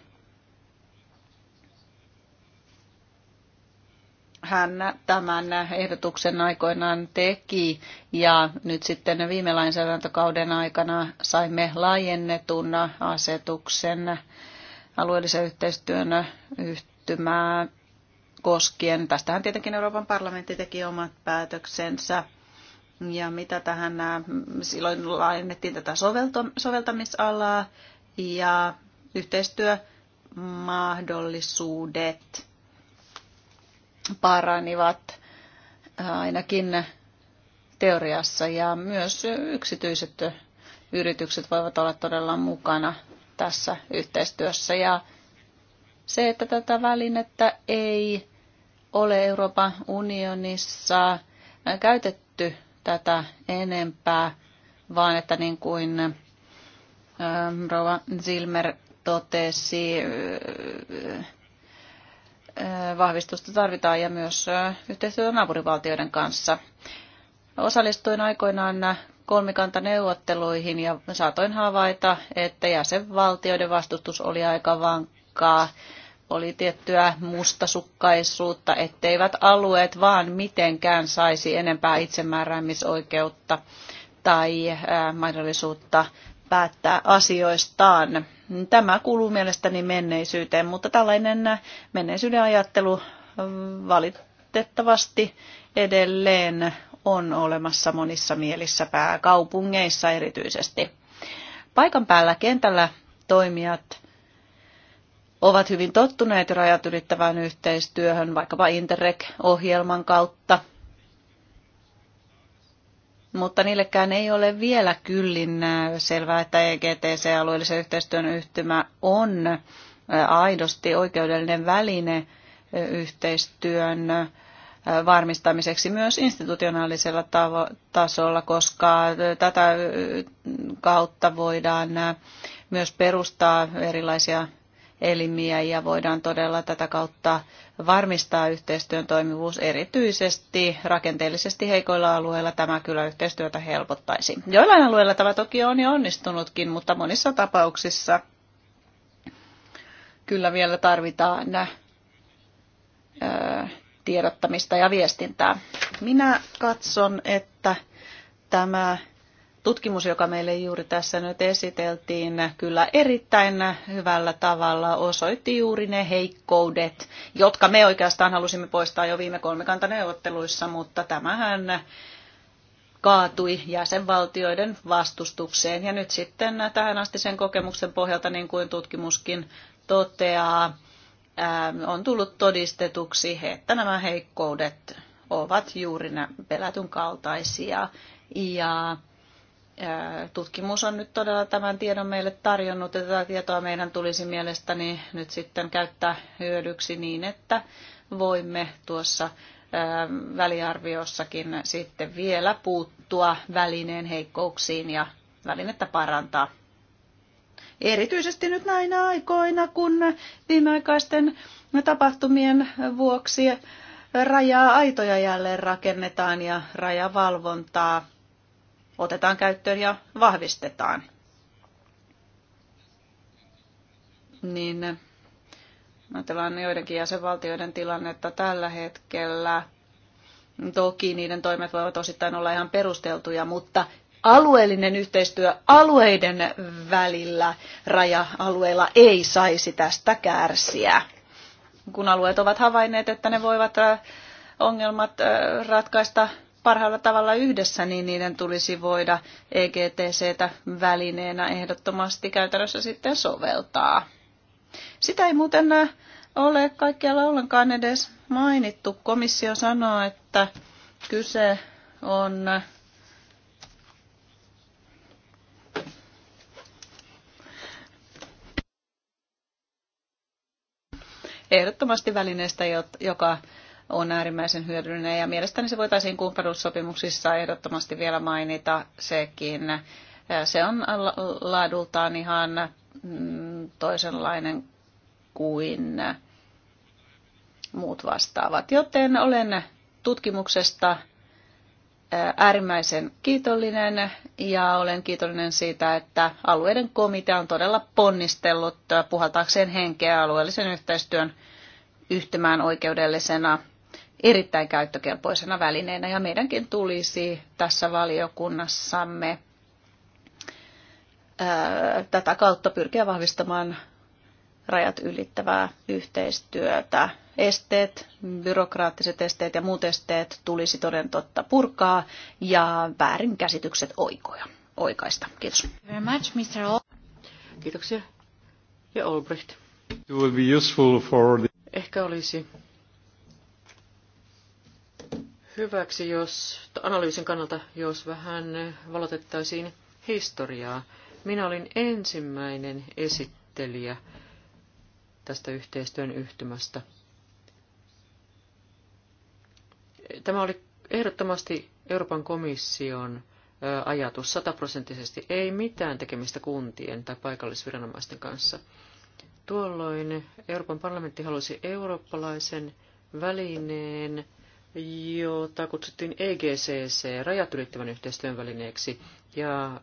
hän tämän ehdotuksen aikoinaan teki ja nyt sitten viime lainsäädäntökauden aikana saimme laajennetun asetuksen alueellisen yhteistyön yhtymää koskien. Tästähän tietenkin Euroopan parlamentti teki omat päätöksensä ja mitä tähän, silloin laajennettiin tätä soveltamisalaa ja yhteistyömahdollisuudet paranivat ainakin teoriassa ja myös yksityiset yritykset voivat olla todella mukana tässä yhteistyössä. Ja se, että tätä välinettä ei ole Euroopan unionissa käytetty tätä enempää, vaan että niin kuin Rova Zilmer totesi, vahvistusta tarvitaan ja myös yhteistyötä naapurivaltioiden kanssa. Osallistuin aikoinaan kolmikantaneuvotteluihin ja saatoin havaita, että jäsenvaltioiden vastustus oli aika vankkaa oli tiettyä mustasukkaisuutta, etteivät alueet vaan mitenkään saisi enempää itsemääräämisoikeutta tai äh, mahdollisuutta päättää asioistaan. Tämä kuuluu mielestäni menneisyyteen, mutta tällainen menneisyyden ajattelu äh, valitettavasti edelleen on olemassa monissa mielissä pääkaupungeissa erityisesti. Paikan päällä kentällä toimijat ovat hyvin tottuneet rajat ylittävään yhteistyöhön, vaikkapa Interreg-ohjelman kautta. Mutta niillekään ei ole vielä kyllin äh, selvää, että EGTC-alueellisen yhteistyön yhtymä on äh, aidosti oikeudellinen väline äh, yhteistyön varmistamiseksi myös institutionaalisella tasolla, koska tätä kautta voidaan myös perustaa erilaisia elimiä ja voidaan todella tätä kautta varmistaa yhteistyön toimivuus erityisesti rakenteellisesti heikoilla alueilla. Tämä kyllä yhteistyötä helpottaisi. Joillain alueilla tämä toki on jo onnistunutkin, mutta monissa tapauksissa kyllä vielä tarvitaan tiedottamista ja viestintää. Minä katson, että tämä tutkimus, joka meille juuri tässä nyt esiteltiin, kyllä erittäin hyvällä tavalla osoitti juuri ne heikkoudet, jotka me oikeastaan halusimme poistaa jo viime kolmikantaneuvotteluissa, mutta tämähän kaatui jäsenvaltioiden vastustukseen. Ja nyt sitten tähän asti sen kokemuksen pohjalta, niin kuin tutkimuskin toteaa, on tullut todistetuksi, että nämä heikkoudet ovat juuri nämä pelätyn kaltaisia. Ja tutkimus on nyt todella tämän tiedon meille tarjonnut ja tätä tietoa meidän tulisi mielestäni nyt sitten käyttää hyödyksi niin, että voimme tuossa väliarviossakin sitten vielä puuttua välineen heikkouksiin ja välinettä parantaa. Erityisesti nyt näinä aikoina, kun viimeaikaisten tapahtumien vuoksi rajaa aitoja jälleen rakennetaan ja rajavalvontaa otetaan käyttöön ja vahvistetaan. Niin ajatellaan joidenkin jäsenvaltioiden tilannetta tällä hetkellä. Toki niiden toimet voivat osittain olla ihan perusteltuja, mutta alueellinen yhteistyö alueiden välillä raja-alueilla ei saisi tästä kärsiä. Kun alueet ovat havainneet, että ne voivat ongelmat ratkaista parhaalla tavalla yhdessä, niin niiden tulisi voida EGTCtä välineenä ehdottomasti käytännössä sitten soveltaa. Sitä ei muuten äh, ole kaikkialla ollenkaan edes mainittu. Komissio sanoo, että kyse on äh, ehdottomasti välineestä, joka on äärimmäisen hyödyllinen ja mielestäni se voitaisiin kumppanuussopimuksissa ehdottomasti vielä mainita sekin. Se on laadultaan ihan mm, toisenlainen kuin muut vastaavat, joten olen tutkimuksesta äärimmäisen kiitollinen ja olen kiitollinen siitä, että alueiden komitea on todella ponnistellut puhaltaakseen henkeä alueellisen yhteistyön yhtymään oikeudellisena erittäin käyttökelpoisena välineenä ja meidänkin tulisi tässä valiokunnassamme tätä kautta pyrkiä vahvistamaan rajat ylittävää yhteistyötä. Esteet, byrokraattiset esteet ja muut esteet tulisi toden totta purkaa ja väärinkäsitykset oikoja, oikaista. Kiitos. Very much, Mr. Ol- Kiitoksia. Ja Olbricht. It will be useful for the... Ehkä olisi hyväksi, jos analyysin kannalta, jos vähän valotettaisiin historiaa. Minä olin ensimmäinen esittelijä tästä yhteistyön yhtymästä. Tämä oli ehdottomasti Euroopan komission ajatus sataprosenttisesti, ei mitään tekemistä kuntien tai paikallisviranomaisten kanssa. Tuolloin Euroopan parlamentti halusi eurooppalaisen välineen jota kutsuttiin EGCC, rajat ylittävän yhteistyön välineeksi, ja äh,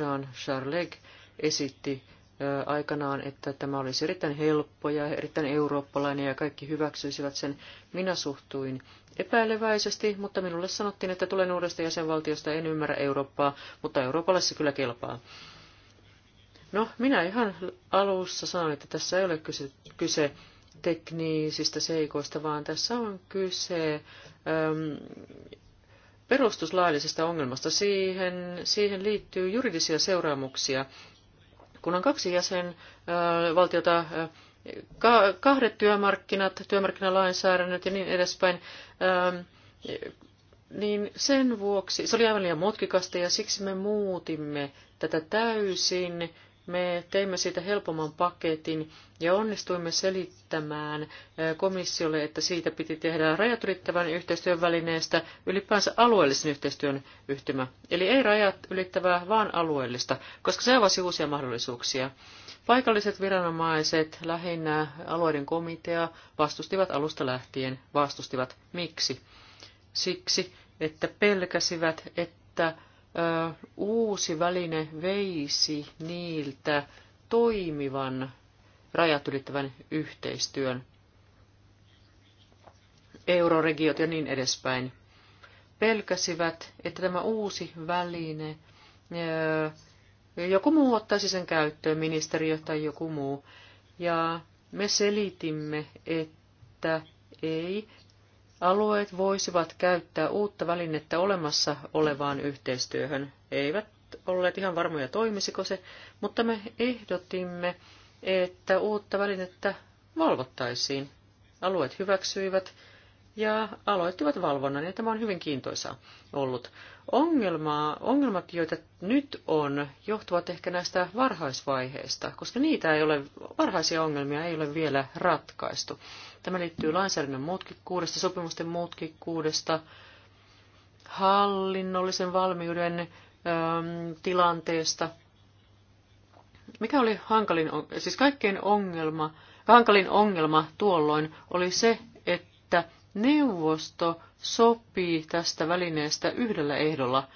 Jean Charleg esitti äh, aikanaan, että tämä olisi erittäin helppo ja erittäin eurooppalainen ja kaikki hyväksyisivät sen. Minä suhtuin epäileväisesti, mutta minulle sanottiin, että tulen uudesta jäsenvaltiosta, en ymmärrä Eurooppaa, mutta Euroopalle se kyllä kelpaa. No, minä ihan alussa sanoin, että tässä ei ole kyse, kyse teknisistä seikoista, vaan tässä on kyse äm, perustuslaillisesta ongelmasta. Siihen, siihen liittyy juridisia seuraamuksia. Kun on kaksi jäsenvaltiota, äh, äh, kahdet työmarkkinat, työmarkkinalainsäädännöt ja niin edespäin, ähm, niin sen vuoksi se oli aivan liian mutkikasta ja siksi me muutimme tätä täysin me teimme siitä helpomman paketin ja onnistuimme selittämään komissiolle, että siitä piti tehdä rajat ylittävän yhteistyön välineestä ylipäänsä alueellisen yhteistyön yhtymä. Eli ei rajat ylittävää, vaan alueellista, koska se avasi uusia mahdollisuuksia. Paikalliset viranomaiset, lähinnä alueiden komitea, vastustivat alusta lähtien. Vastustivat miksi? Siksi, että pelkäsivät, että uusi väline veisi niiltä toimivan rajat ylittävän yhteistyön, euroregiot ja niin edespäin, pelkäsivät, että tämä uusi väline, joku muu ottaisi sen käyttöön, ministeriö tai joku muu, ja me selitimme, että ei, Alueet voisivat käyttää uutta välinettä olemassa olevaan yhteistyöhön. Eivät olleet ihan varmoja, toimisiko se, mutta me ehdotimme, että uutta välinettä valvottaisiin. Alueet hyväksyivät ja aloittivat valvonnan, ja tämä on hyvin kiintoisaa ollut. Ongelmaa, ongelmat, joita nyt on, johtuvat ehkä näistä varhaisvaiheista, koska niitä ei ole, varhaisia ongelmia ei ole vielä ratkaistu. Tämä liittyy lainsäädännön muutkikkuu-uudesta, sopimusten muutkikkuu hallinnollisen valmiuden äm, tilanteesta. Mikä oli hankalin, siis kaikkein ongelma, hankalin ongelma tuolloin oli se, että neuvosto sopii tästä välineestä yhdellä ehdolla,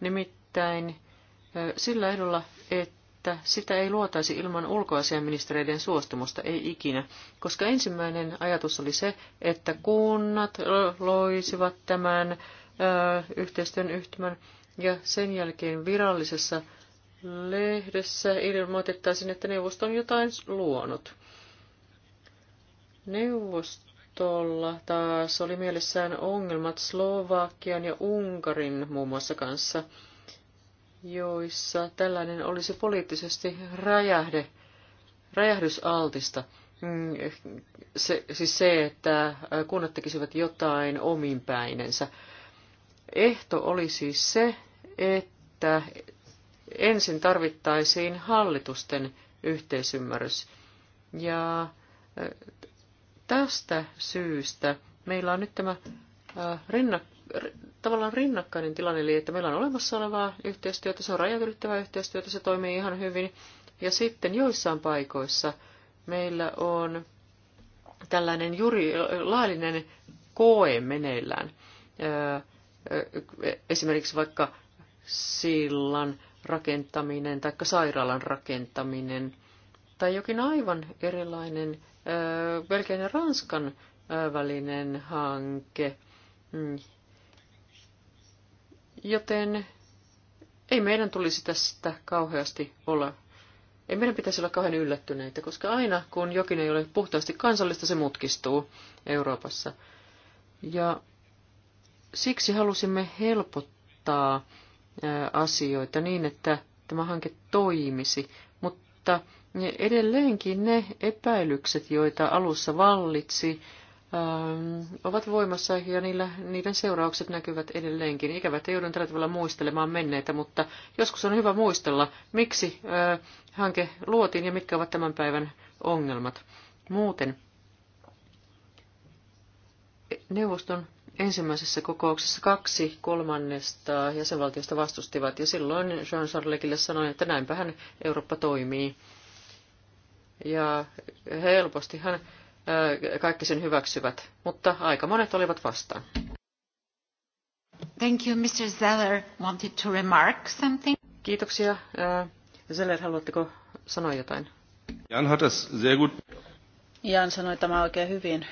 nimittäin äh, sillä ehdolla, että että sitä ei luotaisi ilman ulkoasiaministereiden suostumusta, ei ikinä, koska ensimmäinen ajatus oli se, että kunnat loisivat tämän ö, yhteistyön yhtymän ja sen jälkeen virallisessa lehdessä ilmoitettaisiin, että neuvosto on jotain luonut. Neuvostolla taas oli mielessään ongelmat Slovakian ja Unkarin muun muassa kanssa – joissa tällainen olisi poliittisesti räjähde, räjähdysaltista. Mm, se, siis se, että kunnat tekisivät jotain ominpäinensä. Ehto oli siis se, että ensin tarvittaisiin hallitusten yhteisymmärrys. Ja tästä syystä meillä on nyt tämä rinnak- tavallaan rinnakkainen tilanne, eli että meillä on olemassa olevaa yhteistyötä, se on rajatyrittävää yhteistyötä, se toimii ihan hyvin. Ja sitten joissain paikoissa meillä on tällainen juri, laillinen koe meneillään. Esimerkiksi vaikka sillan rakentaminen tai sairaalan rakentaminen tai jokin aivan erilainen Belgian ja Ranskan välinen hanke, mm, Joten ei meidän tulisi tästä kauheasti olla, ei meidän pitäisi olla kauhean yllättyneitä, koska aina kun jokin ei ole puhtaasti kansallista, se mutkistuu Euroopassa. Ja siksi halusimme helpottaa asioita niin, että tämä hanke toimisi, mutta edelleenkin ne epäilykset, joita alussa vallitsi, ovat voimassa ja niillä, niiden seuraukset näkyvät edelleenkin. Ikävä, että joudun tällä tavalla muistelemaan menneitä, mutta joskus on hyvä muistella, miksi ö, hanke luotiin ja mitkä ovat tämän päivän ongelmat. Muuten neuvoston ensimmäisessä kokouksessa kaksi kolmannesta jäsenvaltiosta vastustivat, ja silloin Jean Charlesille sanoi, että hän Eurooppa toimii. Ja helposti hän kaikki sen hyväksyvät, mutta aika monet olivat vastaan. Thank you, Mr. Zeller wanted to remark something. Kiitoksia. Zeller, haluatteko sanoa jotain? Jan hat das sehr gut. Jan sanoi tämä oikein hyvin.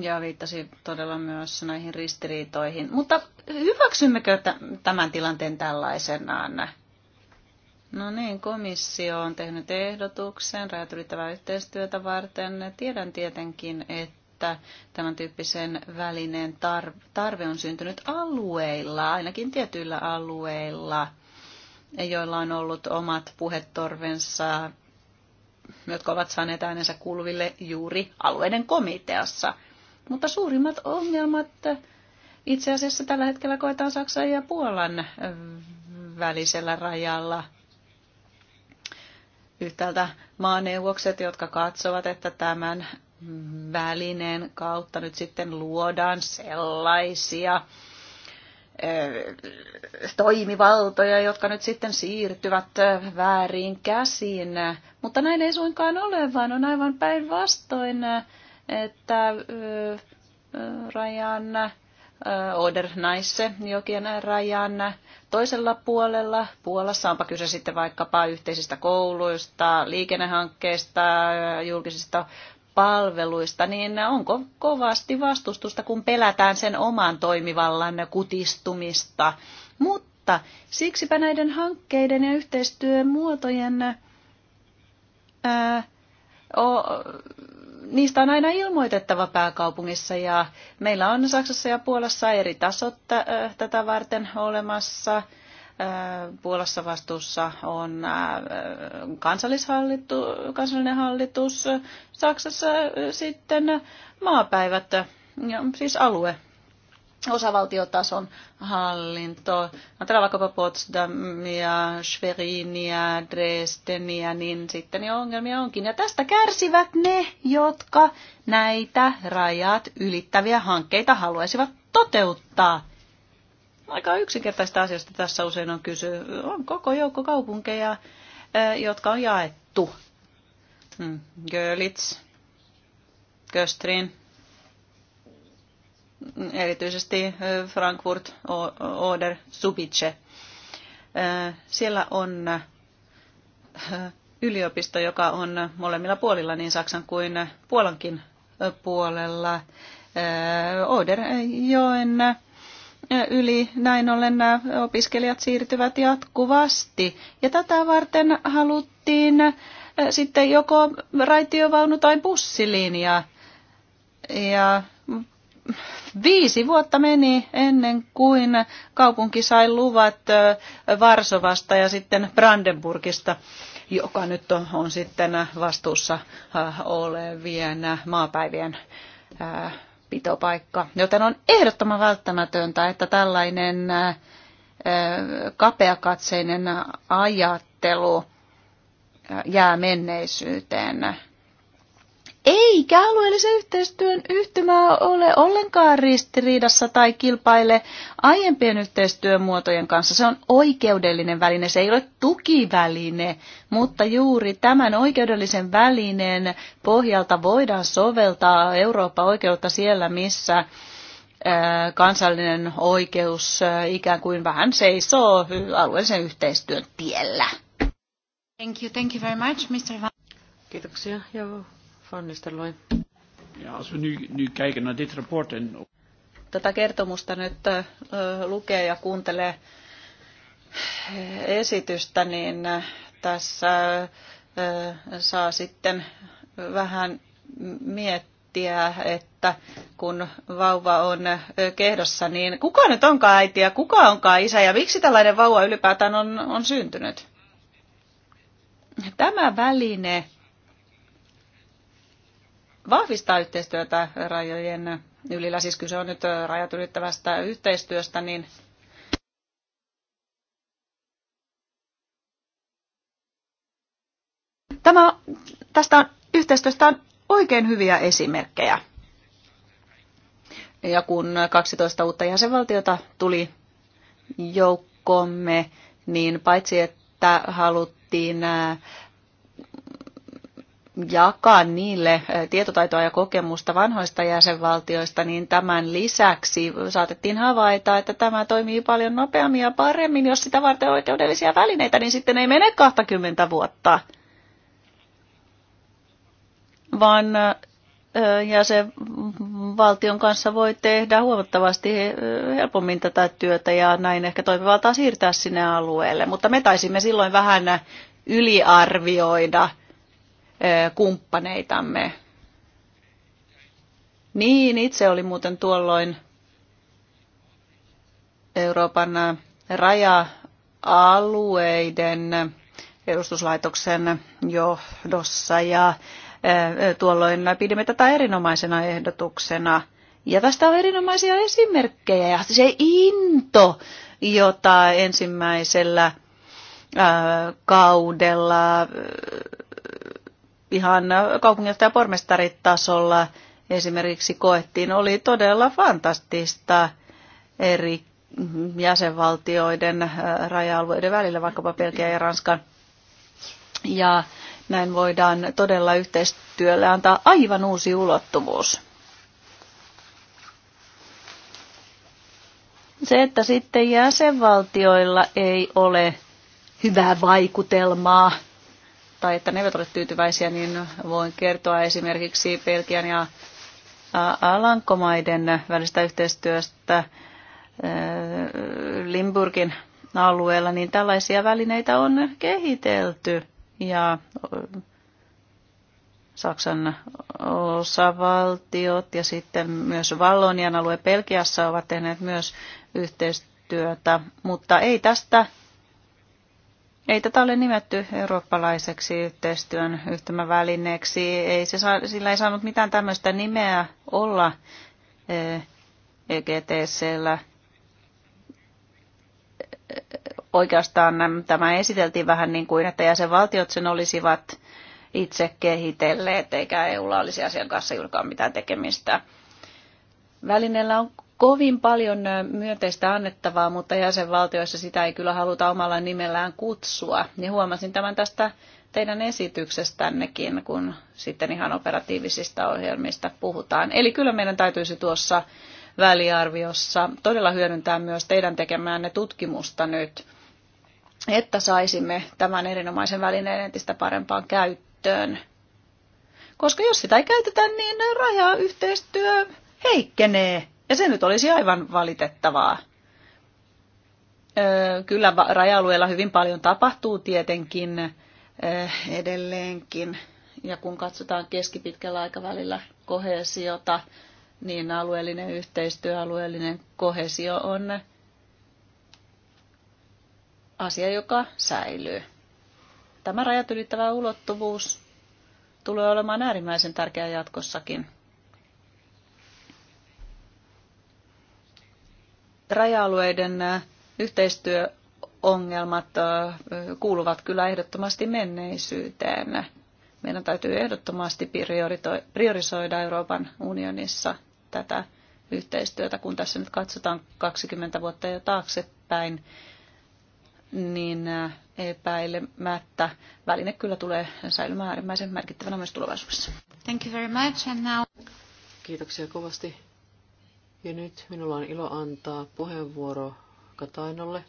Ja viittasi todella myös näihin ristiriitoihin. Mutta hyväksymmekö tämän tilanteen tällaisenaan? No niin, komissio on tehnyt ehdotuksen rajat ylittävää yhteistyötä varten. Tiedän tietenkin, että tämän tyyppisen välineen tarve on syntynyt alueilla, ainakin tietyillä alueilla, joilla on ollut omat puhetorvensa, jotka ovat saaneet äänensä kuuluville juuri alueiden komiteassa. Mutta suurimmat ongelmat itse asiassa tällä hetkellä koetaan Saksan ja Puolan välisellä rajalla – yhtäältä maaneuvokset, jotka katsovat, että tämän välineen kautta nyt sitten luodaan sellaisia eh, toimivaltoja, jotka nyt sitten siirtyvät eh, väärin käsiin. Mutta näin ei suinkaan ole, vaan on aivan päinvastoin, eh, että rajan Odernaisse naisse jokien rajan toisella puolella Puolassa, onpa kyse sitten vaikkapa yhteisistä kouluista, liikennehankkeista, julkisista palveluista, niin onko kovasti vastustusta, kun pelätään sen oman toimivallan kutistumista. Mutta siksipä näiden hankkeiden ja yhteistyön muotojen ää, o, niistä on aina ilmoitettava pääkaupungissa ja meillä on Saksassa ja Puolassa eri tasot tätä varten olemassa. Puolassa vastuussa on kansallishallitu, kansallinen hallitus, Saksassa sitten maapäivät, siis alue osavaltiotason hallinto. Ajatellaan no, vaikkapa Potsdamia, Schweriniä, Dresdeniä, niin sitten jo ongelmia onkin. Ja tästä kärsivät ne, jotka näitä rajat ylittäviä hankkeita haluaisivat toteuttaa. Aika yksinkertaista asiasta tässä usein on kysy. On koko joukko kaupunkeja, jotka on jaettu. Hmm. Görlitz, Köstrin, erityisesti eh, Frankfurt Oder Subice. Eh, siellä on eh, yliopisto, joka on molemmilla puolilla, niin Saksan kuin Puolankin puolella Oderjoen yli. Näin ollen nämä opiskelijat siirtyvät jatkuvasti. Ja tätä varten haluttiin sitten joko raitiovaunu tai bussilinja. Ja viisi vuotta meni ennen kuin kaupunki sai luvat Varsovasta ja sitten Brandenburgista joka nyt on, on sitten vastuussa olevien maapäivien pitopaikka. Joten on ehdottoman välttämätöntä, että tällainen kapeakatseinen ajattelu jää menneisyyteen eikä alueellisen yhteistyön yhtymää ole ollenkaan ristiriidassa tai kilpaile aiempien yhteistyömuotojen kanssa. Se on oikeudellinen väline, se ei ole tukiväline, mutta juuri tämän oikeudellisen välineen pohjalta voidaan soveltaa Euroopan oikeutta siellä, missä kansallinen oikeus ikään kuin vähän seisoo alueellisen yhteistyön tiellä. Thank you, thank you very much, Mr. Van. Kiitoksia. Ja Van Nistelrooy. Ja als we nu, nu kijken naar dit rapport en... Tätä kertomusta nyt ö, lukee ja kuuntelee eh, esitystä, niin tässä ö, saa sitten vähän miettiä, että kun vauva on kehdossa, niin kuka nyt onkaan äiti ja kuka onkaan isä ja miksi tällainen vauva ylipäätään on, on syntynyt? Tämä väline vahvistaa yhteistyötä rajojen ylillä, siis kyse on nyt rajat ylittävästä yhteistyöstä, niin Tämä, tästä on, yhteistyöstä on oikein hyviä esimerkkejä. Ja kun 12 uutta jäsenvaltiota tuli joukkomme, niin paitsi että haluttiin jakaa niille tietotaitoa ja kokemusta vanhoista jäsenvaltioista, niin tämän lisäksi saatettiin havaita, että tämä toimii paljon nopeammin ja paremmin, jos sitä varten oikeudellisia välineitä, niin sitten ei mene 20 vuotta, vaan jäsenvaltion kanssa voi tehdä huomattavasti helpommin tätä työtä ja näin ehkä toimivaltaa siirtää sinne alueelle. Mutta me taisimme silloin vähän yliarvioida kumppaneitamme. Niin, itse oli muuten tuolloin Euroopan raja-alueiden edustuslaitoksen johdossa ja tuolloin pidimme tätä erinomaisena ehdotuksena. Ja tästä on erinomaisia esimerkkejä ja se into, jota ensimmäisellä kaudella ihan kaupungilta ja pormestaritasolla esimerkiksi koettiin, oli todella fantastista eri jäsenvaltioiden äh, raja-alueiden välillä, vaikkapa Belgia ja Ranskan. Ja näin voidaan todella yhteistyölle antaa aivan uusi ulottuvuus. Se, että sitten jäsenvaltioilla ei ole hyvää vaikutelmaa tai että ne eivät ole tyytyväisiä, niin voin kertoa esimerkiksi Belgian ja Alankomaiden välistä yhteistyöstä Limburgin alueella, niin tällaisia välineitä on kehitelty. Ja Saksan osavaltiot ja sitten myös Vallonian alue Belgiassa ovat tehneet myös yhteistyötä, mutta ei tästä ei tätä ole nimetty eurooppalaiseksi yhteistyön yhtymävälineeksi. Ei se saa, sillä ei saanut mitään tämmöistä nimeä olla EGTCllä. Eh, e eh, oikeastaan tämä esiteltiin vähän niin kuin, että jäsenvaltiot sen olisivat itse kehitelleet, eikä EUlla olisi asian kanssa juurikaan mitään tekemistä. Välineellä on kovin paljon myönteistä annettavaa, mutta jäsenvaltioissa sitä ei kyllä haluta omalla nimellään kutsua. Ja huomasin tämän tästä teidän esityksestännekin, kun sitten ihan operatiivisista ohjelmista puhutaan. Eli kyllä meidän täytyisi tuossa väliarviossa todella hyödyntää myös teidän tekemäänne tutkimusta nyt, että saisimme tämän erinomaisen välineen entistä parempaan käyttöön. Koska jos sitä ei käytetä, niin raja yhteistyö heikkenee. Ja se nyt olisi aivan valitettavaa. Kyllä raja-alueella hyvin paljon tapahtuu tietenkin edelleenkin. Ja kun katsotaan keskipitkällä aikavälillä kohesiota, niin alueellinen yhteistyö, alueellinen kohesio on asia, joka säilyy. Tämä rajat ylittävä ulottuvuus tulee olemaan äärimmäisen tärkeä jatkossakin. raja-alueiden äh, yhteistyöongelmat äh, kuuluvat kyllä ehdottomasti menneisyyteen. Meidän täytyy ehdottomasti priorisoida Euroopan unionissa tätä yhteistyötä, kun tässä nyt katsotaan 20 vuotta jo taaksepäin, niin äh, epäilemättä väline kyllä tulee säilymään äärimmäisen merkittävänä myös tulevaisuudessa. Thank you very much and now... Kiitoksia kovasti. Ja nyt minulla on ilo antaa puheenvuoro Katainolle,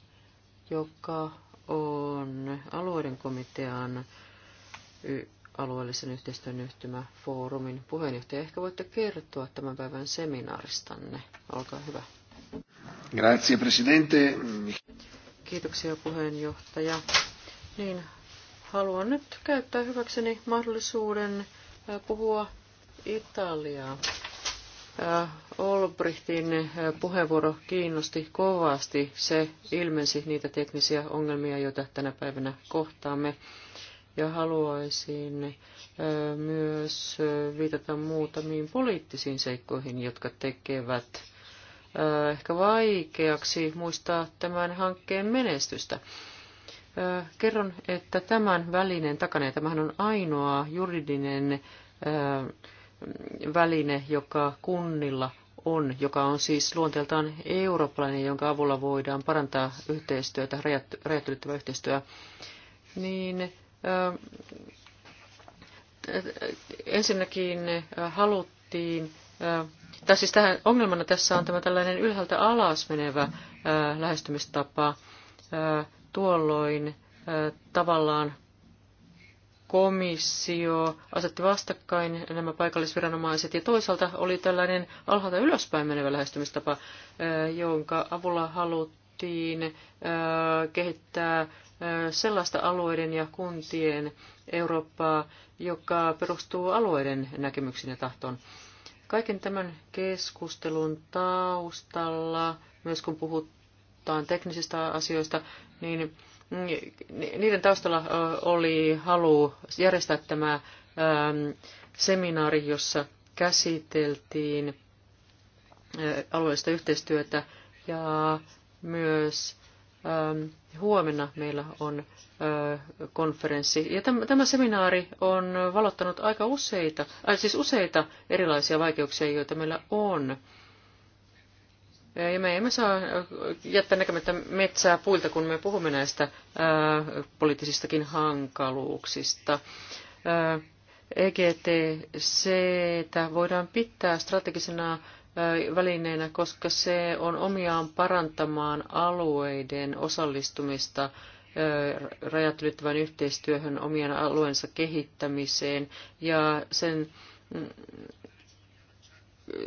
joka on alueiden komitean y alueellisen yhteistyön yhtymä foorumin puheenjohtaja. Ehkä voitte kertoa tämän päivän seminaaristanne. Olkaa hyvä. Grazie, presidente. Kiitoksia puheenjohtaja. Niin, haluan nyt käyttää hyväkseni mahdollisuuden puhua Italiaa. Olbrichtin puheenvuoro kiinnosti kovasti. Se ilmensi niitä teknisiä ongelmia, joita tänä päivänä kohtaamme. Ja haluaisin myös viitata muutamiin poliittisiin seikkoihin, jotka tekevät ehkä vaikeaksi muistaa tämän hankkeen menestystä. Kerron, että tämän välineen takana, ja tämähän on ainoa juridinen väline, joka kunnilla on, joka on siis luonteeltaan eurooppalainen, jonka avulla voidaan parantaa yhteistyötä, rajat yhteistyötä, niin ensinnäkin haluttiin, tai siis tähän ongelmana tässä on tämä tällainen ylhäältä alas menevä lähestymistapa, tuolloin tavallaan komissio asetti vastakkain nämä paikallisviranomaiset ja toisaalta oli tällainen alhaalta ylöspäin menevä lähestymistapa, jonka avulla haluttiin kehittää sellaista alueiden ja kuntien Eurooppaa, joka perustuu alueiden näkemyksiin ja tahtoon. Kaiken tämän keskustelun taustalla, myös kun puhutaan teknisistä asioista, niin niiden taustalla oli halu järjestää tämä seminaari, jossa käsiteltiin alueellista yhteistyötä ja myös huomenna meillä on konferenssi. Ja tämä seminaari on valottanut aika useita, äh, siis useita erilaisia vaikeuksia, joita meillä on ja me emme saa jättää näkemättä metsää puilta, kun me puhumme näistä ää, poliittisistakin hankaluuksista. Ää, EGTC voidaan pitää strategisena välineenä, koska se on omiaan parantamaan alueiden osallistumista rajat ylittävän yhteistyöhön, omien alueensa kehittämiseen ja sen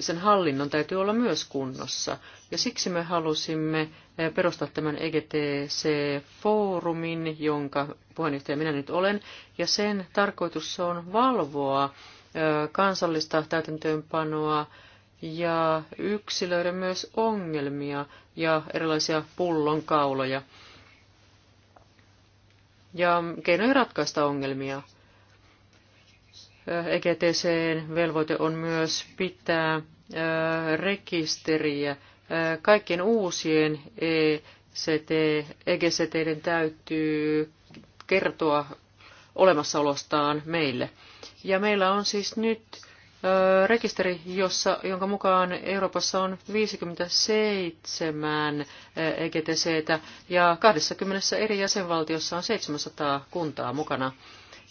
sen hallinnon täytyy olla myös kunnossa. Ja siksi me halusimme eh, perustaa tämän EGTC-foorumin, jonka puheenjohtaja minä nyt olen, ja sen tarkoitus on valvoa eh, kansallista täytäntöönpanoa ja yksilöiden myös ongelmia ja erilaisia pullonkauloja ja keinoja ratkaista ongelmia – EGTCn velvoite on myös pitää rekisteriä. Kaikkien uusien ECT, EGCTiden täytyy kertoa olemassaolostaan meille. Ja meillä on siis nyt rekisteri, jossa, jonka mukaan Euroopassa on 57 EGTCtä ja 20 eri jäsenvaltiossa on 700 kuntaa mukana.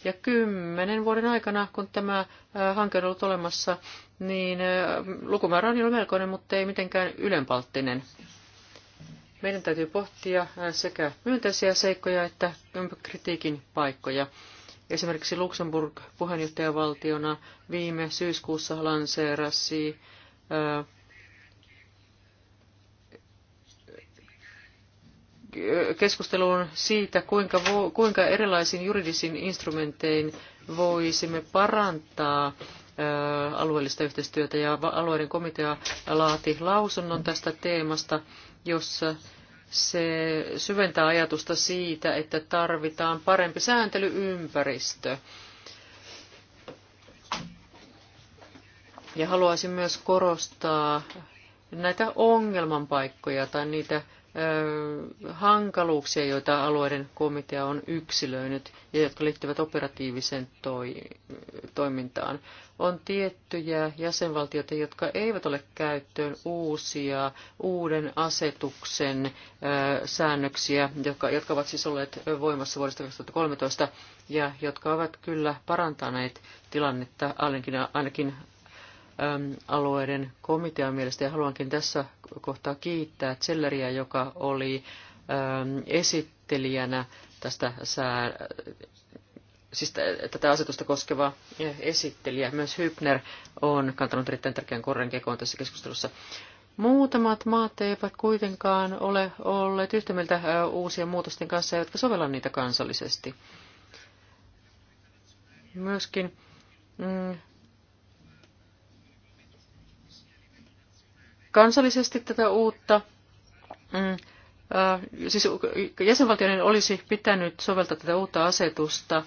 Ja kymmenen vuoden aikana, kun tämä äh, hanke on ollut olemassa, niin äh, lukumäärä on jo melkoinen, mutta ei mitenkään ylenpalttinen. Meidän täytyy pohtia äh, sekä myönteisiä seikkoja että kritiikin paikkoja. Esimerkiksi Luxemburg puheenjohtajavaltiona viime syyskuussa lanseerasi keskusteluun siitä, kuinka, vo, kuinka erilaisin juridisin instrumentein voisimme parantaa alueellista yhteistyötä ja alueiden komitea laati lausunnon tästä teemasta, jossa se syventää ajatusta siitä, että tarvitaan parempi sääntelyympäristö. Ja haluaisin myös korostaa näitä ongelmanpaikkoja tai niitä hankaluuksia, joita alueiden komitea on yksilöinyt ja jotka liittyvät operatiiviseen toi, toimintaan. On tiettyjä jäsenvaltioita, jotka eivät ole käyttöön uusia uuden asetuksen ö, säännöksiä, jotka, jotka ovat siis olleet voimassa vuodesta 2013 ja jotka ovat kyllä parantaneet tilannetta ainakin, ainakin alueiden komitean mielestä, ja haluankin tässä kohtaa kiittää Zelleriä, joka oli esittelijänä tästä sää, siis tätä asetusta koskeva esittelijä. Myös Hypner on kantanut erittäin tärkeän korren kekoon tässä keskustelussa. Muutamat maat eivät kuitenkaan ole olleet yhtä mieltä uusien muutosten kanssa, eivätkä sovella niitä kansallisesti. Myöskin mm, kansallisesti tätä uutta. Mm, äh, siis jäsenvaltioiden olisi pitänyt soveltaa tätä uutta asetusta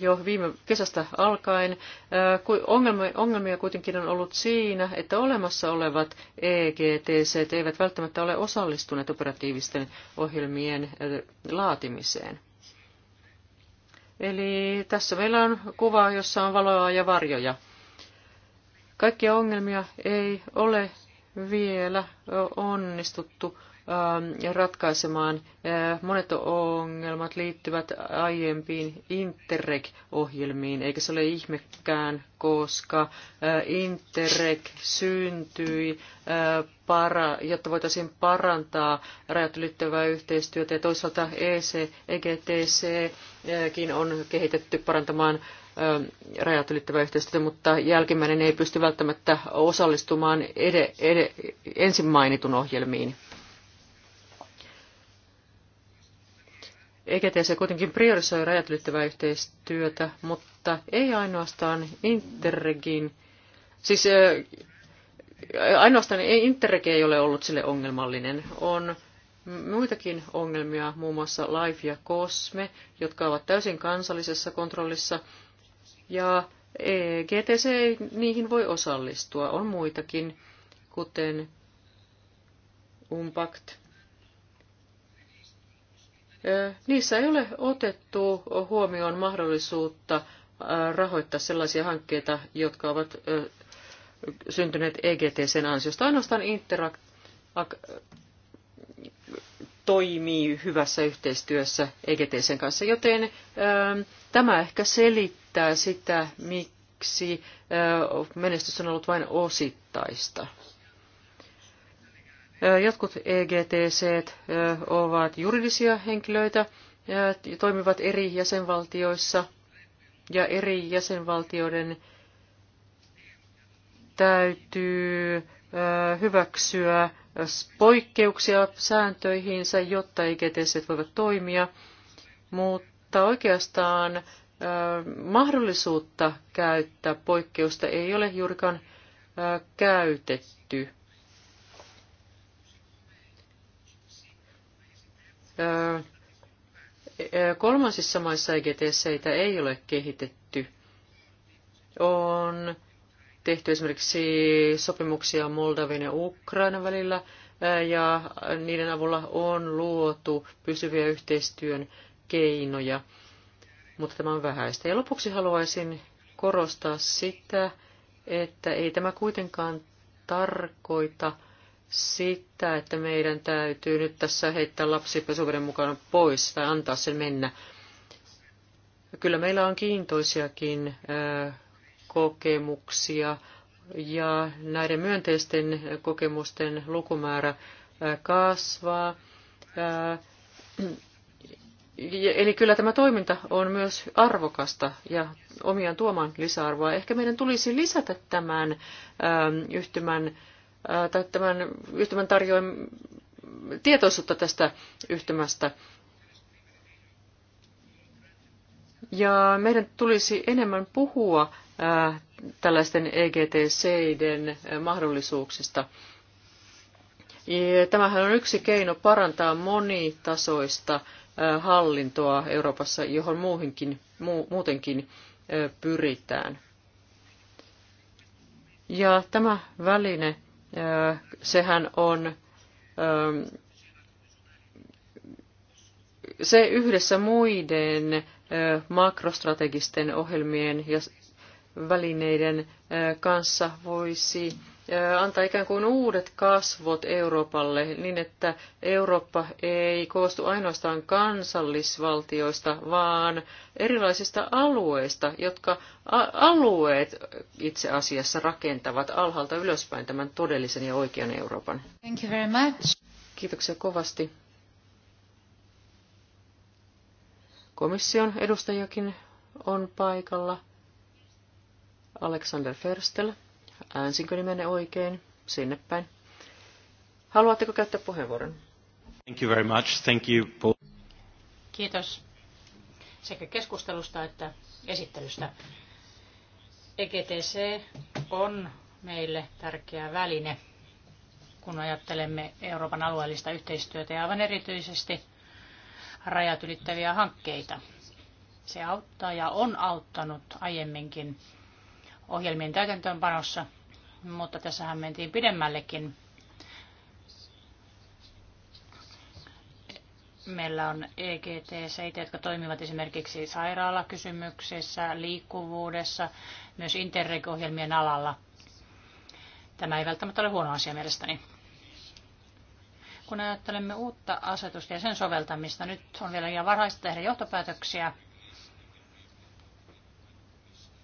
jo viime kesästä alkaen. Äh, ongelmia kuitenkin on ollut siinä, että olemassa olevat EGTC eivät välttämättä ole osallistuneet operatiivisten ohjelmien äh, laatimiseen. Eli tässä meillä on kuva, jossa on valoa ja varjoja. Kaikkia ongelmia ei ole vielä onnistuttu ähm, ratkaisemaan. Äh, monet ongelmat liittyvät aiempiin Interreg-ohjelmiin, eikä se ole ihmekään, koska äh, Interreg syntyi, äh, jotta voitaisiin parantaa rajat ylittävää yhteistyötä, ja toisaalta EC, EGTCkin on kehitetty parantamaan rajat ylittävää yhteistyötä, mutta jälkimmäinen ei pysty välttämättä osallistumaan ed- ed- ensin mainitun ohjelmiin. EGTC kuitenkin priorisoi rajat ylittävää yhteistyötä, mutta ei ainoastaan Interregin, siis ää, ainoastaan Interreg ei ole ollut sille ongelmallinen. On muitakin ongelmia, muun muassa Life ja Cosme, jotka ovat täysin kansallisessa kontrollissa – ja EGTC niihin voi osallistua. On muitakin, kuten Umpact. Niissä ei ole otettu huomioon mahdollisuutta rahoittaa sellaisia hankkeita, jotka ovat syntyneet EGTCn ansiosta. Ainoastaan Interact toimii hyvässä yhteistyössä EGTCn kanssa, joten ähm, tämä ehkä selittää sitä, miksi äh, menestys on ollut vain osittaista. Äh, jotkut EGTC äh, ovat juridisia henkilöitä, ja toimivat eri jäsenvaltioissa ja eri jäsenvaltioiden täytyy hyväksyä poikkeuksia sääntöihinsä, jotta IGTC voivat toimia, mutta oikeastaan mahdollisuutta käyttää poikkeusta ei ole juurikaan käytetty. Kolmansissa maissa IGTCitä ei ole kehitetty. On tehty esimerkiksi sopimuksia Moldavin ja Ukrainan välillä, ja niiden avulla on luotu pysyviä yhteistyön keinoja, mutta tämä on vähäistä. Ja lopuksi haluaisin korostaa sitä, että ei tämä kuitenkaan tarkoita sitä, että meidän täytyy nyt tässä heittää lapsi pesuveden mukana pois tai antaa sen mennä. Kyllä meillä on kiintoisiakin kokemuksia ja näiden myönteisten kokemusten lukumäärä kasvaa. Eli kyllä tämä toiminta on myös arvokasta ja omiaan tuomaan lisäarvoa. Ehkä meidän tulisi lisätä tämän yhtymän, tai tämän yhtymän tarjoin tietoisuutta tästä yhtymästä. Ja meidän tulisi enemmän puhua Äh, tällaisten EGTCiden äh, mahdollisuuksista. Tämähän on yksi keino parantaa monitasoista äh, hallintoa Euroopassa, johon muuhinkin, muutenkin pyritään. Ja tämä väline, sehän on, ähm, se yhdessä muiden makrostrategisten ohjelmien ja välineiden kanssa voisi antaa ikään kuin uudet kasvot Euroopalle niin, että Eurooppa ei koostu ainoastaan kansallisvaltioista, vaan erilaisista alueista, jotka alueet itse asiassa rakentavat alhaalta ylöspäin tämän todellisen ja oikean Euroopan. Thank you very much. Kiitoksia kovasti. Komission edustajakin on paikalla. Alexander Ferstel. Äänsinkö nimenne oikein? Sinne päin. Haluatteko käyttää puheenvuoron? Thank you very much. Thank you Kiitos sekä keskustelusta että esittelystä. EGTC on meille tärkeä väline, kun ajattelemme Euroopan alueellista yhteistyötä ja aivan erityisesti rajat ylittäviä hankkeita. Se auttaa ja on auttanut aiemminkin ohjelmien täytäntöönpanossa, mutta tässähän mentiin pidemmällekin. Meillä on EGT-seitä, jotka toimivat esimerkiksi sairaalakysymyksissä, liikkuvuudessa, myös Interreg-ohjelmien alalla. Tämä ei välttämättä ole huono asia mielestäni. Kun ajattelemme uutta asetusta ja sen soveltamista, nyt on vielä liian varhaista tehdä johtopäätöksiä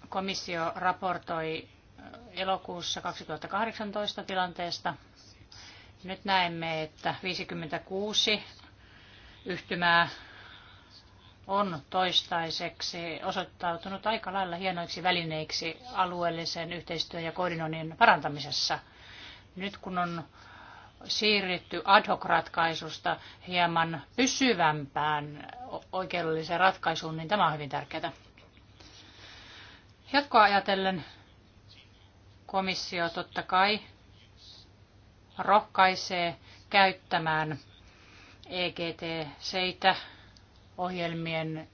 Komissio raportoi äh, elokuussa 2018 tilanteesta. Nyt näemme, että 56 yhtymää on toistaiseksi osoittautunut aika lailla hienoiksi välineiksi alueellisen yhteistyön ja koordinoinnin parantamisessa. Nyt kun on siirrytty ad hoc-ratkaisusta hieman pysyvämpään oikeudelliseen ratkaisuun, niin tämä on hyvin tärkeää. Jatkoa ajatellen komissio totta kai rohkaisee käyttämään EGT-seitä ohjelmien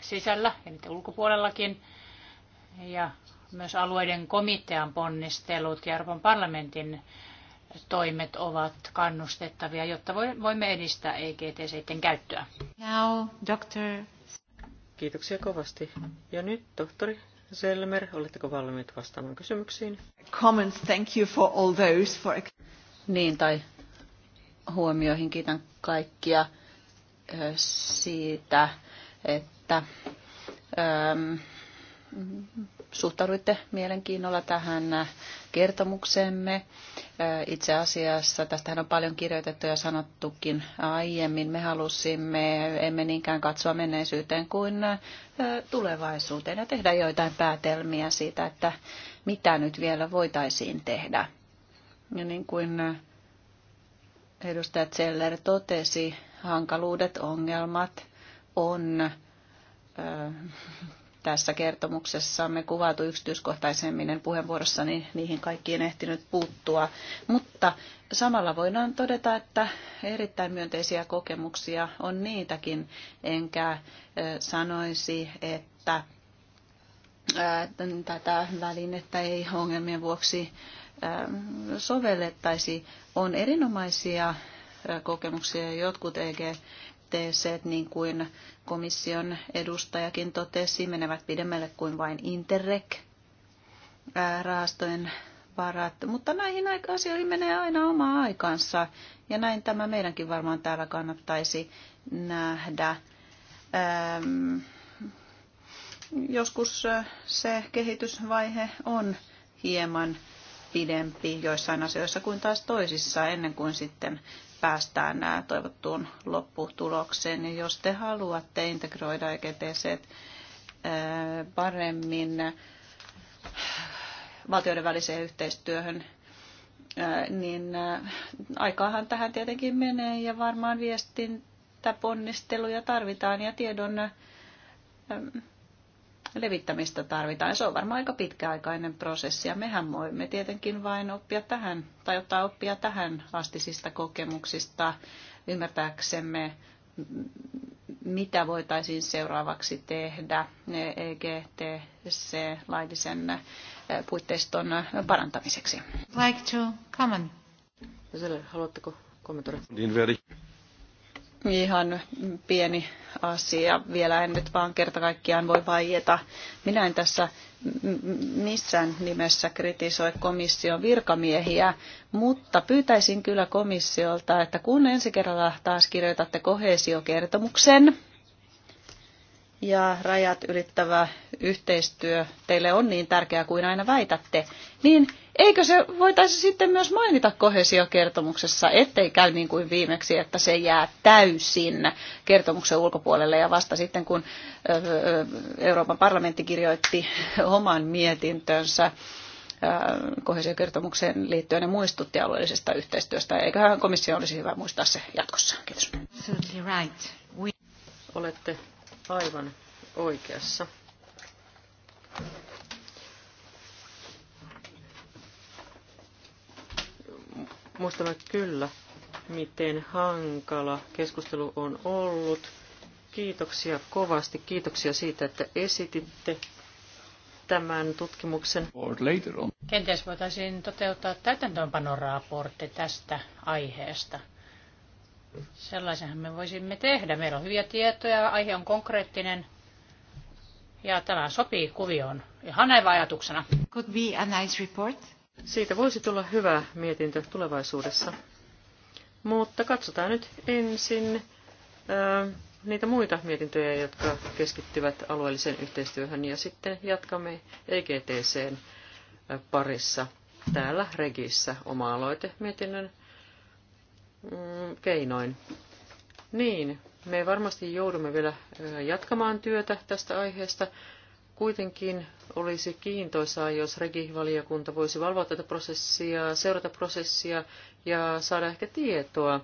sisällä ja niiden ulkopuolellakin. Ja myös alueiden komitean ponnistelut ja Euroopan parlamentin toimet ovat kannustettavia, jotta voimme edistää EGT-seiden käyttöä. Now, Dr. Kiitoksia kovasti. Ja nyt tohtori Selmer, oletteko valmiit vastaamaan kysymyksiin? Comments, thank you for all those. For... Niin, tai huomioihin kiitän kaikkia siitä, että Um, suhtauduitte mielenkiinnolla tähän kertomuksemme Itse asiassa tästähän on paljon kirjoitettu ja sanottukin aiemmin. Me halusimme emme niinkään katsoa menneisyyteen kuin tulevaisuuteen ja tehdä joitain päätelmiä siitä, että mitä nyt vielä voitaisiin tehdä. Ja niin kuin edustaja Zeller totesi, hankaluudet, ongelmat on tässä kertomuksessamme kuvattu yksityiskohtaisemmin puheenvuorossani niihin kaikkiin ehtinyt puuttua. Mutta samalla voidaan todeta, että erittäin myönteisiä kokemuksia on niitäkin, enkä sanoisi, että tätä välinettä ei ongelmien vuoksi sovellettaisi. On erinomaisia kokemuksia. Jotkut eikä tilanteeseen, niin kuin komission edustajakin totesi, menevät pidemmälle kuin vain Interreg-rahastojen varat. Mutta näihin asioihin menee aina oma aikansa, ja näin tämä meidänkin varmaan täällä kannattaisi nähdä. Ähm, joskus se kehitysvaihe on hieman pidempi joissain asioissa kuin taas toisissa ennen kuin sitten päästään toivottuun lopputulokseen. Ja jos te haluatte integroida EGTC äh, paremmin äh, valtioiden väliseen yhteistyöhön, äh, niin aikaahan tähän tietenkin menee ja varmaan viestintäponnisteluja tarvitaan ja tiedon levittämistä tarvitaan. Se on varmaan aika pitkäaikainen prosessi ja mehän voimme tietenkin vain oppia tähän tai ottaa oppia tähän astisista kokemuksista ymmärtääksemme, mitä voitaisiin seuraavaksi tehdä EGTC-laillisen eh, puitteiston parantamiseksi. Like to comment. Haluatteko kommentoida? Niin, ihan pieni asia. Vielä en nyt vaan kerta kaikkiaan voi vaieta. Minä en tässä missään nimessä kritisoi komission virkamiehiä, mutta pyytäisin kyllä komissiolta, että kun ensi kerralla taas kirjoitatte kohesiokertomuksen, ja rajat ylittävä yhteistyö teille on niin tärkeää kuin aina väitätte, niin eikö se voitaisi sitten myös mainita kohesiokertomuksessa, ettei käy niin kuin viimeksi, että se jää täysin kertomuksen ulkopuolelle ja vasta sitten kun Euroopan parlamentti kirjoitti oman mietintönsä, kohesiokertomukseen liittyen ne muistutti alueellisesta yhteistyöstä. Eiköhän komissio olisi hyvä muistaa se jatkossa. Kiitos. Olette aivan oikeassa. Muistamme kyllä, miten hankala keskustelu on ollut. Kiitoksia kovasti. Kiitoksia siitä, että esititte tämän tutkimuksen. Kenties voitaisiin toteuttaa täytäntöönpanoraportti tästä aiheesta. Sellaisenhan me voisimme tehdä. Meillä on hyviä tietoja, aihe on konkreettinen ja tämä sopii kuvioon. Ihan näin ajatuksena. Could be a nice report. Siitä voisi tulla hyvä mietintö tulevaisuudessa. Mutta katsotaan nyt ensin ö, äh, niitä muita mietintöjä, jotka keskittyvät alueelliseen yhteistyöhön ja sitten jatkamme EGTCn äh, parissa täällä Regissä oma-aloite mietinnön mm, keinoin. Niin, me varmasti joudumme vielä jatkamaan työtä tästä aiheesta. Kuitenkin olisi kiintoisaa, jos regivaliokunta voisi valvoa tätä prosessia, seurata prosessia ja saada ehkä tietoa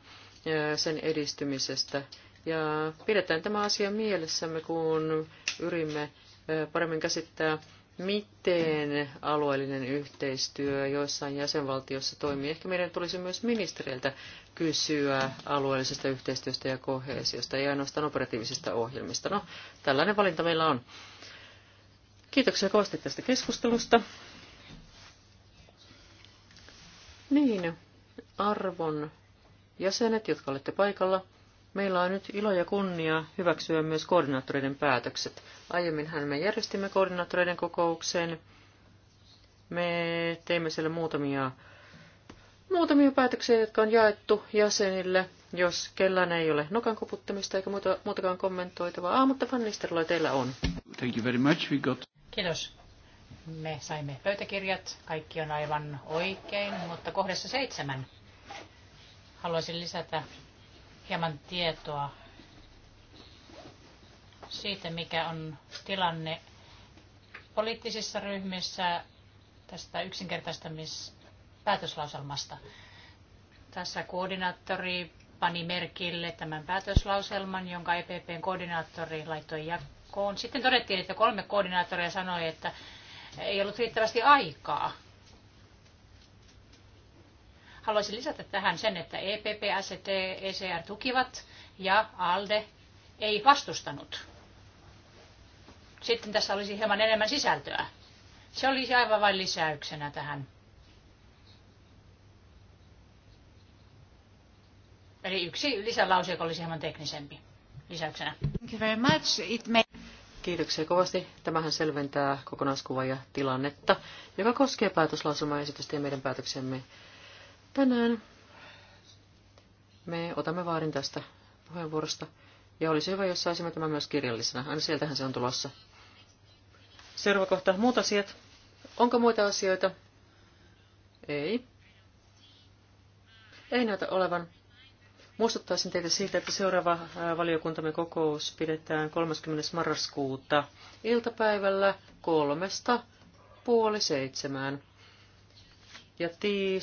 sen edistymisestä. Ja pidetään tämä asia mielessämme, kun yrimme paremmin käsittää miten alueellinen yhteistyö joissain jäsenvaltiossa toimii. Ehkä meidän tulisi myös ministeriltä kysyä alueellisesta yhteistyöstä ja kohesiosta, ei ainoastaan operatiivisista ohjelmista. No, tällainen valinta meillä on. Kiitoksia kovasti tästä keskustelusta. Niin, arvon jäsenet, jotka olette paikalla. Meillä on nyt ilo ja kunnia hyväksyä myös koordinaattoreiden päätökset. Aiemminhan me järjestimme koordinaattoreiden kokouksen. Me teimme siellä muutamia, muutamia päätöksiä, jotka on jaettu jäsenille. Jos kellään ei ole nokan koputtamista eikä muuta, muutakaan kommentoitavaa. Ah, mutta Van teillä on. Thank you very much. We got... Kiitos. Me saimme pöytäkirjat. Kaikki on aivan oikein, mutta kohdassa seitsemän haluaisin lisätä hieman tietoa siitä, mikä on tilanne poliittisissa ryhmissä tästä yksinkertaistamispäätöslauselmasta. Tässä koordinaattori pani merkille tämän päätöslauselman, jonka EPPn koordinaattori laittoi jakoon. Sitten todettiin, että kolme koordinaattoria sanoi, että ei ollut riittävästi aikaa Haluaisin lisätä tähän sen, että EPP, SET, ECR tukivat ja ALDE ei vastustanut. Sitten tässä olisi hieman enemmän sisältöä. Se olisi aivan vain lisäyksenä tähän. Eli yksi lisälause, joka olisi hieman teknisempi lisäyksenä. Thank you very much. It may... Kiitoksia kovasti. Tämähän selventää kokonaiskuvaa ja tilannetta, joka koskee päätöslausumaesitystä ja meidän päätöksemme Tänään me otamme vaarin tästä puheenvuorosta. Ja olisi hyvä, jos saisimme tämän myös kirjallisena. Aina sieltähän se on tulossa. Seuraava kohta. Muut asiat. Onko muita asioita? Ei. Ei näytä olevan. Muistuttaisin teitä siitä, että seuraava valiokuntamme kokous pidetään 30. marraskuuta iltapäivällä kolmesta puoli seitsemään. Ja tiis